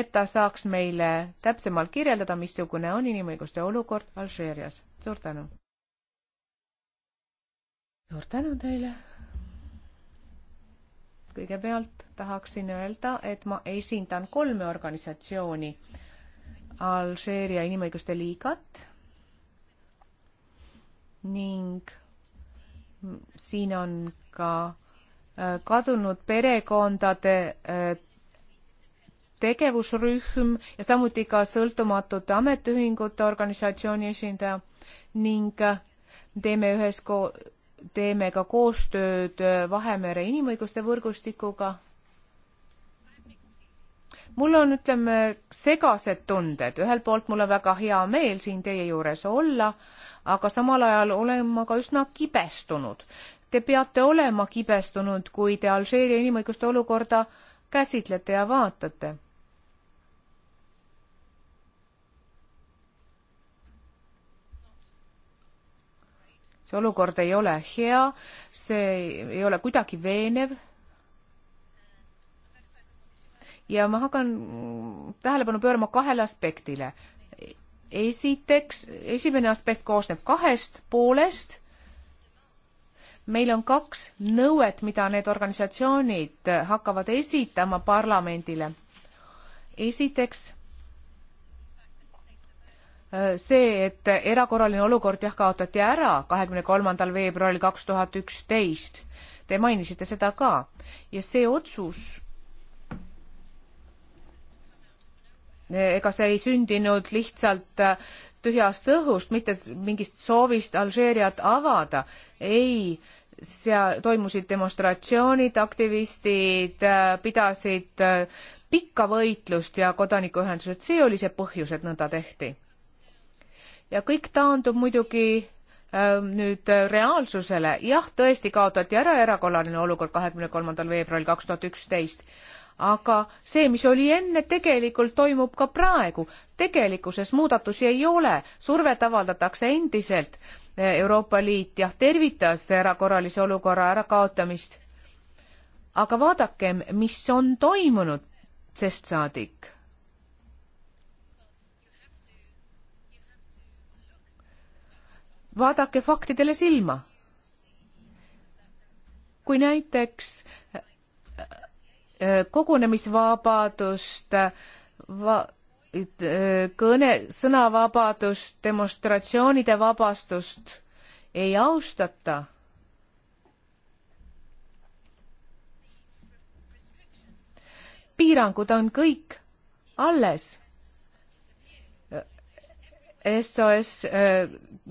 et ta saaks meile täpsemalt kirjeldada, missugune on inimõiguste olukord Alžeerias. suur tänu! suur tänu teile! kõigepealt tahaksin öelda, et ma esindan kolme organisatsiooni. Alžeeria Inimõiguste Liigat ning siin on ka äh, kadunud perekondade äh, tegevusrühm ja samuti ka sõltumatute ametiühingute organisatsiooni esindaja ning äh, teeme üheskoos teeme ka koostööd Vahemere inimõiguste võrgustikuga. mul on, ütleme, segased tunded, ühelt poolt mul on väga hea meel siin teie juures olla, aga samal ajal olen ma ka üsna kibestunud. Te peate olema kibestunud, kui te Alžeeria inimõiguste olukorda käsitlete ja vaatate see olukord ei ole hea, see ei ole kuidagi veenev. ja ma hakkan tähelepanu pöörama kahele aspektile. esiteks, esimene aspekt koosneb kahest poolest. meil on kaks nõuet, mida need organisatsioonid hakkavad esitama parlamendile. esiteks see, et erakorraline olukord jah, kaotati ära kahekümne kolmandal veebruaril kaks tuhat üksteist. Te mainisite seda ka ja see otsus ega see ei sündinud lihtsalt äh, tühjast õhust, mitte mingist soovist Alžeeriat avada. ei, seal toimusid demonstratsioonid, aktivistid äh, pidasid äh, pikka võitlust ja kodanikuühendused, see oli see põhjus, et nõnda tehti ja kõik taandub muidugi ähm, nüüd äh, reaalsusele, jah, tõesti kaotati ära erakorraline olukord kahekümne kolmandal veebruaril kaks tuhat üksteist, aga see, mis oli enne, tegelikult toimub ka praegu. tegelikkuses muudatusi ei ole, survet avaldatakse endiselt. Äh, Euroopa Liit jah, tervitas erakorralise olukorra ärakaotamist. aga vaadakem, mis on toimunud sest saadik vaadake faktidele silma. kui näiteks äh, kogunemisvabadust äh, va, äh, kõne, sõnavabadust, demonstratsioonide vabastust ei austata, piirangud on kõik alles SOS äh,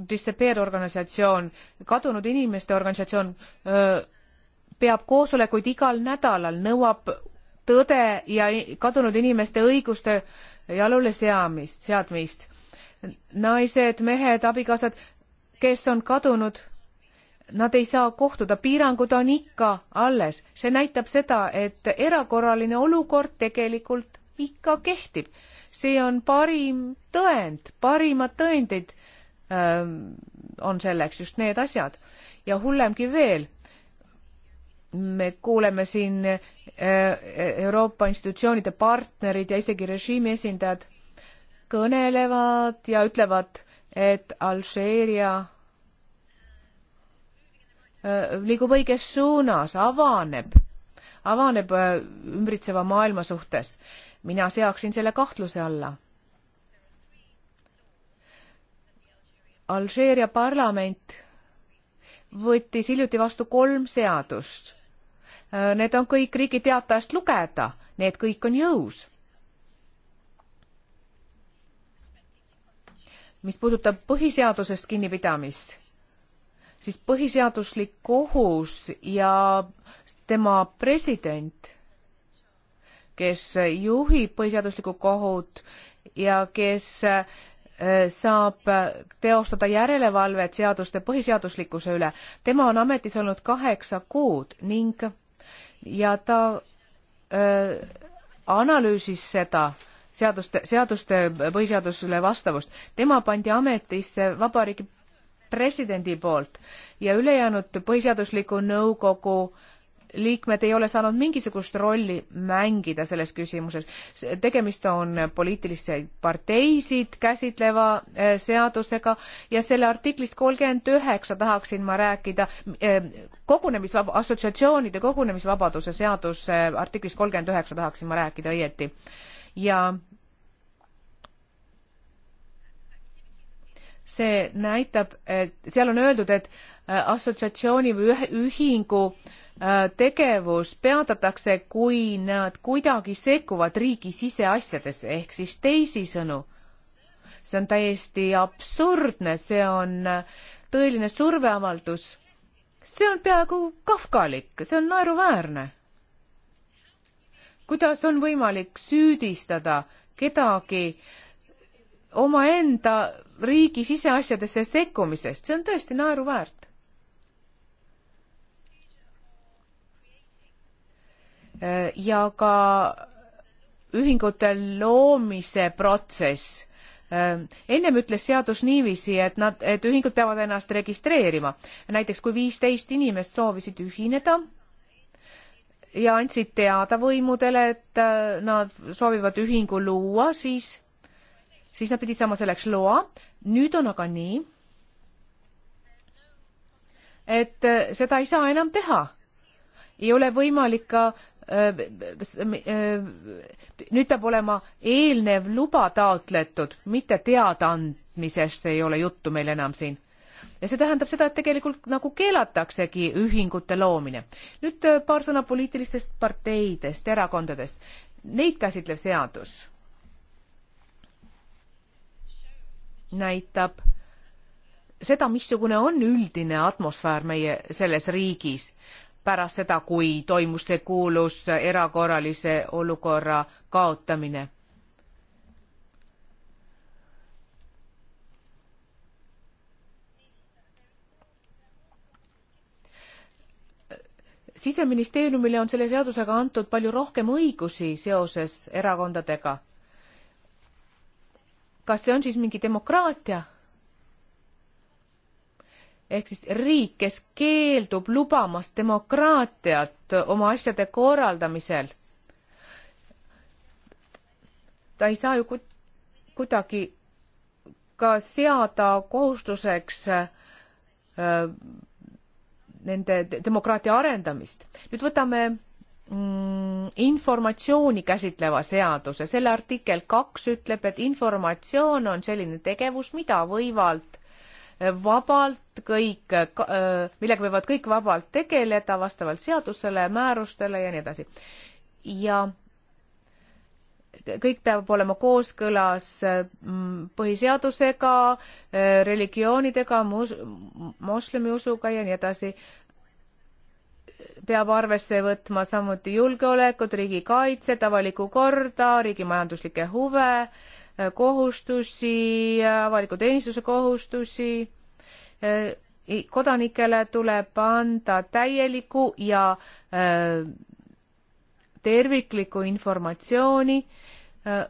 Disappear organisatsioon, kadunud inimeste organisatsioon äh, peab koosolekuid igal nädalal, nõuab tõde ja kadunud inimeste õiguste jalule seamist, seadmist. naised, mehed, abikaasad, kes on kadunud, nad ei saa kohtuda, piirangud on ikka alles. see näitab seda, et erakorraline olukord tegelikult ikka kehtib. see on parim tõend, parimad tõendid öö, ähm, on selleks just need asjad ja hullemgi veel, me kuuleme siin öö, äh, Euroopa institutsioonide partnerid ja isegi režiimi esindajad kõnelevad ja ütlevad, et Alžeeria äh, liigub õiges suunas, avaneb, avaneb äh, ümbritseva maailma suhtes mina seaksin selle kahtluse alla. Alžeeria parlament võttis hiljuti vastu kolm seadust. Äh, need on kõik Riigi Teatajast lugeda, need kõik on jõus. mis puudutab põhiseadusest kinnipidamist, siis põhiseaduslik kohus ja tema president kes juhib põhiseaduslikku kohut ja kes äh, saab teostada järelevalvet seaduste põhiseaduslikkuse üle. tema on ametis olnud kaheksa kuud ning ja ta öö, äh, analüüsis seda seaduste, seaduste põhiseadusele vastavust. tema pandi ametisse vabariigi presidendi poolt ja ülejäänud põhiseadusliku nõukogu öö, liikmed ei ole saanud mingisugust rolli mängida selles küsimuses. tegemist on poliitilisi parteisid käsitleva äh, seadusega ja selle artiklist kolmkümmend üheksa tahaksin ma rääkida äh, kogunemisvaba, assotsiatsioonide kogunemisvabaduse seaduse äh, artiklist kolmkümmend üheksa tahaksin ma rääkida õieti. ja see näitab, et seal on öeldud, et assotsiatsiooni või ühingu äh, Äh, tegevus peatatakse, kui nad kuidagi sekkuvad riigi siseasjadesse, ehk siis teisisõnu, see on täiesti absurdne, see on äh, tõeline surveavaldus. see on peaaegu kafkalik, see on naeruväärne. kuidas on võimalik süüdistada kedagi omaenda riigi siseasjadesse sekkumisest, see on tõesti naeruväärt. Äh, ja ka ühingute loomise protsess. Äh, ennem ütles seadus niiviisi, et nad, et ühingud peavad ennast registreerima. näiteks kui viisteist inimest soovisid ühineda ja andsid teada võimudele, et äh, nad soovivad ühingu luua, siis, siis nad pidid saama selleks loa. nüüd on aga nii, et seda ei saa enam teha ei ole võimalik ka Äh, äh, äh, nüüd peab olema eelnev luba taotletud, mitte teadaandmisest ei ole juttu meil enam siin. ja see tähendab seda, et tegelikult nagu keelataksegi ühingute loomine. nüüd paar sõna poliitilistest parteidest, erakondadest. Neid käsitlev seadus näitab seda, missugune on üldine atmosfäär meie selles riigis pärast seda, kui toimus see kuulus erakorralise olukorra kaotamine. siseministeeriumile on selle seadusega antud palju rohkem õigusi seoses erakondadega. kas see on siis mingi demokraatia? ehk siis riik, kes keeldub lubamast demokraatiat oma asjade korraldamisel. ta ei saa ju ku-, kuidagi ka seada kohustuseks öö, äh, nende demokraatia arendamist. nüüd võtame mm, informatsiooni käsitleva seaduse, selle artikkel kaks ütleb, et informatsioon on selline tegevus, mida võivad vabalt kõik, äh, millega võivad kõik vabalt tegeleda vastavalt seadusele, määrustele ja nii edasi. ja kõik peab olema kooskõlas äh, põhiseadusega, äh, religioonidega, moslemiusuga ja nii edasi. peab arvesse võtma samuti julgeolekut, riigikaitset, avalikku korda, riigi majanduslikke huve äh,, kohustusi, avaliku teenistuse kohustusi. Äh, kodanikele tuleb anda täielikku ja äh, terviklikku informatsiooni äh,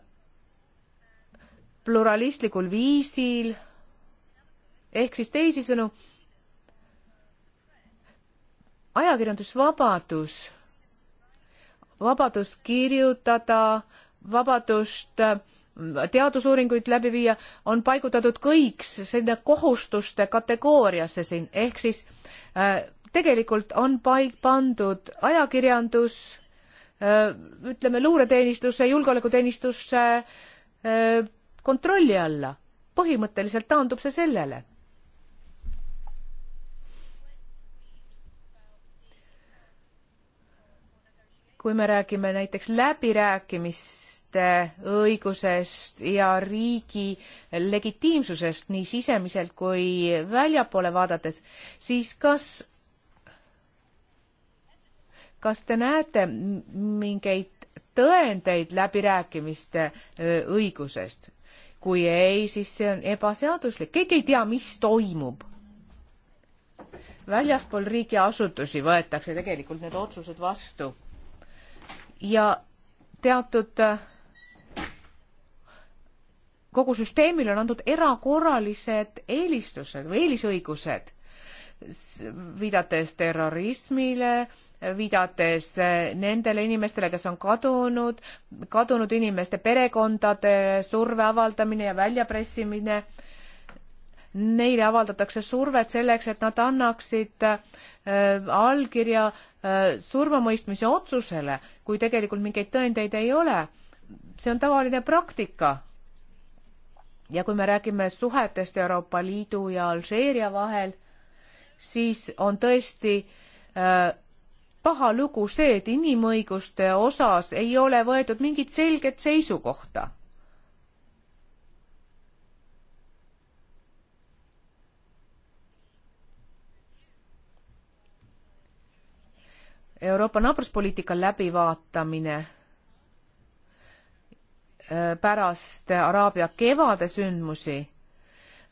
pluralistlikul viisil. ehk siis teisisõnu, ajakirjandusvabadus, vabadus kirjutada, vabadust äh, teadusuuringuid läbi viia, on paigutatud kõik sinna kohustuste kategooriasse siin, ehk siis äh, tegelikult on paik pandud ajakirjandus äh,, ütleme, luureteenistuse, julgeolekuteenistusse äh, kontrolli alla. põhimõtteliselt taandub see sellele kui me räägime näiteks läbirääkimis naiste õigusest ja riigi legitiimsusest nii sisemiselt kui väljapoole vaadates, siis kas, kas te näete mingeid tõendeid läbirääkimiste õigusest? kui ei, siis see on ebaseaduslik, keegi ei tea, mis toimub väljaspool riigiasutusi võetakse tegelikult need otsused vastu ja teatud äh, kogu süsteemile on antud erakorralised eelistused või eelisõigused, viidates terrorismile, viidates eh, nendele inimestele, kes on kadunud, kadunud inimeste perekondade surve avaldamine ja väljapressimine. Neile avaldatakse survet selleks, et nad annaksid äh, allkirja äh, eh, surmamõistmise otsusele, kui tegelikult mingeid tõendeid ei ole. see on tavaline praktika ja kui me räägime suhetest Euroopa Liidu ja Alžeeria vahel, siis on tõesti äh, paha lugu see, et inimõiguste osas ei ole võetud mingit selget seisukohta. Euroopa naabruspoliitika läbivaatamine Äh, pärast Araabia kevade sündmusi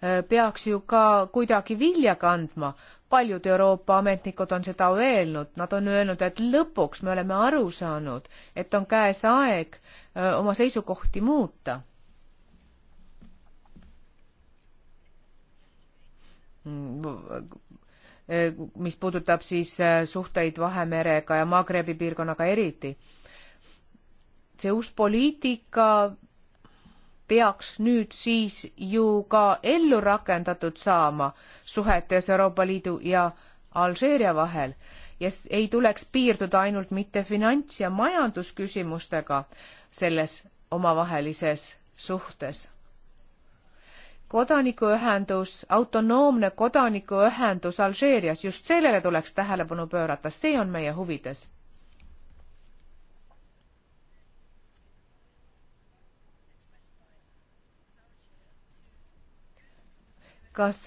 äh, peaks ju ka kuidagi vilja kandma. paljud Euroopa ametnikud on seda öelnud, nad on öelnud, et lõpuks me oleme aru saanud, et on käes aeg äh, oma seisukohti muuta. mis puudutab siis suhteid Vahemerega ja Magrebi piirkonnaga eriti see uus poliitika peaks nüüd siis ju ka ellu rakendatud saama suhetes Euroopa Liidu ja Alžeeria vahel ja ei tuleks piirduda ainult mitte finants- ja majandusküsimustega selles omavahelises suhtes. kodanikuühendus, autonoomne kodanikuühendus Alžeerias, just sellele tuleks tähelepanu pöörata, see on meie huvides kas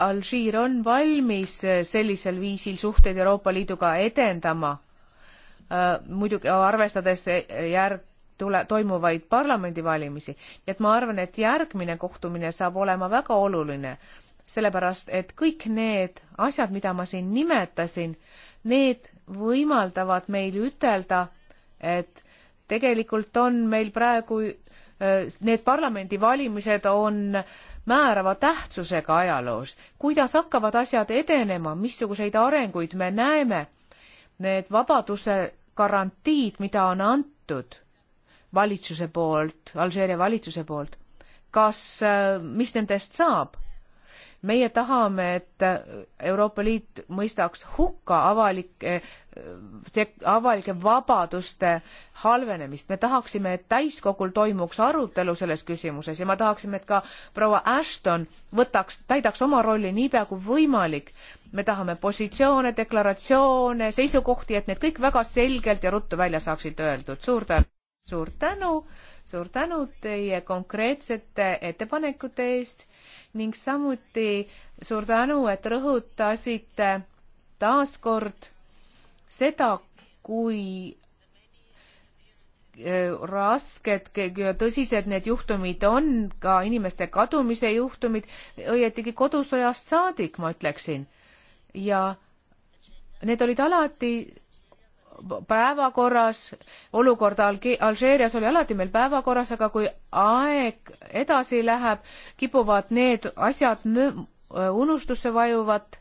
Alžiir on valmis sellisel viisil suhteid Euroopa Liiduga edendama, äh, muidugi arvestades järg, tule, toimuvaid parlamendivalimisi, nii et ma arvan, et järgmine kohtumine saab olema väga oluline, sellepärast et kõik need asjad, mida ma siin nimetasin, need võimaldavad meil ütelda, et tegelikult on meil praegu need parlamendivalimised on määrava tähtsusega ajaloos. kuidas hakkavad asjad edenema, missuguseid arenguid me näeme? Need vabaduse garantiid, mida on antud valitsuse poolt, Alžeeria valitsuse poolt, kas, mis nendest saab? meie tahame, et Euroopa Liit mõistaks hukka avalike, avalike vabaduste halvenemist. me tahaksime, et täiskogul toimuks arutelu selles küsimuses ja ma tahaksime, et ka proua Ashton võtaks, täidaks oma rolli niipea kui võimalik. me tahame positsioone, deklaratsioone, seisukohti, et need kõik väga selgelt ja ruttu välja saaksid öeldud. suur tänu! suur tänu! suur tänu teie konkreetsete ettepanekute eest ning samuti suur tänu, et rõhutasite taaskord seda, kui e, rasked ja tõsised need juhtumid on, ka inimeste kadumise juhtumid, õietigi kodusõjast saadik, ma ütleksin. ja need olid alati päevakorras, olukord Alžeerias oli alati meil päevakorras, aga kui aeg edasi läheb, kipuvad need asjad unustusse vajuvat,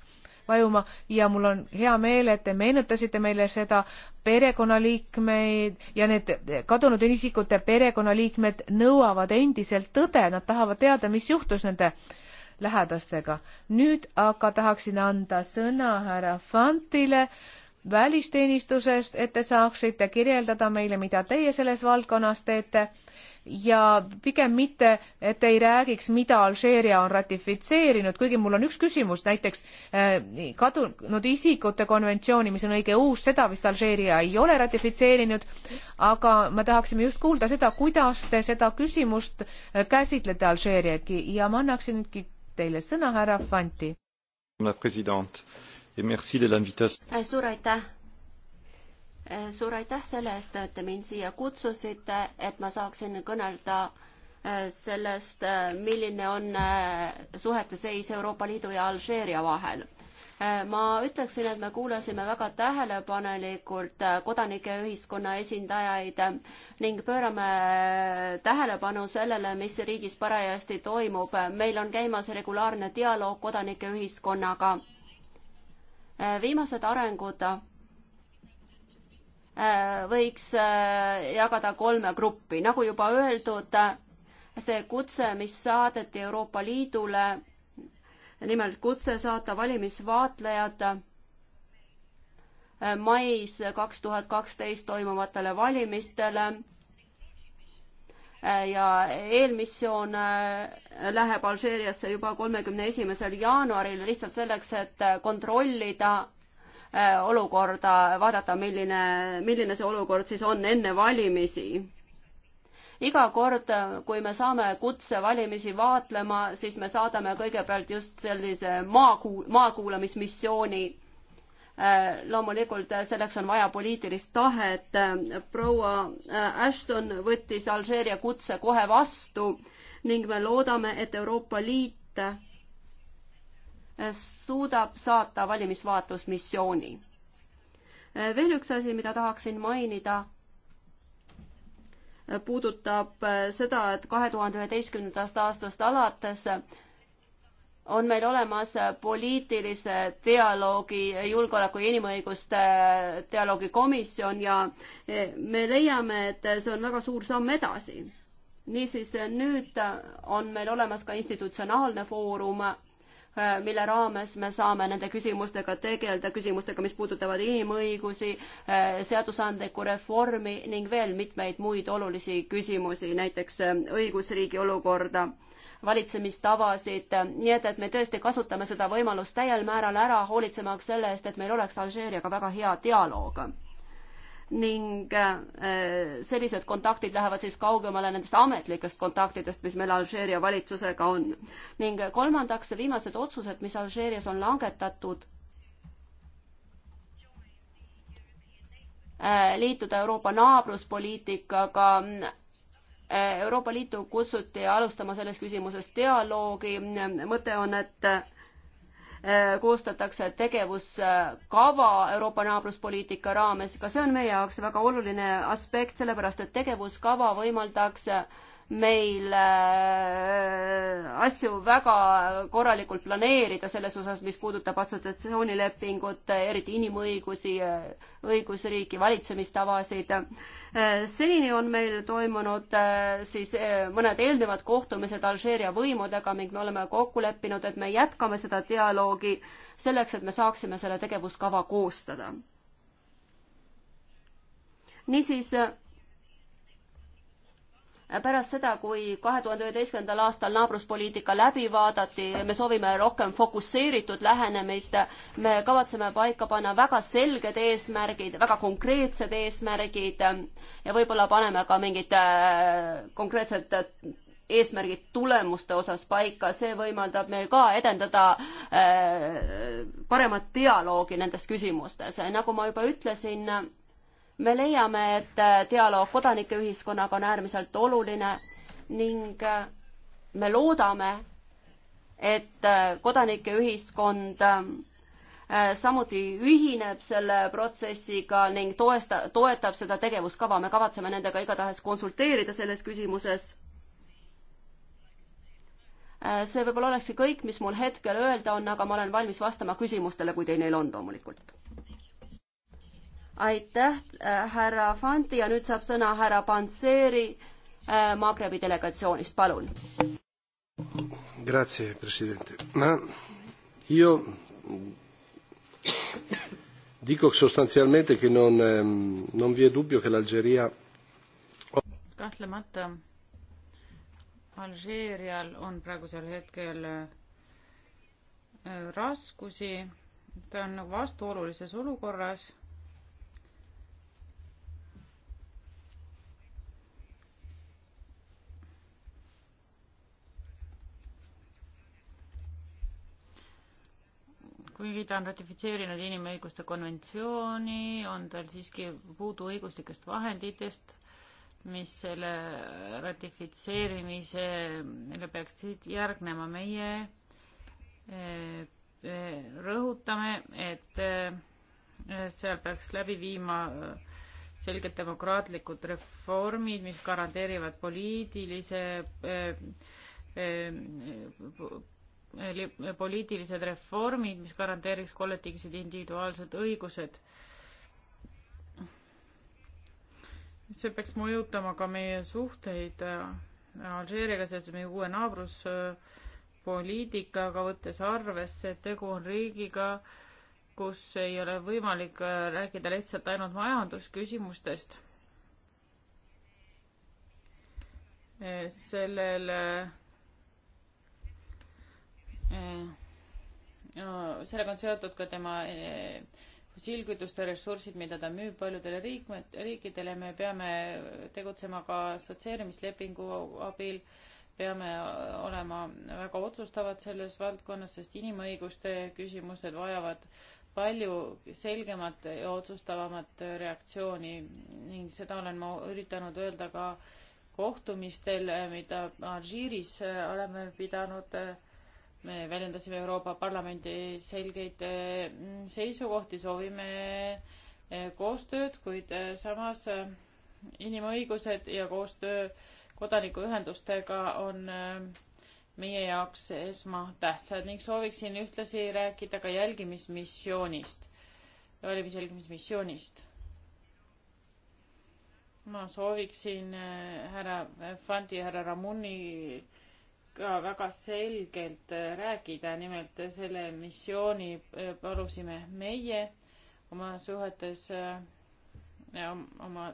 vajuma ja mul on hea meel, et te meenutasite meile seda perekonnaliikmeid ja need kadunud isikute perekonnaliikmed nõuavad endiselt tõde, nad tahavad teada, mis juhtus nende lähedastega. nüüd aga tahaksin anda sõna härra Fantile äh, välisteenistusest, et te saaksite kirjeldada meile, mida teie selles valdkonnas teete ja pigem mitte, et ei räägiks, mida Alžeeria on ratifitseerinud, kuigi mul on üks küsimus, näiteks eh, kadunud isikute konventsiooni, mis on õige uus, seda vist Alžeeria ei ole ratifitseerinud, aga me tahaksime just kuulda seda, kuidas te seda küsimust eh, käsitlete Alžeeriagi ja ma annaksin nüüdki teile sõna, härra Fanti. president Äh, suur aitäh! Äh, suur aitäh selle eest, et te mind siia kutsusite, et ma saaksin kõnelda äh, sellest, milline on suhete seis Euroopa Liidu ja Alžeeria vahel. ma ütleksin, et me kuulasime väga tähelepanelikult kodanikeühiskonna esindajaid ning pöörame tähelepanu sellele, mis riigis parajasti toimub. meil on käimas regulaarne dialoog kodanikeühiskonnaga Äh, viimased arengud äh, võiks äh, jagada kolme gruppi, nagu juba öeldud, see kutse, mis saadeti Euroopa Liidule, nimelt kutse saata valimisvaatlejad mais kaks tuhat kaksteist toimuvatele valimistele ja eelmissioon äh, läheb Alžeeriasse juba kolmekümne esimesel jaanuaril lihtsalt selleks, et äh, kontrollida äh, olukorda, vaadata, milline, milline see olukord siis on enne valimisi. iga kord, kui me saame kutse valimisi vaatlema, siis me saadame kõigepealt just sellise maakuul-, maakuulamismissiooni Äh, loomulikult äh, selleks on vaja poliitilist tahet. Äh, proua Ashton võttis Alžeeria kutse kohe vastu ning me loodame, et Euroopa Liit suudab saata valimisvaatlusmissiooni. veel üks asi, mida tahaksin mainida, puudutab seda, et kahe tuhande üheteistkümnendast aastast alates on meil olemas poliitilise dialoogi, julgeoleku ja inimõiguste dialoogi komisjon ja me leiame, et see on väga suur samm edasi. niisiis nüüd on meil olemas ka institutsionaalne foorum, mille raames me saame nende küsimustega tegeleda, küsimustega, mis puudutavad inimõigusi, seadusandlikku reformi ning veel mitmeid muid olulisi küsimusi, näiteks õigusriigi olukorda valitsemistavasid, nii et, et me tõesti kasutame seda võimalust täiel määral ära, hoolitsemaks selle eest, et meil oleks Alžeeriaga väga hea dialoog ning äh, sellised kontaktid lähevad siis kaugemale nendest ametlikest kontaktidest, mis meil Alžeeria valitsusega on. ning kolmandaks, viimased otsused, mis Alžeerias on langetatud, äh, liituda Euroopa naabruspoliitikaga Äh, Euroopa Liitu kutsuti alustama selles küsimuses dialoogi, mõte on, et äh, koostatakse tegevuskava Euroopa naabruspoliitika raames, ka see on meie jaoks väga oluline aspekt, sellepärast et tegevuskava võimaldaks meil äh, asju väga korralikult planeerida selles osas, mis puudutab assotsiatsioonilepingut, eriti inimõigusi, õigusriiki, valitsemistavasid. Äh, seni on meil toimunud äh, siis mõned eelnevad kohtumised Alžeeria võimudega ning me oleme kokku leppinud, et me jätkame seda dialoogi selleks, et me saaksime selle tegevuskava koostada. niisiis pärast seda, kui kahe tuhande üheteistkümnendal aastal naabruspoliitika läbi vaadati, me soovime rohkem fokusseeritud lähenemist, me kavatseme paika panna väga selged eesmärgid, väga konkreetsed eesmärgid ja võib-olla paneme ka mingid äh, konkreetsed eesmärgid tulemuste osas paika, see võimaldab meil ka edendada äh, paremat dialoogi nendes küsimustes. nagu ma juba ütlesin, me leiame, et äh, dialoog kodanikeühiskonnaga on äärmiselt oluline ning äh, me loodame, et äh, kodanikeühiskond ähm, samuti ühineb selle protsessiga ning toesta, toetab seda tegevuskava. me kavatseme nendega igatahes konsulteerida selles küsimuses. see võib-olla olekski kõik, mis mul hetkel öelda on, aga ma olen valmis vastama küsimustele, kui teil neil on loomulikult aitäh, äh, härra Fanti ja nüüd saab sõna härra Panseri äh, Magrebi delegatsioonist, palun. Grazie, president. ma, io dico sostanzialmente che non, ehm, non vi è dubbio che l'Algeria kahtlemata Alžeerial on praegusel hetkel äh, raskusi, ta on nagu vastuolulises olukorras kuigi ta on ratifitseerinud inimõiguste konventsiooni, on tal siiski puudu õiguslikest vahenditest, mis selle ratifitseerimisele peaksid järgnema. meie eh, eh, rõhutame, et eh, seal peaks läbi viima selged demokraatlikud reformid, mis garanteerivad poliitilise poliitilised reformid, mis garanteeriks kollektiivsed individuaalsed õigused. see peaks mõjutama ka meie suhteid äh, Alžeeriaga seoses meie uue naabruspoliitikaga, võttes arvesse, et tegu on riigiga, kus ei ole võimalik äh, rääkida lihtsalt ainult majandusküsimustest. Äh, sellele sellega on seotud ka tema fossiilkütuste eh, ressursid, mida ta müüb paljudele riikmed, riikidele, me peame tegutsema ka assotsieerimislepingu abil, peame olema väga otsustavad selles valdkonnas, sest inimõiguste küsimused vajavad palju selgemat ja otsustavamat reaktsiooni ning seda olen ma üritanud öelda ka kohtumistel, eh, mida Alžiiris eh, oleme pidanud äh, me väljendasime Euroopa Parlamendi selgeid mm, seisukohti, soovime eh, koostööd, kuid eh, samas eh, inimõigused ja koostöö kodanikuühendustega on meie jaoks esmatähtsad ning sooviksin ühtlasi rääkida ka jälgimismissioonist, valimisjälgimismissioonist. ma sooviksin härra Fandi, härra Ramuni ka väga selgelt äh, rääkida, nimelt selle missiooni äh, palusime meie oma suhetes, äh, oma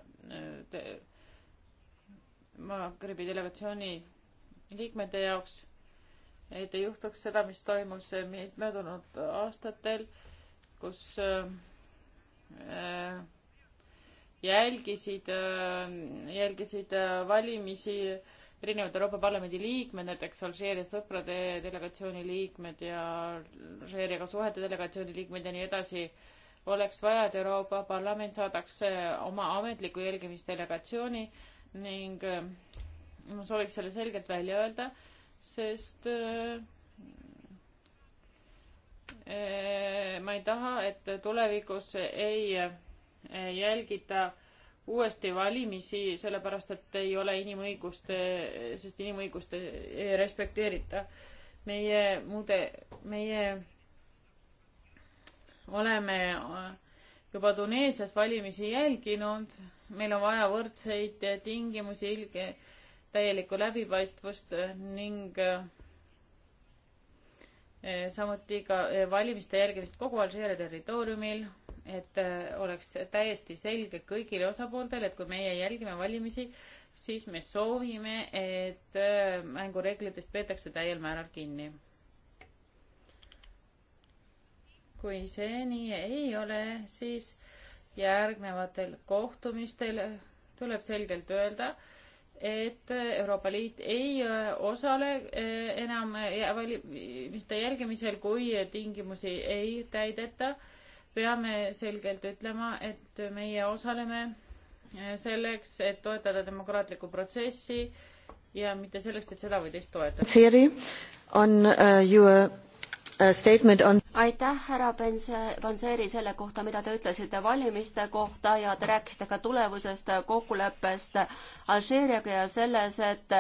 Maagribi delegatsiooni liikmete jaoks, et ei juhtuks seda, mis toimus möödunud aastatel, kus jälgisid, jälgisid valimisi äh, erinevad Euroopa Parlamendi liikmed, näiteks Alžeeria sõprade delegatsiooni liikmed ja Alžeeriaga suhete delegatsiooni liikmed ja nii edasi, oleks vaja, et Euroopa Parlament saadaks eh, oma ametliku jälgimisdelegatsiooni ning eh, ma sooviks selle selgelt välja öelda, sest eh, ma ei taha, et tulevikus ei jälgita uuesti valimisi, sellepärast et ei ole inimõiguste, sest inimõiguste ei respekteerita. meie muude, meie oleme äh, juba Tuneesias valimisi jälginud, meil on vaja võrdseid tingimusi, ilge, täielikku läbipaistvust ning äh, samuti ka äh, valimiste jälgimist kogu Alžeeria territooriumil et äh, oleks täiesti selge kõigile osapooltele, et kui meie jälgime valimisi, siis me soovime, et äh, mängureeglitest peetakse täiel määral kinni. kui see nii ei ole, siis järgnevatel kohtumistel tuleb selgelt öelda, et Euroopa Liit ei äh, osale enam valimiste jälgimisel, kui tingimusi ei täideta peame selgelt ütlema, et meie osaleme äh, selleks, et toetada demokraatlikku protsessi ja mitte selleks, et seda või teist toetada. on uh, your äh, On... aitäh, härra Panseri, selle kohta, mida te ütlesite valimiste kohta ja te rääkisite ka tulevusest kokkuleppest Alžeeriaga ja selles, et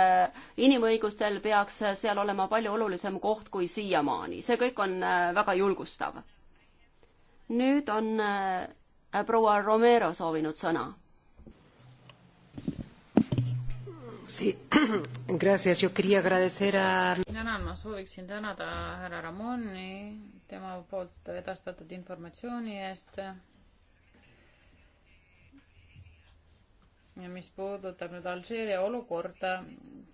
inimõigustel peaks seal olema palju olulisem koht kui siiamaani. see kõik on väga julgustav nüüd on äh, proua Romero soovinud sõna. tänan, ma sooviksin tänada härra Ramoni tema poolt edastatud informatsiooni eest. ja mis puudutab nüüd Alžeeria olukorda,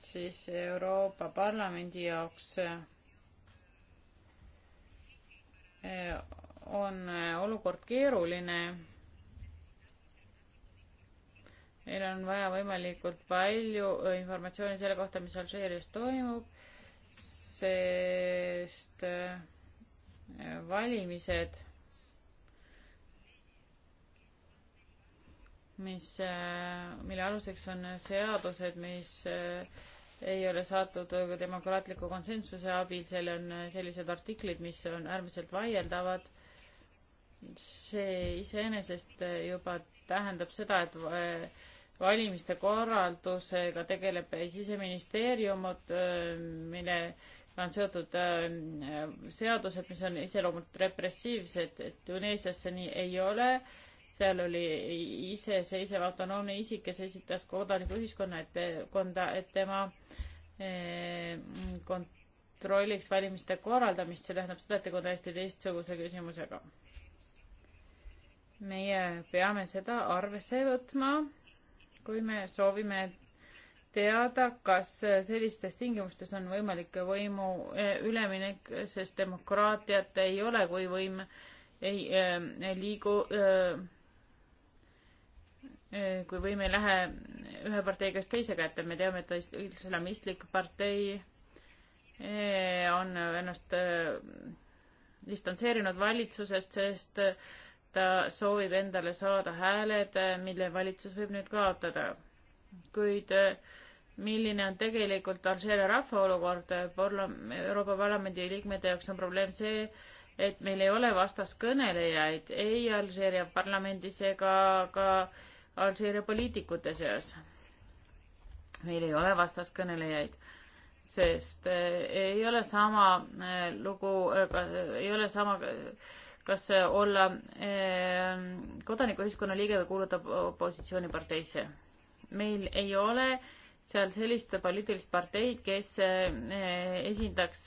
siis Euroopa Parlamendi jaoks äh, on äh, olukord keeruline. meil on vaja võimalikult palju äh, informatsiooni selle kohta, mis Alžeerias toimub, sest äh, valimised, mis, mille aluseks on seadused, mis ei ole saadud demokraatliku konsensuse abil, seal on sellised artiklid, mis on äärmiselt vaieldavad see iseenesest eh, juba tähendab seda, et eh, valimiste korraldusega tegeleb siseministeerium, eh, millega on seotud seadused, mis on iseloomult repressiivsed, et Tuneesias see nii ei ole. seal oli iseseisev autonoomne isik, kes esitas kodanikuühiskonna ette, konda, et tema kontrolliks valimiste korraldamist, see tähendab seda, et tegu on täiesti teistsuguse küsimusega meie peame seda arvesse võtma, kui me soovime teada, kas sellistes tingimustes on võimalik võimu eh, üleminek, sest demokraatiat ei ole, kui võim ei, ei eh, liigu, eh, kui võim ei lähe ühe partei käest teise kätte, me teame, et islamistlik partei on ennast distantseerinud valitsusest, sest ta äh, soovib endale saada hääled, äh, mille valitsus võib nüüd kaotada. kuid äh, milline on tegelikult Alžeeria rahva olukord, Euroopa Parlamendi liikmete jaoks on probleem see, et meil ei ole vastaskõnelejaid ei Alžeeria parlamendis ega ka Alžeeria poliitikute seas. meil ei ole vastaskõnelejaid, sest ei ole sama lugu, ei ole sama kas äh, olla äh, kodanikuühiskonna liige või kuuluda opositsiooniparteisse. meil ei ole seal sellist poliitilist parteid, kes äh, esindaks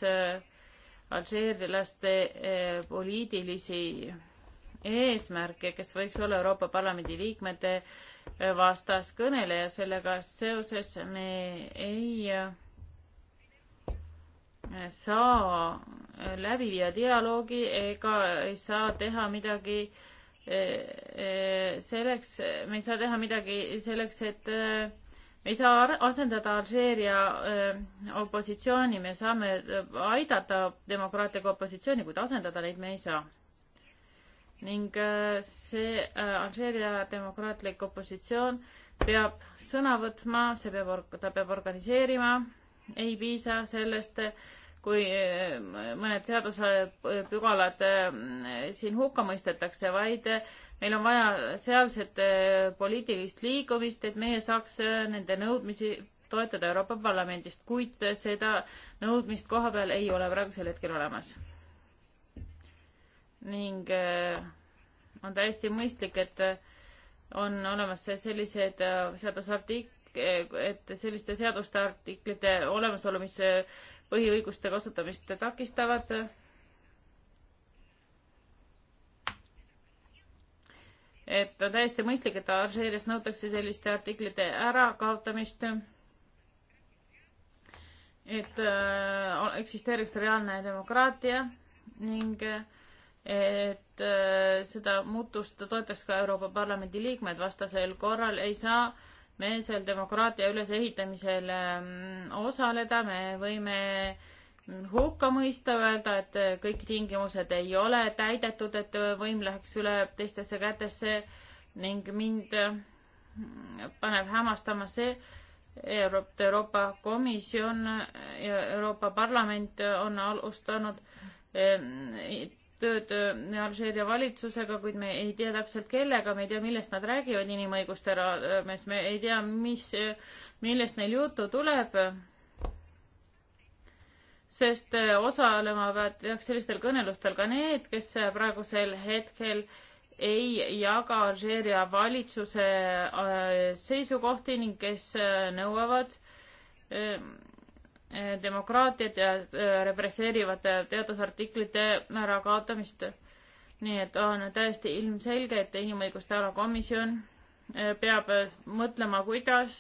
alžeerlaste poliitilisi eesmärke, kes võiks olla Euroopa Parlamendi liikmete vastaskõneleja, sellega seoses me ei saa läbi viia dialoogi ega ei saa teha midagi e, e, selleks, me ei saa teha midagi selleks, et e, me ei saa asendada Alžeeria opositsiooni, me saame aidata demokraatliku opositsiooni, kuid asendada neid me ei saa. ning see Alžeeria demokraatlik opositsioon peab sõna võtma, see peab, ta peab organiseerima, ei piisa sellest, kui eh, mõned seadusepügalad eh, siin hukka mõistetakse, vaid eh, meil on vaja sealset poliitilist liikumist, et meie saaks nende nõudmisi toetada Euroopa Parlamendist, kuid seda nõudmist koha peal ei ole praegusel hetkel olemas. ning on täiesti mõistlik, et on olemas sellised seadusartik-, et selliste seaduste artiklite olemasolu, mis põhiõiguste kasutamist takistavad. et on täiesti mõistlik, et Alžeerias nõutakse selliste artiklite ärakaotamist. et äh, eksisteeriks reaalne demokraatia ning et äh, seda muutust toetaks ka Euroopa Parlamendi liikmed, vastasel korral ei saa äh, me seal demokraatia ülesehitamisel ähm, osaleda, me võime hukka mõista, öelda, et äh, kõik tingimused ei ole täidetud, et äh, võim läheks üle teistesse kätesse ning mind äh, paneb hämmastama see, Euroopa, Euroopa Komisjon ja Euroopa Parlament on alustanud ähm, koostööd äh, Alžeeria valitsusega, kuid me ei tea täpselt kellega, me ei tea, millest nad räägivad inimõiguste raames, me ei tea, mis, millest neil juttu tuleb. sest äh, osalema peaks sellistel kõnelustel ka need, kes äh, praegusel hetkel ei jaga Alžeeria valitsuse seisukohti ning kes nõuavad demokraatiat ja äh, represseerivate teadusartiklite ärakaotamist. nii et on täiesti ilmselge, et inimõiguste alakomisjon äh, peab äh, mõtlema, kuidas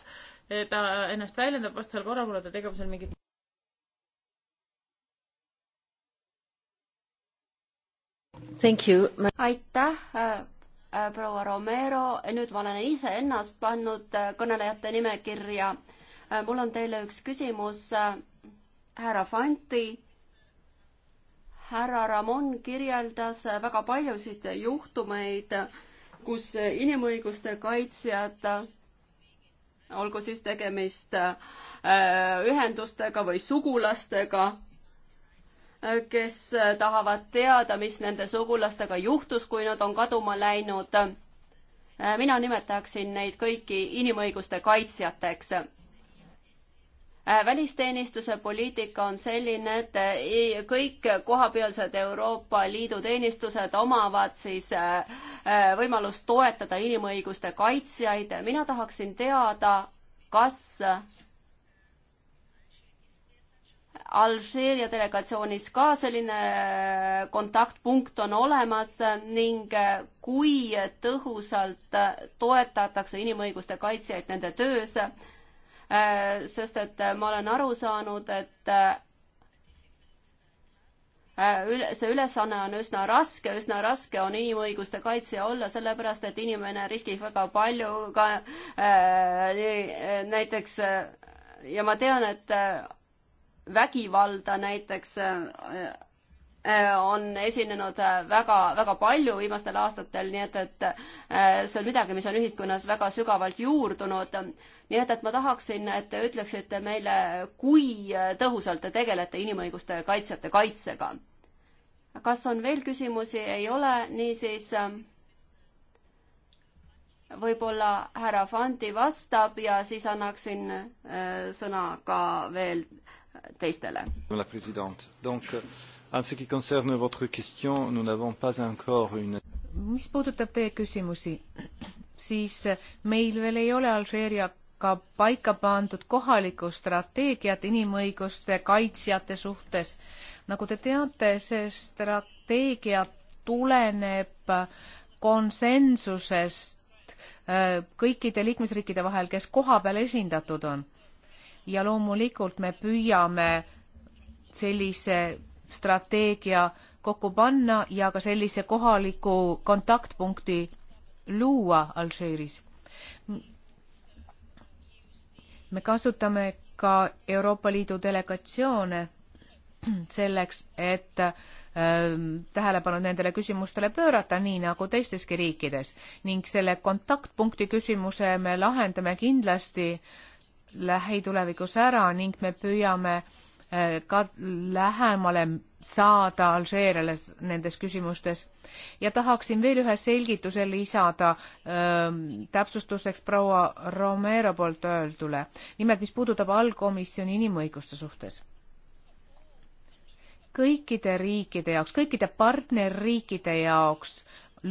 ta ennast väljendab, vastasel korral pole ta tegevusel mingit aitäh äh,, proua Romero, nüüd ma olen iseennast pannud kõnelejate nimekirja äh, Äh, mul on teile üks küsimus. Äh, härra Fanti, härra Ramon kirjeldas äh, väga paljusid juhtumeid, kus inimõiguste kaitsjad olgu siis tegemist ühendustega või sugulastega, kes tahavad teada, mis nende sugulastega juhtus, kui nad on kaduma läinud. mina nimetaksin neid kõiki inimõiguste kaitsjateks Äh, välisteenistuse poliitika on selline, et äh, kõik kohapealsed Euroopa Liidu teenistused omavad siis äh, võimalust toetada inimõiguste kaitsjaid. mina tahaksin teada, kas Alžeeria delegatsioonis ka selline kontaktpunkt on olemas ning kui tõhusalt toetatakse inimõiguste kaitsjaid nende töös Äh, sest et äh, ma olen aru saanud, et äh, see ülesanne on üsna raske, üsna raske on inimõiguste kaitsja olla, sellepärast et inimene riskib väga palju ka näiteks ja ma tean, et vägivalda näiteks Äh, on esinenud äh, väga, väga palju viimastel aastatel, nii et, et äh, see on midagi, mis on ühiskonnas väga sügavalt juurdunud. nii et, et ma tahaksin, et te ütleksite meile, kui tõhusalt te tegelete inimõiguste kaitsjate kaitsega. kas on veel küsimusi, ei ole, niisiis võib-olla härra Fandi vastab ja siis annaksin sõna ka veel teistele. Madame la présidente, donc En ce qui concerne votre question, nous n'avons pas encore une mis puudutab teie küsimusi, siis äh, meil veel ei ole Alžeeriaga paika pandud kohalikku strateegiat inimõiguste kaitsjate suhtes. nagu te teate, see strateegia tuleneb äh, konsensusest äh, kõikide liikmesriikide vahel, kes kohapeal esindatud on. ja loomulikult me püüame sellise strateegia kokku panna ja ka sellise kohaliku kontaktpunkti luua Alžeeris. me kasutame ka Euroopa Liidu delegatsioone selleks, et äh, tähelepanu nendele küsimustele pöörata, nii nagu teisteski riikides ning selle kontaktpunkti küsimuse me lahendame kindlasti lähitulevikus ära ning me püüame äh, Äh, ka lähemale saada Alžeeriale nendes küsimustes. ja tahaksin veel ühe selgituse lisada öö, ähm, täpsustuseks proua Romero poolt öeldule, nimelt mis puudutab allkomisjoni inimõiguste suhtes. kõikide riikide jaoks, kõikide partnerriikide jaoks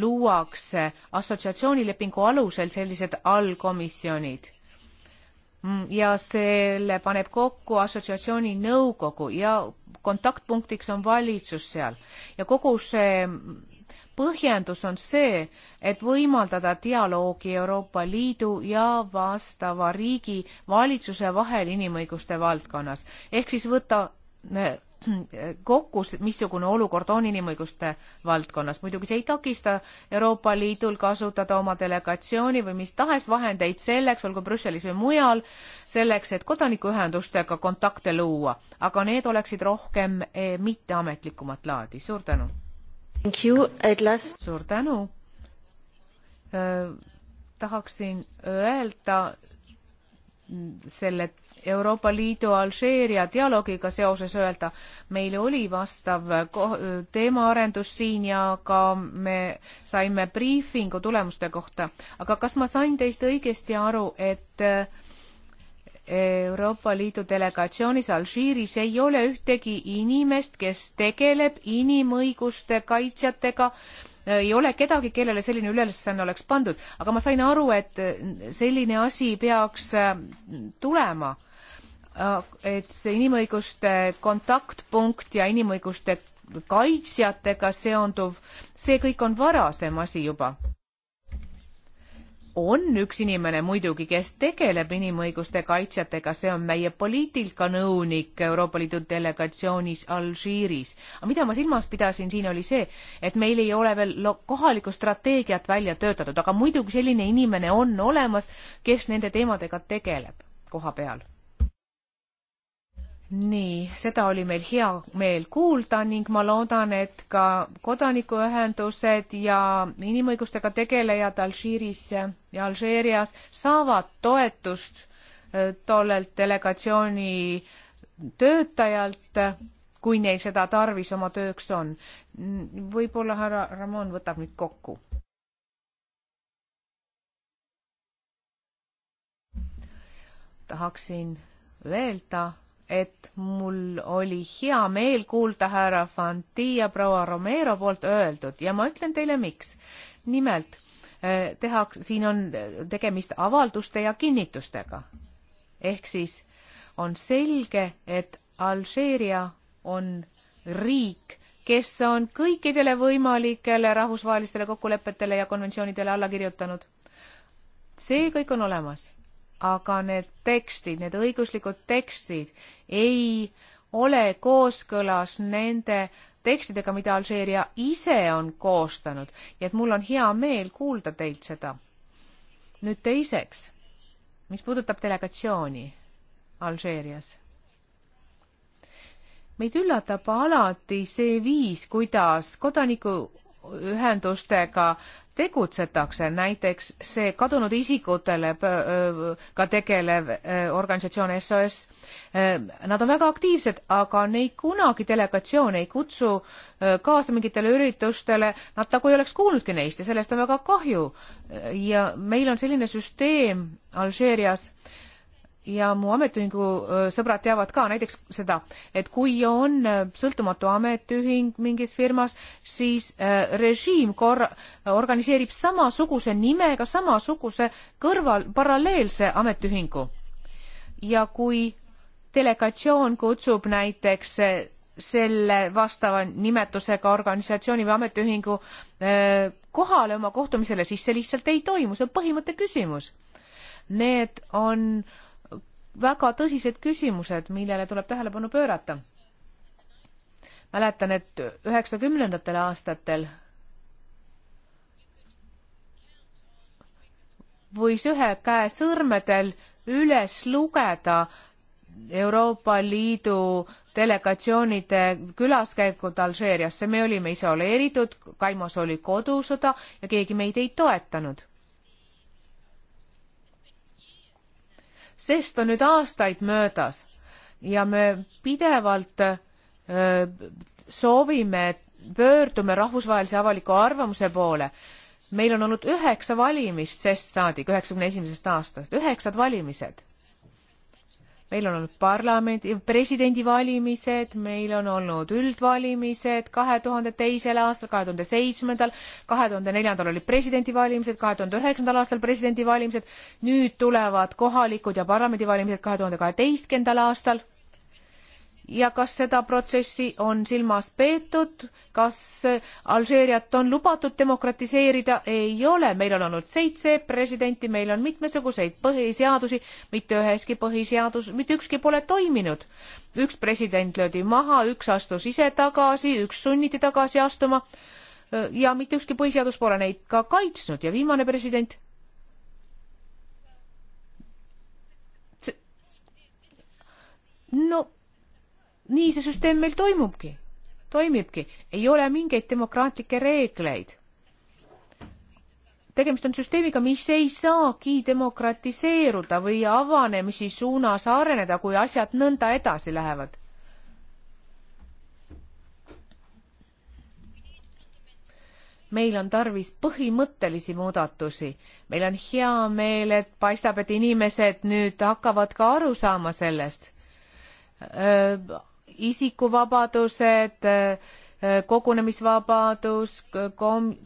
luuakse assotsiatsioonilepingu alusel sellised allkomisjonid Mm, ja selle paneb kokku assotsiatsiooni nõukogu ja kontaktpunktiks on valitsus seal ja kogu see põhjendus on see, et võimaldada dialoogi Euroopa Liidu ja vastava riigi valitsuse vahel inimõiguste valdkonnas ehk siis võtta kokku, missugune olukord on inimõiguste valdkonnas. muidugi see ei takista Euroopa Liidul kasutada oma delegatsiooni või mis tahes vahendeid selleks, olgu Brüsselis või mujal, selleks, et kodanikuühendustega kontakte luua, aga need oleksid rohkem eh, mitteametlikumat laadi. suur tänu! Last... suur tänu äh,! tahaksin öelda selle Euroopa Liidu Alžeeria dialoogiga seoses öelda, meil oli vastav teemaarendus siin ja ka me saime briifingu tulemuste kohta. aga kas ma sain teist õigesti aru, et eh, Euroopa Liidu delegatsioonis Alžiiris ei ole ühtegi inimest, kes tegeleb inimõiguste kaitsjatega, ei ole kedagi, kellele selline ülesanne oleks pandud, aga ma sain aru, et selline asi peaks eh, tulema Äh, et see inimõiguste kontaktpunkt ja inimõiguste kaitsjatega seonduv, see kõik on varasem asi juba. on üks inimene muidugi, kes tegeleb inimõiguste kaitsjatega, see on meie poliitikanõunik Euroopa Liidu delegatsioonis Alžiiris. aga mida ma silmas pidasin siin, oli see, et meil ei ole veel kohalikku strateegiat välja töötatud, aga muidugi selline inimene on olemas, kes nende teemadega tegeleb koha peal nii, seda oli meil hea meel kuulda ning ma loodan, et ka kodanikuühendused ja inimõigustega tegelejad Alžiiris ja Alžeerias saavad toetust äh, tollelt delegatsiooni töötajalt, kui neil seda tarvis oma tööks on. võib-olla härra Ramon võtab nüüd kokku. tahaksin öelda et mul oli hea meel kuulda härra Fanti ja proua Romero poolt öeldud ja ma ütlen teile, miks. nimelt eh, tehakse, siin on tegemist avalduste ja kinnitustega. ehk siis on selge, et Alžeeria on riik, kes on kõikidele võimalikele rahvusvahelistele kokkulepetele ja konventsioonidele alla kirjutanud. see kõik on olemas aga need tekstid, need õiguslikud tekstid ei ole kooskõlas nende tekstidega, mida Alžeeria ise on koostanud, nii et mul on hea meel kuulda teilt seda. nüüd teiseks, mis puudutab delegatsiooni Alžeerias. meid üllatab alati see viis, kuidas kodaniku ühendustega tegutsetakse, näiteks see kadunud isikutele äh, äh, ka tegelev äh, organisatsioon SOS, nad on väga aktiivsed, aga neid kunagi delegatsioon ei kutsu kaasa mingitele üritustele, nad nagu ei oleks kuulnudki neist ja sellest on väga kahju. ja meil on selline süsteem Alžeerias, ja mu ametiühingu sõbrad teavad ka näiteks seda, et kui on sõltumatu ametiühing mingis firmas, siis režiim kor-, organiseerib samasuguse nimega, samasuguse kõrval paralleelse ametiühingu. ja kui delegatsioon kutsub näiteks selle vastava nimetusega organisatsiooni või ametiühingu kohale oma kohtumisele, siis see lihtsalt ei toimu, see on põhimõtte küsimus. Need on äh, väga tõsised küsimused, millele tuleb tähelepanu pöörata. mäletan, et üheksakümnendatel aastatel võis ühe käe sõrmedel üles lugeda Euroopa Liidu delegatsioonide külaskäigud Alžeeriasse, me olime isoleeritud, Kaimos oli kodusõda ja keegi meid ei toetanud. sest on nüüd aastaid möödas ja me pidevalt öö, äh, soovime, pöördume rahvusvahelise avaliku arvamuse poole. meil on olnud üheksa valimist sest saadik, üheksakümne esimesest aastast, üheksad valimised meil on olnud parlamendi, presidendivalimised, meil on olnud üldvalimised kahe tuhande teisel aastal, kahe tuhande seitsmendal, kahe tuhande neljandal olid presidendivalimised, kahe tuhande üheksandal aastal presidendivalimised, nüüd tulevad kohalikud ja parlamendivalimised kahe tuhande kaheteistkümnendal aastal ja kas seda protsessi on silmas peetud, kas Alžeeriat on lubatud demokratiseerida, ei ole, meil on olnud seitse presidenti, meil on mitmesuguseid põhiseadusi, mitte üheski põhiseadus, mitte ükski pole toiminud. üks president löödi maha, üks astus ise tagasi, üks sunniti tagasi astuma ja mitte ükski põhiseadus pole neid ka kaitsnud ja viimane president no nii see süsteem meil toimubki, toimibki, ei ole mingeid demokraatlikke reegleid. tegemist on süsteemiga, mis ei saagi demokratiseeruda või avanemisi suunas areneda, kui asjad nõnda edasi lähevad. meil on tarvis põhimõttelisi muudatusi. meil on hea meel, et paistab, et inimesed nüüd hakkavad ka aru saama sellest isikuvabadused, kogunemisvabadus, kom-,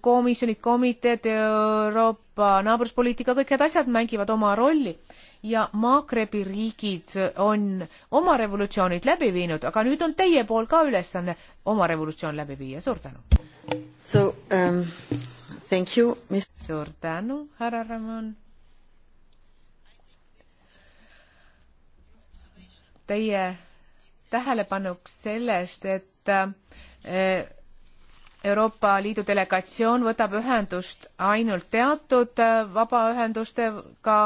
komisjonid, komiteed, Euroopa naabruspoliitika, kõik need asjad mängivad oma rolli ja Maagrebi riigid on oma revolutsioonid läbi viinud, aga nüüd on teie pool ka ülesanne oma revolutsioon läbi viia, suur tänu. So um, thank you, mis. suur tänu, härra Ramon. Teie tähelepanuks sellest, et eh, Euroopa Liidu delegatsioon võtab ühendust ainult teatud eh, vabaühendustega,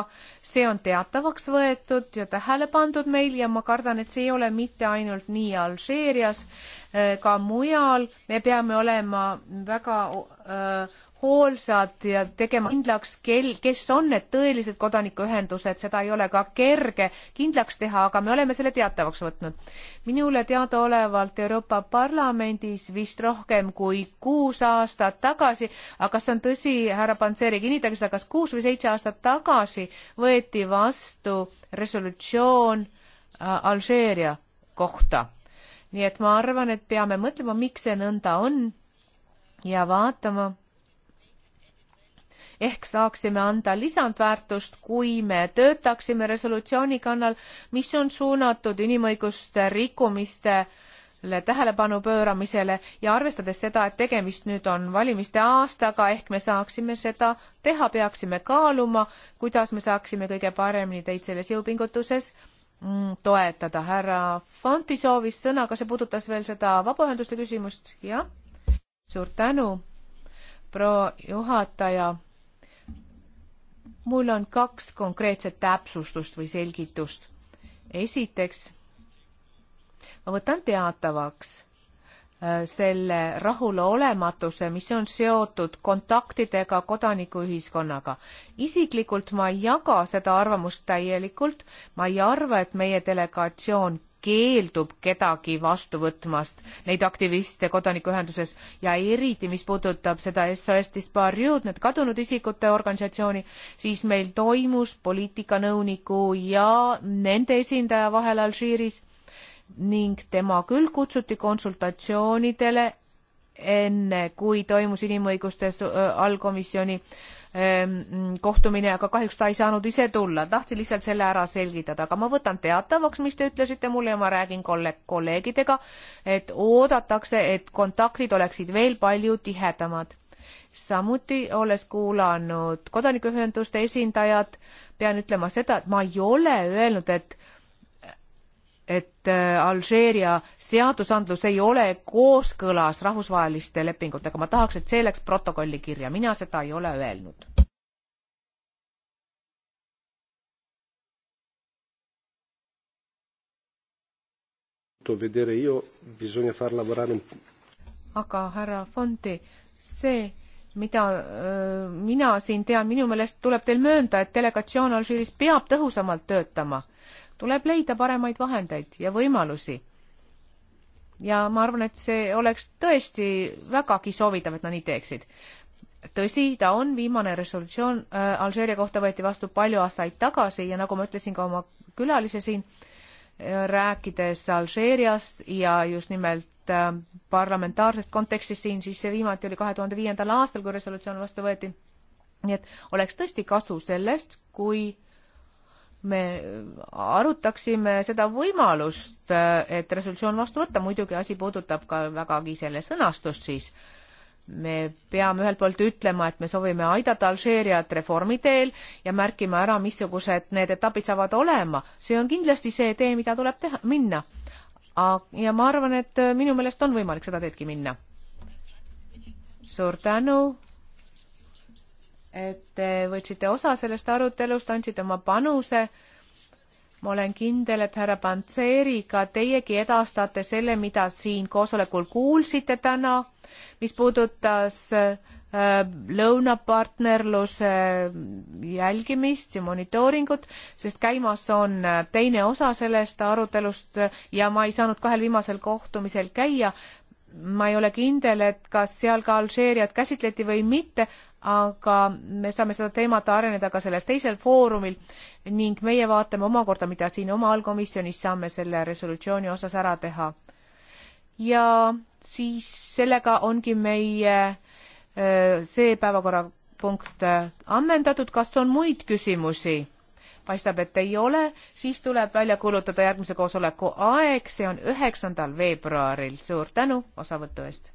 see on teatavaks võetud ja tähele pandud meil ja ma kardan, et see ei ole mitte ainult nii Alžeerias, eh, ka mujal me peame olema väga öö, hoolsad ja tegema kindlaks, kel, kes on need tõelised kodanikuühendused, seda ei ole ka kerge kindlaks teha, aga me oleme selle teatavaks võtnud. minule teadaolevalt Euroopa Parlamendis vist rohkem kui kuus aastat tagasi, aga kas see on tõsi, härra Panseri, kinnitage seda, kas kuus või seitse aastat tagasi võeti vastu resolutsioon äh, Alžeeria kohta. nii et ma arvan, et peame mõtlema, miks see nõnda on ja vaatama ehk saaksime anda lisandväärtust, kui me töötaksime resolutsiooni kannal, mis on suunatud inimõiguste rikkumiste tähelepanu pööramisele ja arvestades seda, et tegemist nüüd on valimiste aastaga, ehk me saaksime seda teha, peaksime kaaluma, kuidas me saaksime kõige paremini teid selles jõupingutuses mm, toetada. härra Fonti soovis sõna, kas see puudutas veel seda vabaühenduste küsimust? jah, suur tänu, proua juhataja mul on kaks konkreetset täpsustust või selgitust. esiteks, ma võtan teatavaks äh, selle rahulolematuse, mis on seotud kontaktidega kodanikuühiskonnaga. isiklikult ma ei jaga seda arvamust täielikult, ma ei arva, et meie delegatsioon keeldub kedagi vastu võtmast, neid aktiviste kodanikuühenduses ja eriti, mis puudutab seda SOS Disparjud, need kadunud isikute organisatsiooni, siis meil toimus poliitikanõuniku ja nende esindaja vahel Alžiiris ning tema küll kutsuti konsultatsioonidele enne, kui toimus inimõiguste äh, allkomisjoni ähm, kohtumine, aga kahjuks ta ei saanud ise tulla, tahtsin lihtsalt selle ära selgitada, aga ma võtan teatavaks, mis te ütlesite mulle ja ma räägin kolleeg, kolleegidega, et oodatakse, et kontaktid oleksid veel palju tihedamad. samuti olles kuulanud kodanikuühenduste esindajat, pean ütlema seda, et ma ei ole öelnud, et et äh, Alžeeria seadusandlus ei ole kooskõlas rahvusvaheliste lepingutega. ma tahaks, et see läks protokolli kirja, mina seda ei ole öelnud. aga härra Fondi, see, mida öö, äh, mina siin tean, minu meelest tuleb teil möönda, et delegatsioon Alžeeris peab tõhusamalt töötama tuleb leida paremaid vahendeid ja võimalusi. ja ma arvan, et see oleks tõesti vägagi soovitav, et nad nii teeksid. tõsi, ta on viimane resolutsioon äh, Alžeeria kohta võeti vastu palju aastaid tagasi ja nagu ma ütlesin ka oma külalise siin äh,, rääkides Alžeeriast ja just nimelt äh, parlamentaarsest kontekstist siin, siis see viimati oli kahe tuhande viiendal aastal, kui resolutsioon vastu võeti. nii et oleks tõesti kasu sellest, kui äh, me arutaksime seda võimalust, et resolutsioon vastu võtta, muidugi asi puudutab ka vägagi selle sõnastust siis. me peame ühelt poolt ütlema, et me soovime aidata Alžeeriat reformi teel ja märkima ära, missugused need etapid saavad olema. see on kindlasti see tee, mida tuleb teha, minna. ja ma arvan, et minu meelest on võimalik seda teedki minna. suur tänu et te võtsite osa sellest arutelust, andsite oma panuse. ma olen kindel, et härra Pantseriga teiegi edastate selle, mida siin koosolekul kuulsite täna, mis puudutas äh, lõunapartnerluse äh, jälgimist ja monitooringut, sest käimas on äh, teine osa sellest arutelust ja ma ei saanud kahel viimasel kohtumisel käia, ma ei ole kindel, et kas seal ka Alžeeriat käsitleti või mitte, aga me saame seda teemat areneda ka selles teisel foorumil ning meie vaatame omakorda, mida siin oma allkomisjonis saame selle resolutsiooni osas ära teha. ja siis sellega ongi meie äh, see päevakorrapunkt äh, ammendatud, kas on muid küsimusi? paistab, et ei ole, siis tuleb välja kuulutada järgmise koosoleku aeg, see on üheksandal veebruaril. suur tänu osavõtu eest!